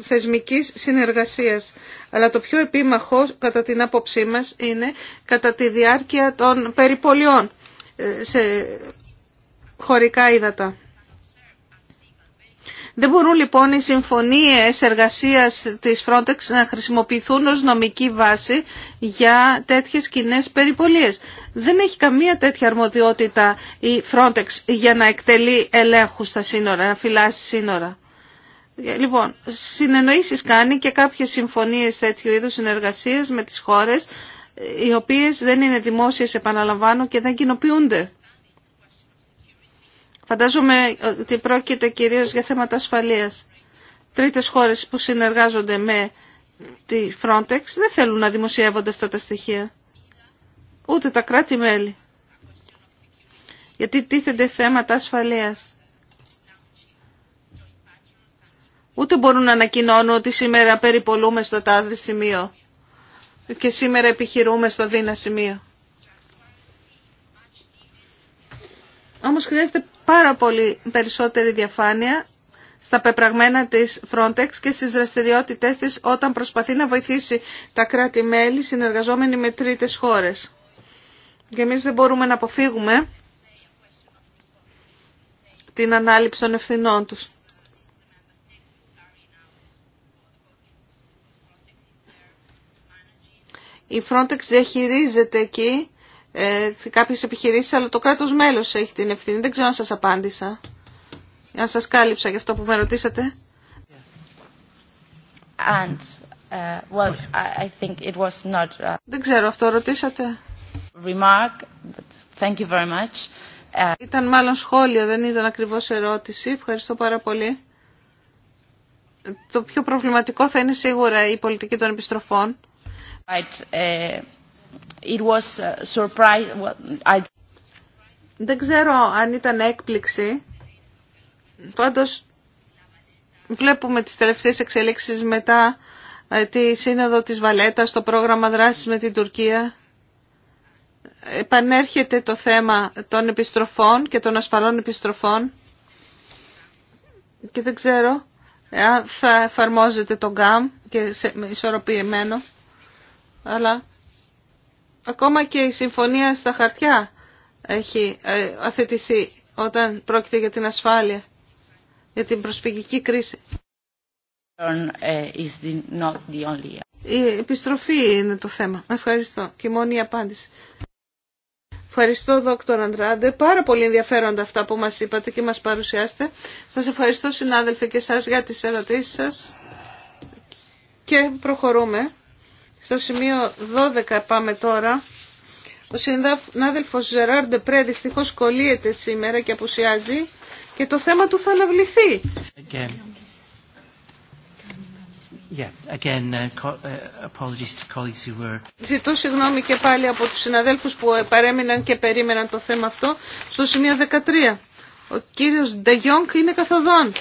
θεσμικής συνεργασίας. Αλλά το πιο επίμαχο, κατά την άποψή μας, είναι κατά τη διάρκεια των περιπολιών ε, σε χωρικά ύδατα. Δεν μπορούν λοιπόν οι συμφωνίες εργασίας της Frontex να χρησιμοποιηθούν ως νομική βάση για τέτοιες κοινέ περιπολίες. Δεν έχει καμία τέτοια αρμοδιότητα η Frontex για να εκτελεί ελέγχους στα σύνορα, να φυλάσει σύνορα. Λοιπόν, συνεννοήσεις κάνει και κάποιες συμφωνίες τέτοιου είδους συνεργασίας με τις χώρες οι οποίες δεν είναι δημόσιες επαναλαμβάνω και δεν κοινοποιούνται. Φαντάζομαι ε, ότι πρόκειται κυρίως για θέματα ασφαλείας. Τρίτες χώρες που συνεργάζονται με τη Frontex δεν θέλουν να δημοσιεύονται αυτά τα στοιχεία. Ούτε τα κράτη-μέλη. Γιατί τίθενται θέματα ασφαλείας. Ούτε μπορούν να ανακοινώνουν ότι σήμερα περιπολούμε στο τάδε σημείο και σήμερα επιχειρούμε στο δίνα σημείο. Όμως χρειάζεται πάρα πολύ περισσότερη διαφάνεια στα πεπραγμένα της Frontex και στις δραστηριότητές της όταν προσπαθεί να βοηθήσει τα κράτη-μέλη συνεργαζόμενοι με τρίτες χώρες. Και εμείς δεν μπορούμε να αποφύγουμε την ανάληψη των ευθυνών τους. Η Frontex διαχειρίζεται εκεί ε, κάποιες επιχειρήσεις, αλλά το κράτος μέλος έχει την ευθύνη. Δεν ξέρω αν σας απάντησα, αν σας κάλυψα για αυτό που με ρωτήσατε. And, uh, well, I think it was not, Δεν ξέρω, αυτό ρωτήσατε. Remark, but thank you very much. Uh, ήταν μάλλον σχόλιο, δεν ήταν ακριβώς ερώτηση. Ευχαριστώ πάρα πολύ. Το πιο προβληματικό θα είναι σίγουρα η πολιτική των επιστροφών. Right, uh, Uh, δεν ξέρω αν ήταν έκπληξη. Πάντως βλέπουμε τις τελευταίες εξελίξεις μετά ε, τη σύνοδο της Βαλέτα το πρόγραμμα δράσης με την Τουρκία. Επανέρχεται το θέμα των επιστροφών και των ασφαλών επιστροφών και δεν ξέρω ε, αν θα εφαρμόζεται το ΓΑΜ και σε ισορροπημένο, αλλά Ακόμα και η συμφωνία στα χαρτιά έχει ε, αθετηθεί όταν πρόκειται για την ασφάλεια, για την προσφυγική κρίση. Ε, η επιστροφή είναι το θέμα. Ευχαριστώ. Και μόνη η απάντηση. Ευχαριστώ, δόκτωρ Αντράντε. Πάρα πολύ ενδιαφέροντα αυτά που μας είπατε και μας παρουσιάσετε. Σας ευχαριστώ, συνάδελφοι, και σας για τις ερωτήσεις σας. Και προχωρούμε. Στο σημείο 12 πάμε τώρα. Ο συνάδελφος Ζεράρντε Πρέ δυστυχώς κολλείεται σήμερα και απουσιάζει και το θέμα του θα αναβληθεί. Uh, uh, Ζητώ συγγνώμη και πάλι από τους συναδέλφους που παρέμειναν και περίμεναν το θέμα αυτό στο σημείο 13. Ο κύριος Ντεγιόνκ είναι καθοδόν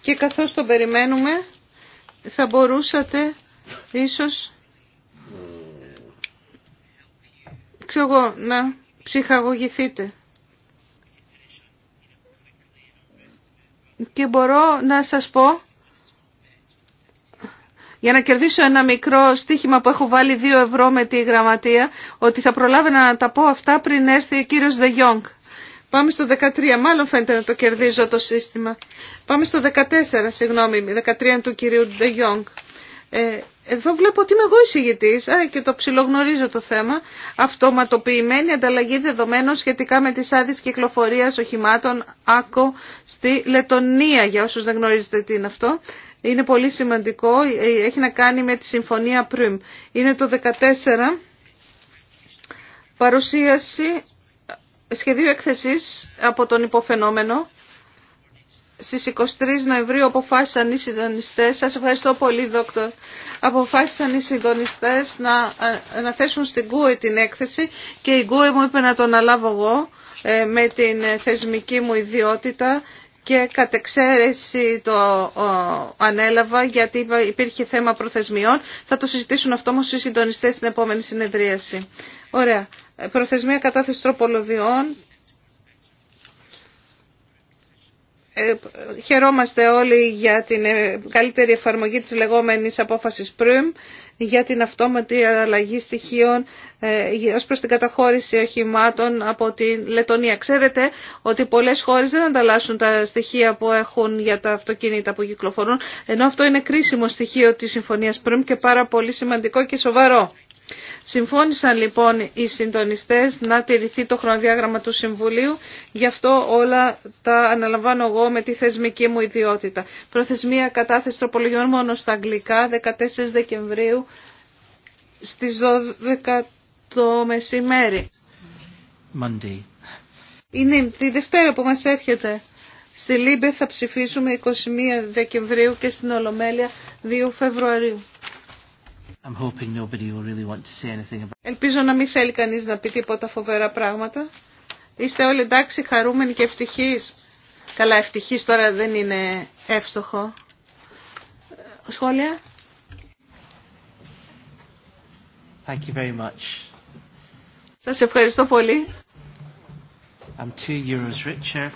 και καθώς τον περιμένουμε θα μπορούσατε ίσως ξέρω εγώ, να ψυχαγωγηθείτε. Και μπορώ να σας πω, για να κερδίσω ένα μικρό στίχημα που έχω βάλει 2 ευρώ με τη γραμματεία, ότι θα προλάβαινα να τα πω αυτά πριν έρθει ο κύριος Δε Γιόγκ. Πάμε στο 13, μάλλον φαίνεται να το κερδίζω το σύστημα. Πάμε στο 14, συγγνώμη, 13 του κυρίου Δε Γιόγκ. Ε, εδώ βλέπω ότι είμαι εγώ εισηγητή και το ψιλογνωρίζω το θέμα. Αυτοματοποιημένη ανταλλαγή δεδομένων σχετικά με τις άδειε κυκλοφορία οχημάτων ΑΚΟ στη Λετωνία, για όσους δεν γνωρίζετε τι είναι αυτό. Είναι πολύ σημαντικό, έχει να κάνει με τη Συμφωνία Πριμ. Είναι το 14, παρουσίαση σχεδίου έκθεση από τον υποφαινόμενο στις 23 Νοεμβρίου αποφάσισαν οι συντονιστές, σας ευχαριστώ πολύ δόκτωρ, αποφάσισαν οι συντονιστές να, ε, να θέσουν στην ΚΟΕ την έκθεση και η ΚΟΕ μου είπε να τον αλάβω εγώ ε, με την ε, θεσμική μου ιδιότητα και κατ' εξαίρεση το ανέλαβα γιατί υπήρχε θέμα προθεσμιών. Θα το συζητήσουν αυτό όμως οι συντονιστές στην επόμενη συνεδρίαση. Ωραία. Προθεσμία κατάθεση τροπολογιών Ε, χαιρόμαστε όλοι για την ε, καλύτερη εφαρμογή της λεγόμενης απόφασης ΠΡΟΥΜ για την αυτόματη αλλαγή στοιχείων ε, ως προς την καταχώρηση οχημάτων από την Λετωνία. Ξέρετε ότι πολλές χώρες δεν ανταλλάσσουν τα στοιχεία που έχουν για τα αυτοκίνητα που κυκλοφορούν, ενώ αυτό είναι κρίσιμο στοιχείο της Συμφωνίας ΠΡΟΥΜ και πάρα πολύ σημαντικό και σοβαρό. Συμφώνησαν λοιπόν οι συντονιστές να τηρηθεί το χρονοδιάγραμμα του Συμβουλίου, γι' αυτό όλα τα αναλαμβάνω εγώ με τη θεσμική μου ιδιότητα. Προθεσμία κατάθεση τροπολογιών μόνο στα αγγλικά, 14 Δεκεμβρίου στις 12 το μεσημέρι. Monday. Είναι τη Δευτέρα που μας έρχεται. Στη Λίμπε θα ψηφίσουμε 21 Δεκεμβρίου και στην Ολομέλεια 2 Φεβρουαρίου. Ελπίζω να μην θέλει κανείς να πει τίποτα φοβερά πράγματα. Είστε όλοι εντάξει, χαρούμενοι και ευτυχείς. Καλά, ευτυχείς. τώρα δεν είναι εύστοχο. Σχόλια. Thank you very much. Σας ευχαριστώ πολύ. I'm two euros richer.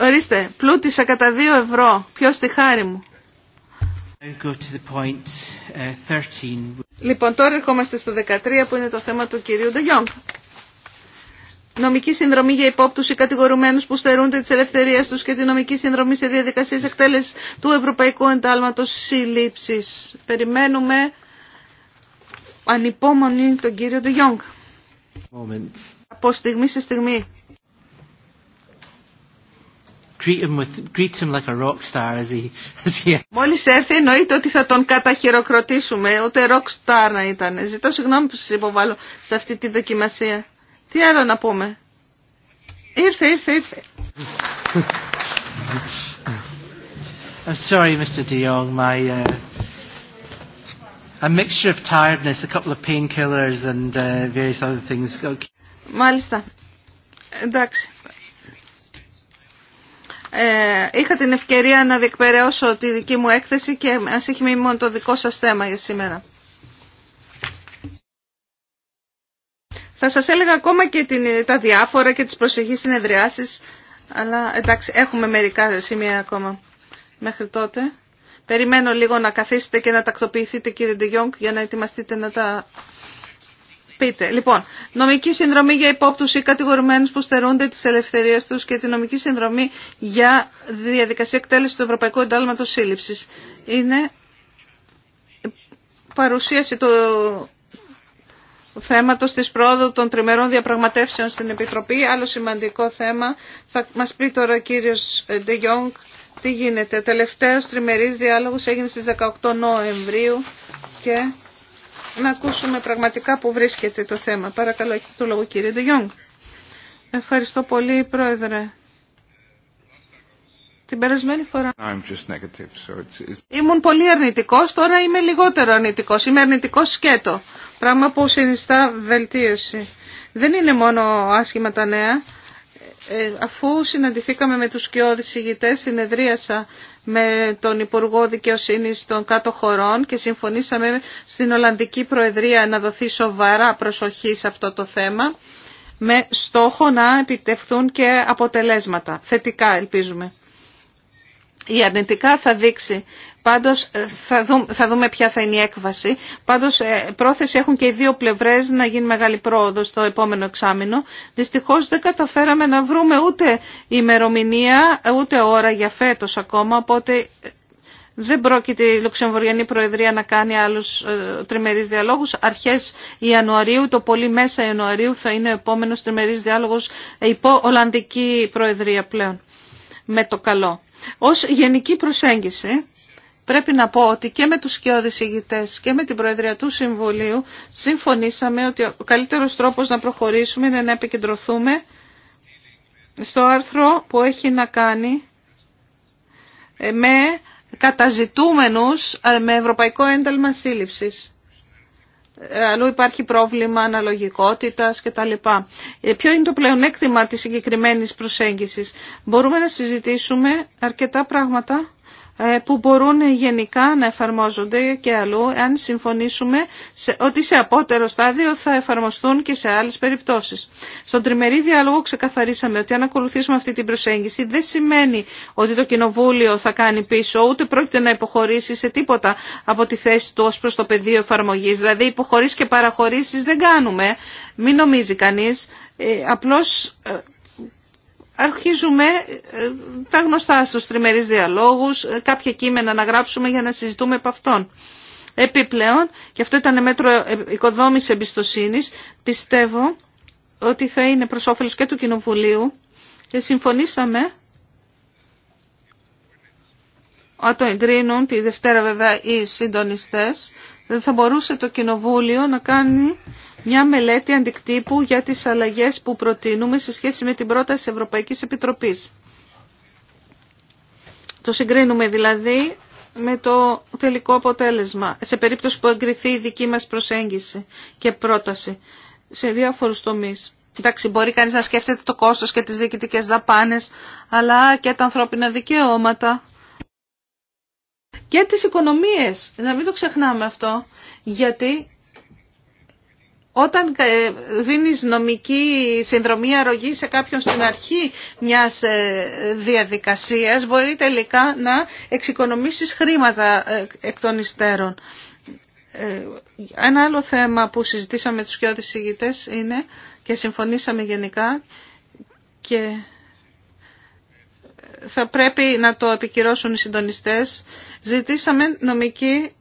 Ορίστε, πλούτησα κατά δύο ευρώ. Ποιος τη χάρη μου. Uh, λοιπόν, τώρα ερχόμαστε στο 13 που είναι το θέμα του κυρίου Ντεγιόγκ. Νομική συνδρομή για υπόπτου ή κατηγορουμένου που στερούνται τη ελευθερία του και τη νομική συνδρομή σε διαδικασίε εκτέλεση του Ευρωπαϊκού Εντάλματο Σύλληψη. Περιμένουμε ανυπόμονη τον κύριο Ντεγιόγκ. Από στιγμή σε στιγμή. Μόλις έρθει εννοείται ότι θα τον καταχειροκροτήσουμε, ούτε rock star να ήταν. Ζητώ συγγνώμη που σας υποβάλλω σε αυτή τη δοκιμασία. Τι άλλο να πούμε. Ήρθε, ήρθε, ήρθε. I'm sorry, Mr. De Jong, my uh, a mixture of tiredness, a couple of painkillers and uh, various other things. Okay. Μάλιστα. Εντάξει, ε, είχα την ευκαιρία να διεκπαιρεώσω τη δική μου έκθεση και ας έχει μείνει μόνο το δικό σας θέμα για σήμερα. Θα σας έλεγα ακόμα και την, τα διάφορα και τις προσεχείς συνεδριάσεις, αλλά εντάξει έχουμε μερικά σημεία ακόμα μέχρι τότε. Περιμένω λίγο να καθίσετε και να τακτοποιηθείτε κύριε Ντεγιόγκ για να ετοιμαστείτε να τα πείτε. Λοιπόν, νομική συνδρομή για υπόπτους ή κατηγορουμένους που στερούνται της ελευθερίας τους και τη νομική συνδρομή για διαδικασία εκτέλεση του Ευρωπαϊκού Εντάλματος Σύλληψης. Είναι παρουσίαση του θέματος της πρόοδου των τριμερών διαπραγματεύσεων στην Επιτροπή. Άλλο σημαντικό θέμα θα μας πει τώρα ο κύριος De Jong τι γίνεται. Τελευταίος τριμερής διάλογος έγινε στις 18 Νοεμβρίου και να ακούσουμε πραγματικά που βρίσκεται το θέμα. Παρακαλώ, έχετε το λόγο κύριε Ντεγιόγκ. Ευχαριστώ πολύ, Πρόεδρε. Την περασμένη φορά ήμουν πολύ αρνητικός, τώρα είμαι λιγότερο αρνητικός. Είμαι αρνητικός σκέτο, πράγμα που συνιστά βελτίωση. Δεν είναι μόνο άσχημα τα νέα, ε, αφού συναντηθήκαμε με τους σκιώδεις ηγητές, συνεδρίασα με τον Υπουργό Δικαιοσύνη των Κάτω Χωρών και συμφωνήσαμε στην Ολλανδική Προεδρία να δοθεί σοβαρά προσοχή σε αυτό το θέμα με στόχο να επιτευχθούν και αποτελέσματα. Θετικά ελπίζουμε. Η αρνητικά θα δείξει Πάντως ε, θα δούμε, θα δούμε ποια θα είναι η έκβαση. Πάντως ε, πρόθεση έχουν και οι δύο πλευρές να γίνει μεγάλη πρόοδο στο επόμενο εξάμεινο. Δυστυχώς δεν καταφέραμε να βρούμε ούτε ημερομηνία ούτε ώρα για φέτος ακόμα οπότε ε, δεν πρόκειται η Λουξεμβουργιανή Προεδρία να κάνει άλλους ε, τριμερείς διαλόγους. Αρχές Ιανουαρίου, το πολύ μέσα Ιανουαρίου θα είναι ο επόμενος τριμερείς διάλογος υπό Ολλανδική Προεδρία πλέον. Με το καλό. Ως γενική προσέγγιση Πρέπει να πω ότι και με τους σκιώδεις ηγητές και με την Προεδρία του Συμβουλίου συμφωνήσαμε ότι ο καλύτερος τρόπος να προχωρήσουμε είναι να επικεντρωθούμε στο άρθρο που έχει να κάνει ε, με καταζητούμενους ε, με ευρωπαϊκό ένταλμα σύλληψης. Ε, αλλού υπάρχει πρόβλημα αναλογικότητας κτλ. Ποιο είναι το πλεονέκτημα της συγκεκριμένης προσέγγισης. Μπορούμε να συζητήσουμε αρκετά πράγματα ε, που μπορούν γενικά να εφαρμόζονται και αλλού, αν συμφωνήσουμε ότι σε απότερο στάδιο θα εφαρμοστούν και σε άλλες περιπτώσεις. Στον τριμερή διάλογο ξεκαθαρίσαμε ότι αν ακολουθήσουμε αυτή την προσέγγιση δεν σημαίνει ότι το Κοινοβούλιο θα κάνει πίσω, ούτε πρόκειται να υποχωρήσει σε τίποτα από τη θέση του ως προς το πεδίο εφαρμογής. Δηλαδή υποχωρήσεις και παραχωρήσεις δεν κάνουμε, μην νομίζει κανείς, ε, απλώς ε, αρχίζουμε ε, τα γνωστά στους τριμερείς διαλόγους, ε, κάποια κείμενα να γράψουμε για να συζητούμε από αυτόν. Επιπλέον, και αυτό ήταν μέτρο ε, οικοδόμηση εμπιστοσύνης, πιστεύω ότι θα είναι προς όφελος και του Κοινοβουλίου και συμφωνήσαμε αν το εγκρίνουν τη Δευτέρα βέβαια οι συντονιστές, δεν θα μπορούσε το Κοινοβούλιο να κάνει μια μελέτη αντικτύπου για τις αλλαγές που προτείνουμε σε σχέση με την πρόταση Ευρωπαϊκής Επιτροπής. Το συγκρίνουμε δηλαδή με το τελικό αποτέλεσμα, σε περίπτωση που εγκριθεί η δική μας προσέγγιση και πρόταση σε διάφορους τομείς. Εντάξει, μπορεί κανείς να σκέφτεται το κόστος και τις διοικητικές δαπάνες, αλλά και τα ανθρώπινα δικαιώματα και τις οικονομίες. Να μην το ξεχνάμε αυτό, γιατί όταν ε, δίνεις νομική συνδρομή αρρωγή σε κάποιον στην αρχή μιας ε, διαδικασίας μπορεί τελικά να εξοικονομήσεις χρήματα ε, εκ των υστέρων. Ένα άλλο θέμα που συζητήσαμε με τους και είναι και συμφωνήσαμε γενικά και θα πρέπει να το επικυρώσουν οι συντονιστές. Ζητήσαμε νομική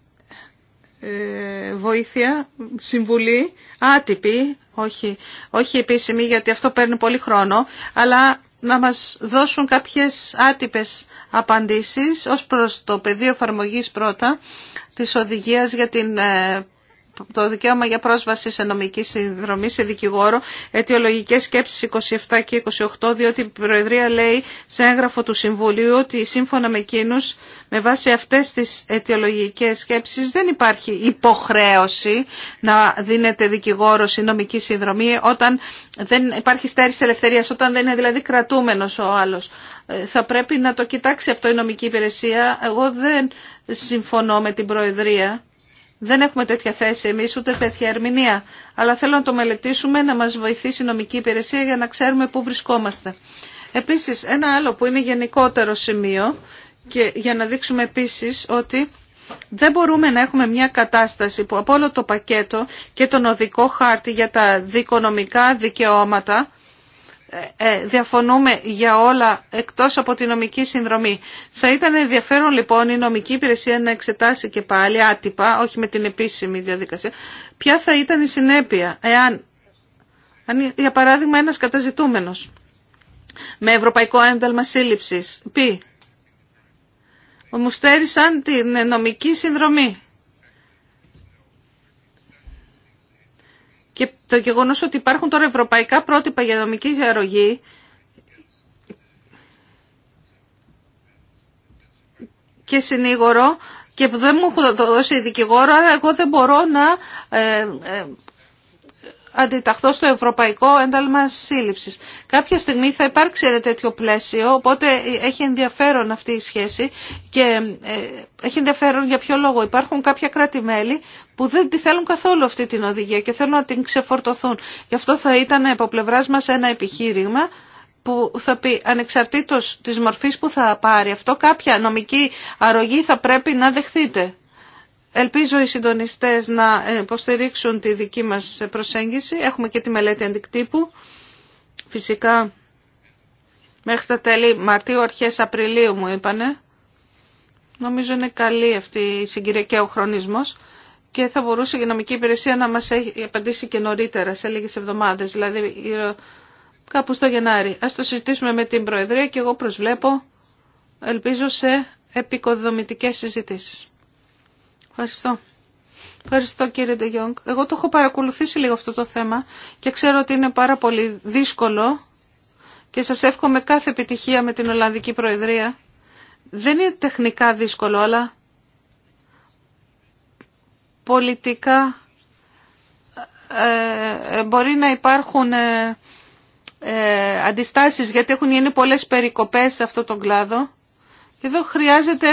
ε, βοήθεια, συμβουλή, άτυπη, όχι, όχι επίσημη γιατί αυτό παίρνει πολύ χρόνο, αλλά να μας δώσουν κάποιες άτυπες απαντήσεις ως προς το πεδίο εφαρμογή πρώτα της οδηγίας για την ε, το δικαίωμα για πρόσβαση σε νομική συνδρομή σε δικηγόρο, αιτιολογικές σκέψεις 27 και 28, διότι η Προεδρία λέει σε έγγραφο του Συμβουλίου ότι σύμφωνα με εκείνους, με βάση αυτές τις αιτιολογικές σκέψεις δεν υπάρχει υποχρέωση να δίνεται δικηγόρος ή νομική συνδρομή όταν δεν υπάρχει στέρηση ελευθερίας, όταν δεν είναι δηλαδή κρατούμενος ο άλλος. Ε, θα πρέπει να το κοιτάξει αυτό η νομική υπηρεσία. Εγώ δεν συμφωνώ με την Προεδρία δεν έχουμε τέτοια θέση εμείς, ούτε τέτοια ερμηνεία. Αλλά θέλω να το μελετήσουμε, να μας βοηθήσει η νομική υπηρεσία για να ξέρουμε πού βρισκόμαστε. Επίσης, ένα άλλο που είναι γενικότερο σημείο και για να δείξουμε επίσης ότι δεν μπορούμε να έχουμε μια κατάσταση που από όλο το πακέτο και τον οδικό χάρτη για τα δικονομικά δικαιώματα ε, ε, διαφωνούμε για όλα εκτός από τη νομική συνδρομή. Θα ήταν ενδιαφέρον λοιπόν η νομική υπηρεσία να εξετάσει και πάλι άτυπα, όχι με την επίσημη διαδικασία, ποια θα ήταν η συνέπεια εάν, αν, για παράδειγμα, ένας καταζητούμενος με ευρωπαϊκό ένταλμα σύλληψης πει μου στέρισαν την νομική συνδρομή Και το γεγονό ότι υπάρχουν τώρα ευρωπαϊκά πρότυπα για νομική διαρρογή και συνήγορο και δεν μου έχουν δώσει δικηγόρο, αλλά εγώ δεν μπορώ να ε, ε, αντιταχθώ στο ευρωπαϊκό ένταλμα σύλληψη. Κάποια στιγμή θα υπάρξει ένα τέτοιο πλαίσιο, οπότε έχει ενδιαφέρον αυτή η σχέση και ε, έχει ενδιαφέρον για ποιο λόγο. Υπάρχουν κάποια κράτη-μέλη που δεν τη θέλουν καθόλου αυτή την οδηγία και θέλουν να την ξεφορτωθούν. Γι' αυτό θα ήταν από πλευρά μα ένα επιχείρημα που θα πει ανεξαρτήτως της μορφής που θα πάρει αυτό κάποια νομική αρρωγή θα πρέπει να δεχθείτε. Ελπίζω οι συντονιστές να υποστηρίξουν τη δική μας προσέγγιση. Έχουμε και τη μελέτη αντικτύπου. Φυσικά μέχρι τα τέλη Μαρτίου, αρχές Απριλίου μου είπανε. Νομίζω είναι καλή αυτή η συγκυρία και ο χρονισμός και θα μπορούσε η Γενομική Υπηρεσία να μας έχει απαντήσει και νωρίτερα σε λίγες εβδομάδες, δηλαδή κάπου στο Γενάρη. Ας το συζητήσουμε με την Προεδρία και εγώ προσβλέπω, ελπίζω σε επικοδομητικές συζητήσει. Ευχαριστώ. Ευχαριστώ κύριε Ντεγιόγκ. Εγώ το έχω παρακολουθήσει λίγο αυτό το θέμα και ξέρω ότι είναι πάρα πολύ δύσκολο και σας εύχομαι κάθε επιτυχία με την Ολλανδική Προεδρία. Δεν είναι τεχνικά δύσκολο, αλλά πολιτικά ε, ε, μπορεί να υπάρχουν ε, ε, αντιστάσεις, γιατί έχουν γίνει πολλές περικοπές σε αυτό τον κλάδο εδώ χρειάζεται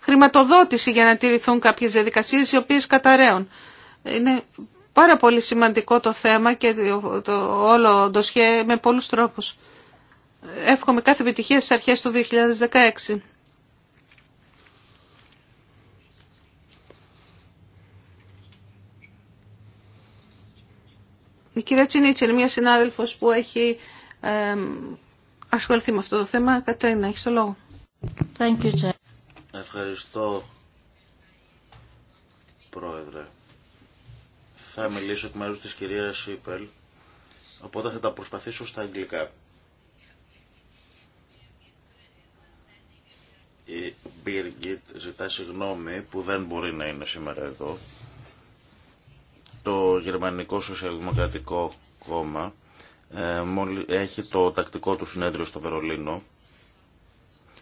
χρηματοδότηση για να τηρηθούν κάποιες διαδικασίες οι οποίες καταραίουν. Είναι πάρα πολύ σημαντικό το θέμα και το όλο το σχέ με πολλούς τρόπους. Εύχομαι κάθε επιτυχία στις αρχές του 2016. Η κυρία Τσινίτσελ, μια συνάδελφος που έχει ασχοληθεί με αυτό το θέμα, Κατρίνα, έχει το λόγο. Ευχαριστώ, Πρόεδρε. Θα μιλήσω εκ μέρους της κυρία Σίπελ, οπότε θα τα προσπαθήσω στα αγγλικά. Η Birgit ζητά συγγνώμη που δεν μπορεί να είναι σήμερα εδώ. Το Γερμανικό Σοσιαλδημοκρατικό Κόμμα ε, έχει το τακτικό του συνέδριο στο Βερολίνο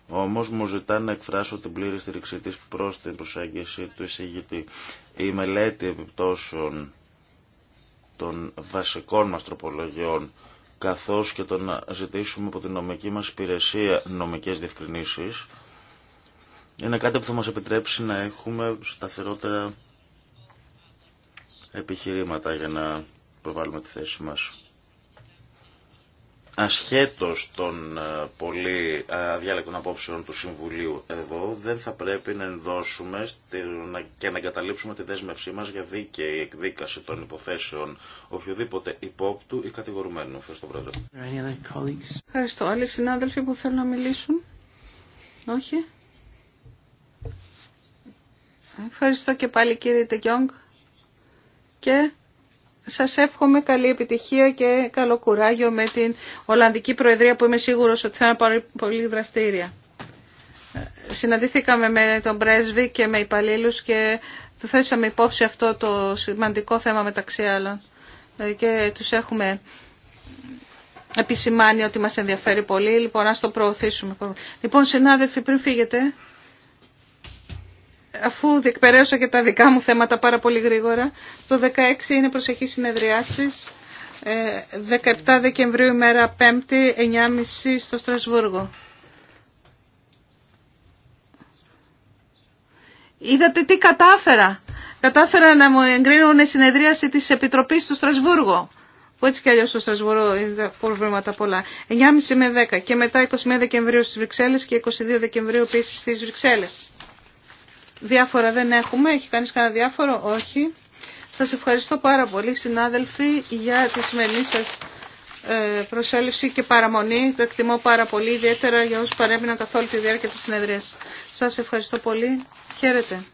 όμως μου ζητά να εκφράσω την πλήρη στήριξή της προς την προσέγγιση του εισηγητή. Η μελέτη επιπτώσεων των βασικών μας τροπολογιών καθώς και το να ζητήσουμε από την νομική μας υπηρεσία νομικές διευκρινήσεις είναι κάτι που θα μας επιτρέψει να έχουμε σταθερότερα επιχειρήματα για να προβάλλουμε τη θέση μας ασχέτως των ε, πολύ αδιάλεκτων ε, απόψεων του Συμβουλίου εδώ, δεν θα πρέπει να ενδώσουμε και να εγκαταλείψουμε τη δέσμευσή μας για δίκαιη εκδίκαση των υποθέσεων οποιοδήποτε υπόπτου ή κατηγορουμένου. Ευχαριστώ, Πρόεδρε. Ευχαριστώ. Άλλοι συνάδελφοι που θέλουν να μιλήσουν. Όχι. Ευχαριστώ και πάλι κύριε Τεκιόγκ. Και σας εύχομαι καλή επιτυχία και καλό κουράγιο με την Ολλανδική Προεδρία που είμαι σίγουρος ότι θα είναι πολύ δραστήρια. Συναντήθηκαμε με τον πρέσβη και με υπαλλήλους και του θέσαμε υπόψη αυτό το σημαντικό θέμα μεταξύ άλλων ε, και τους έχουμε επισημάνει ότι μας ενδιαφέρει πολύ. Λοιπόν, ας το προωθήσουμε. Λοιπόν, συνάδελφοι, πριν φύγετε, αφού διεκπαιρέωσα και τα δικά μου θέματα πάρα πολύ γρήγορα, στο 16 είναι προσεχή συνεδριάσεις, 17 ε, Δεκεμβρίου ημέρα 5η, 9.30 στο Στρασβούργο. Είδατε τι κατάφερα. Κατάφερα να μου εγκρίνουν συνεδρίαση της Επιτροπής στο Στρασβούργο. Που έτσι κι αλλιώς στο Στρασβούργο είδα προβλήματα πολλά. 9.30 με 10 και μετά 21 Δεκεμβρίου στις Βρυξέλλες και 22 Δεκεμβρίου επίσης στις Βρυξέλλες. Διάφορα δεν έχουμε. Έχει κανείς κανένα διάφορο. Όχι. Σας ευχαριστώ πάρα πολύ συνάδελφοι για τη σημερινή σας ε, προσέλευση και παραμονή. Το εκτιμώ πάρα πολύ, ιδιαίτερα για όσους παρέμειναν καθόλου όλη τη διάρκεια της συνεδρίας. Σας ευχαριστώ πολύ. Χαίρετε.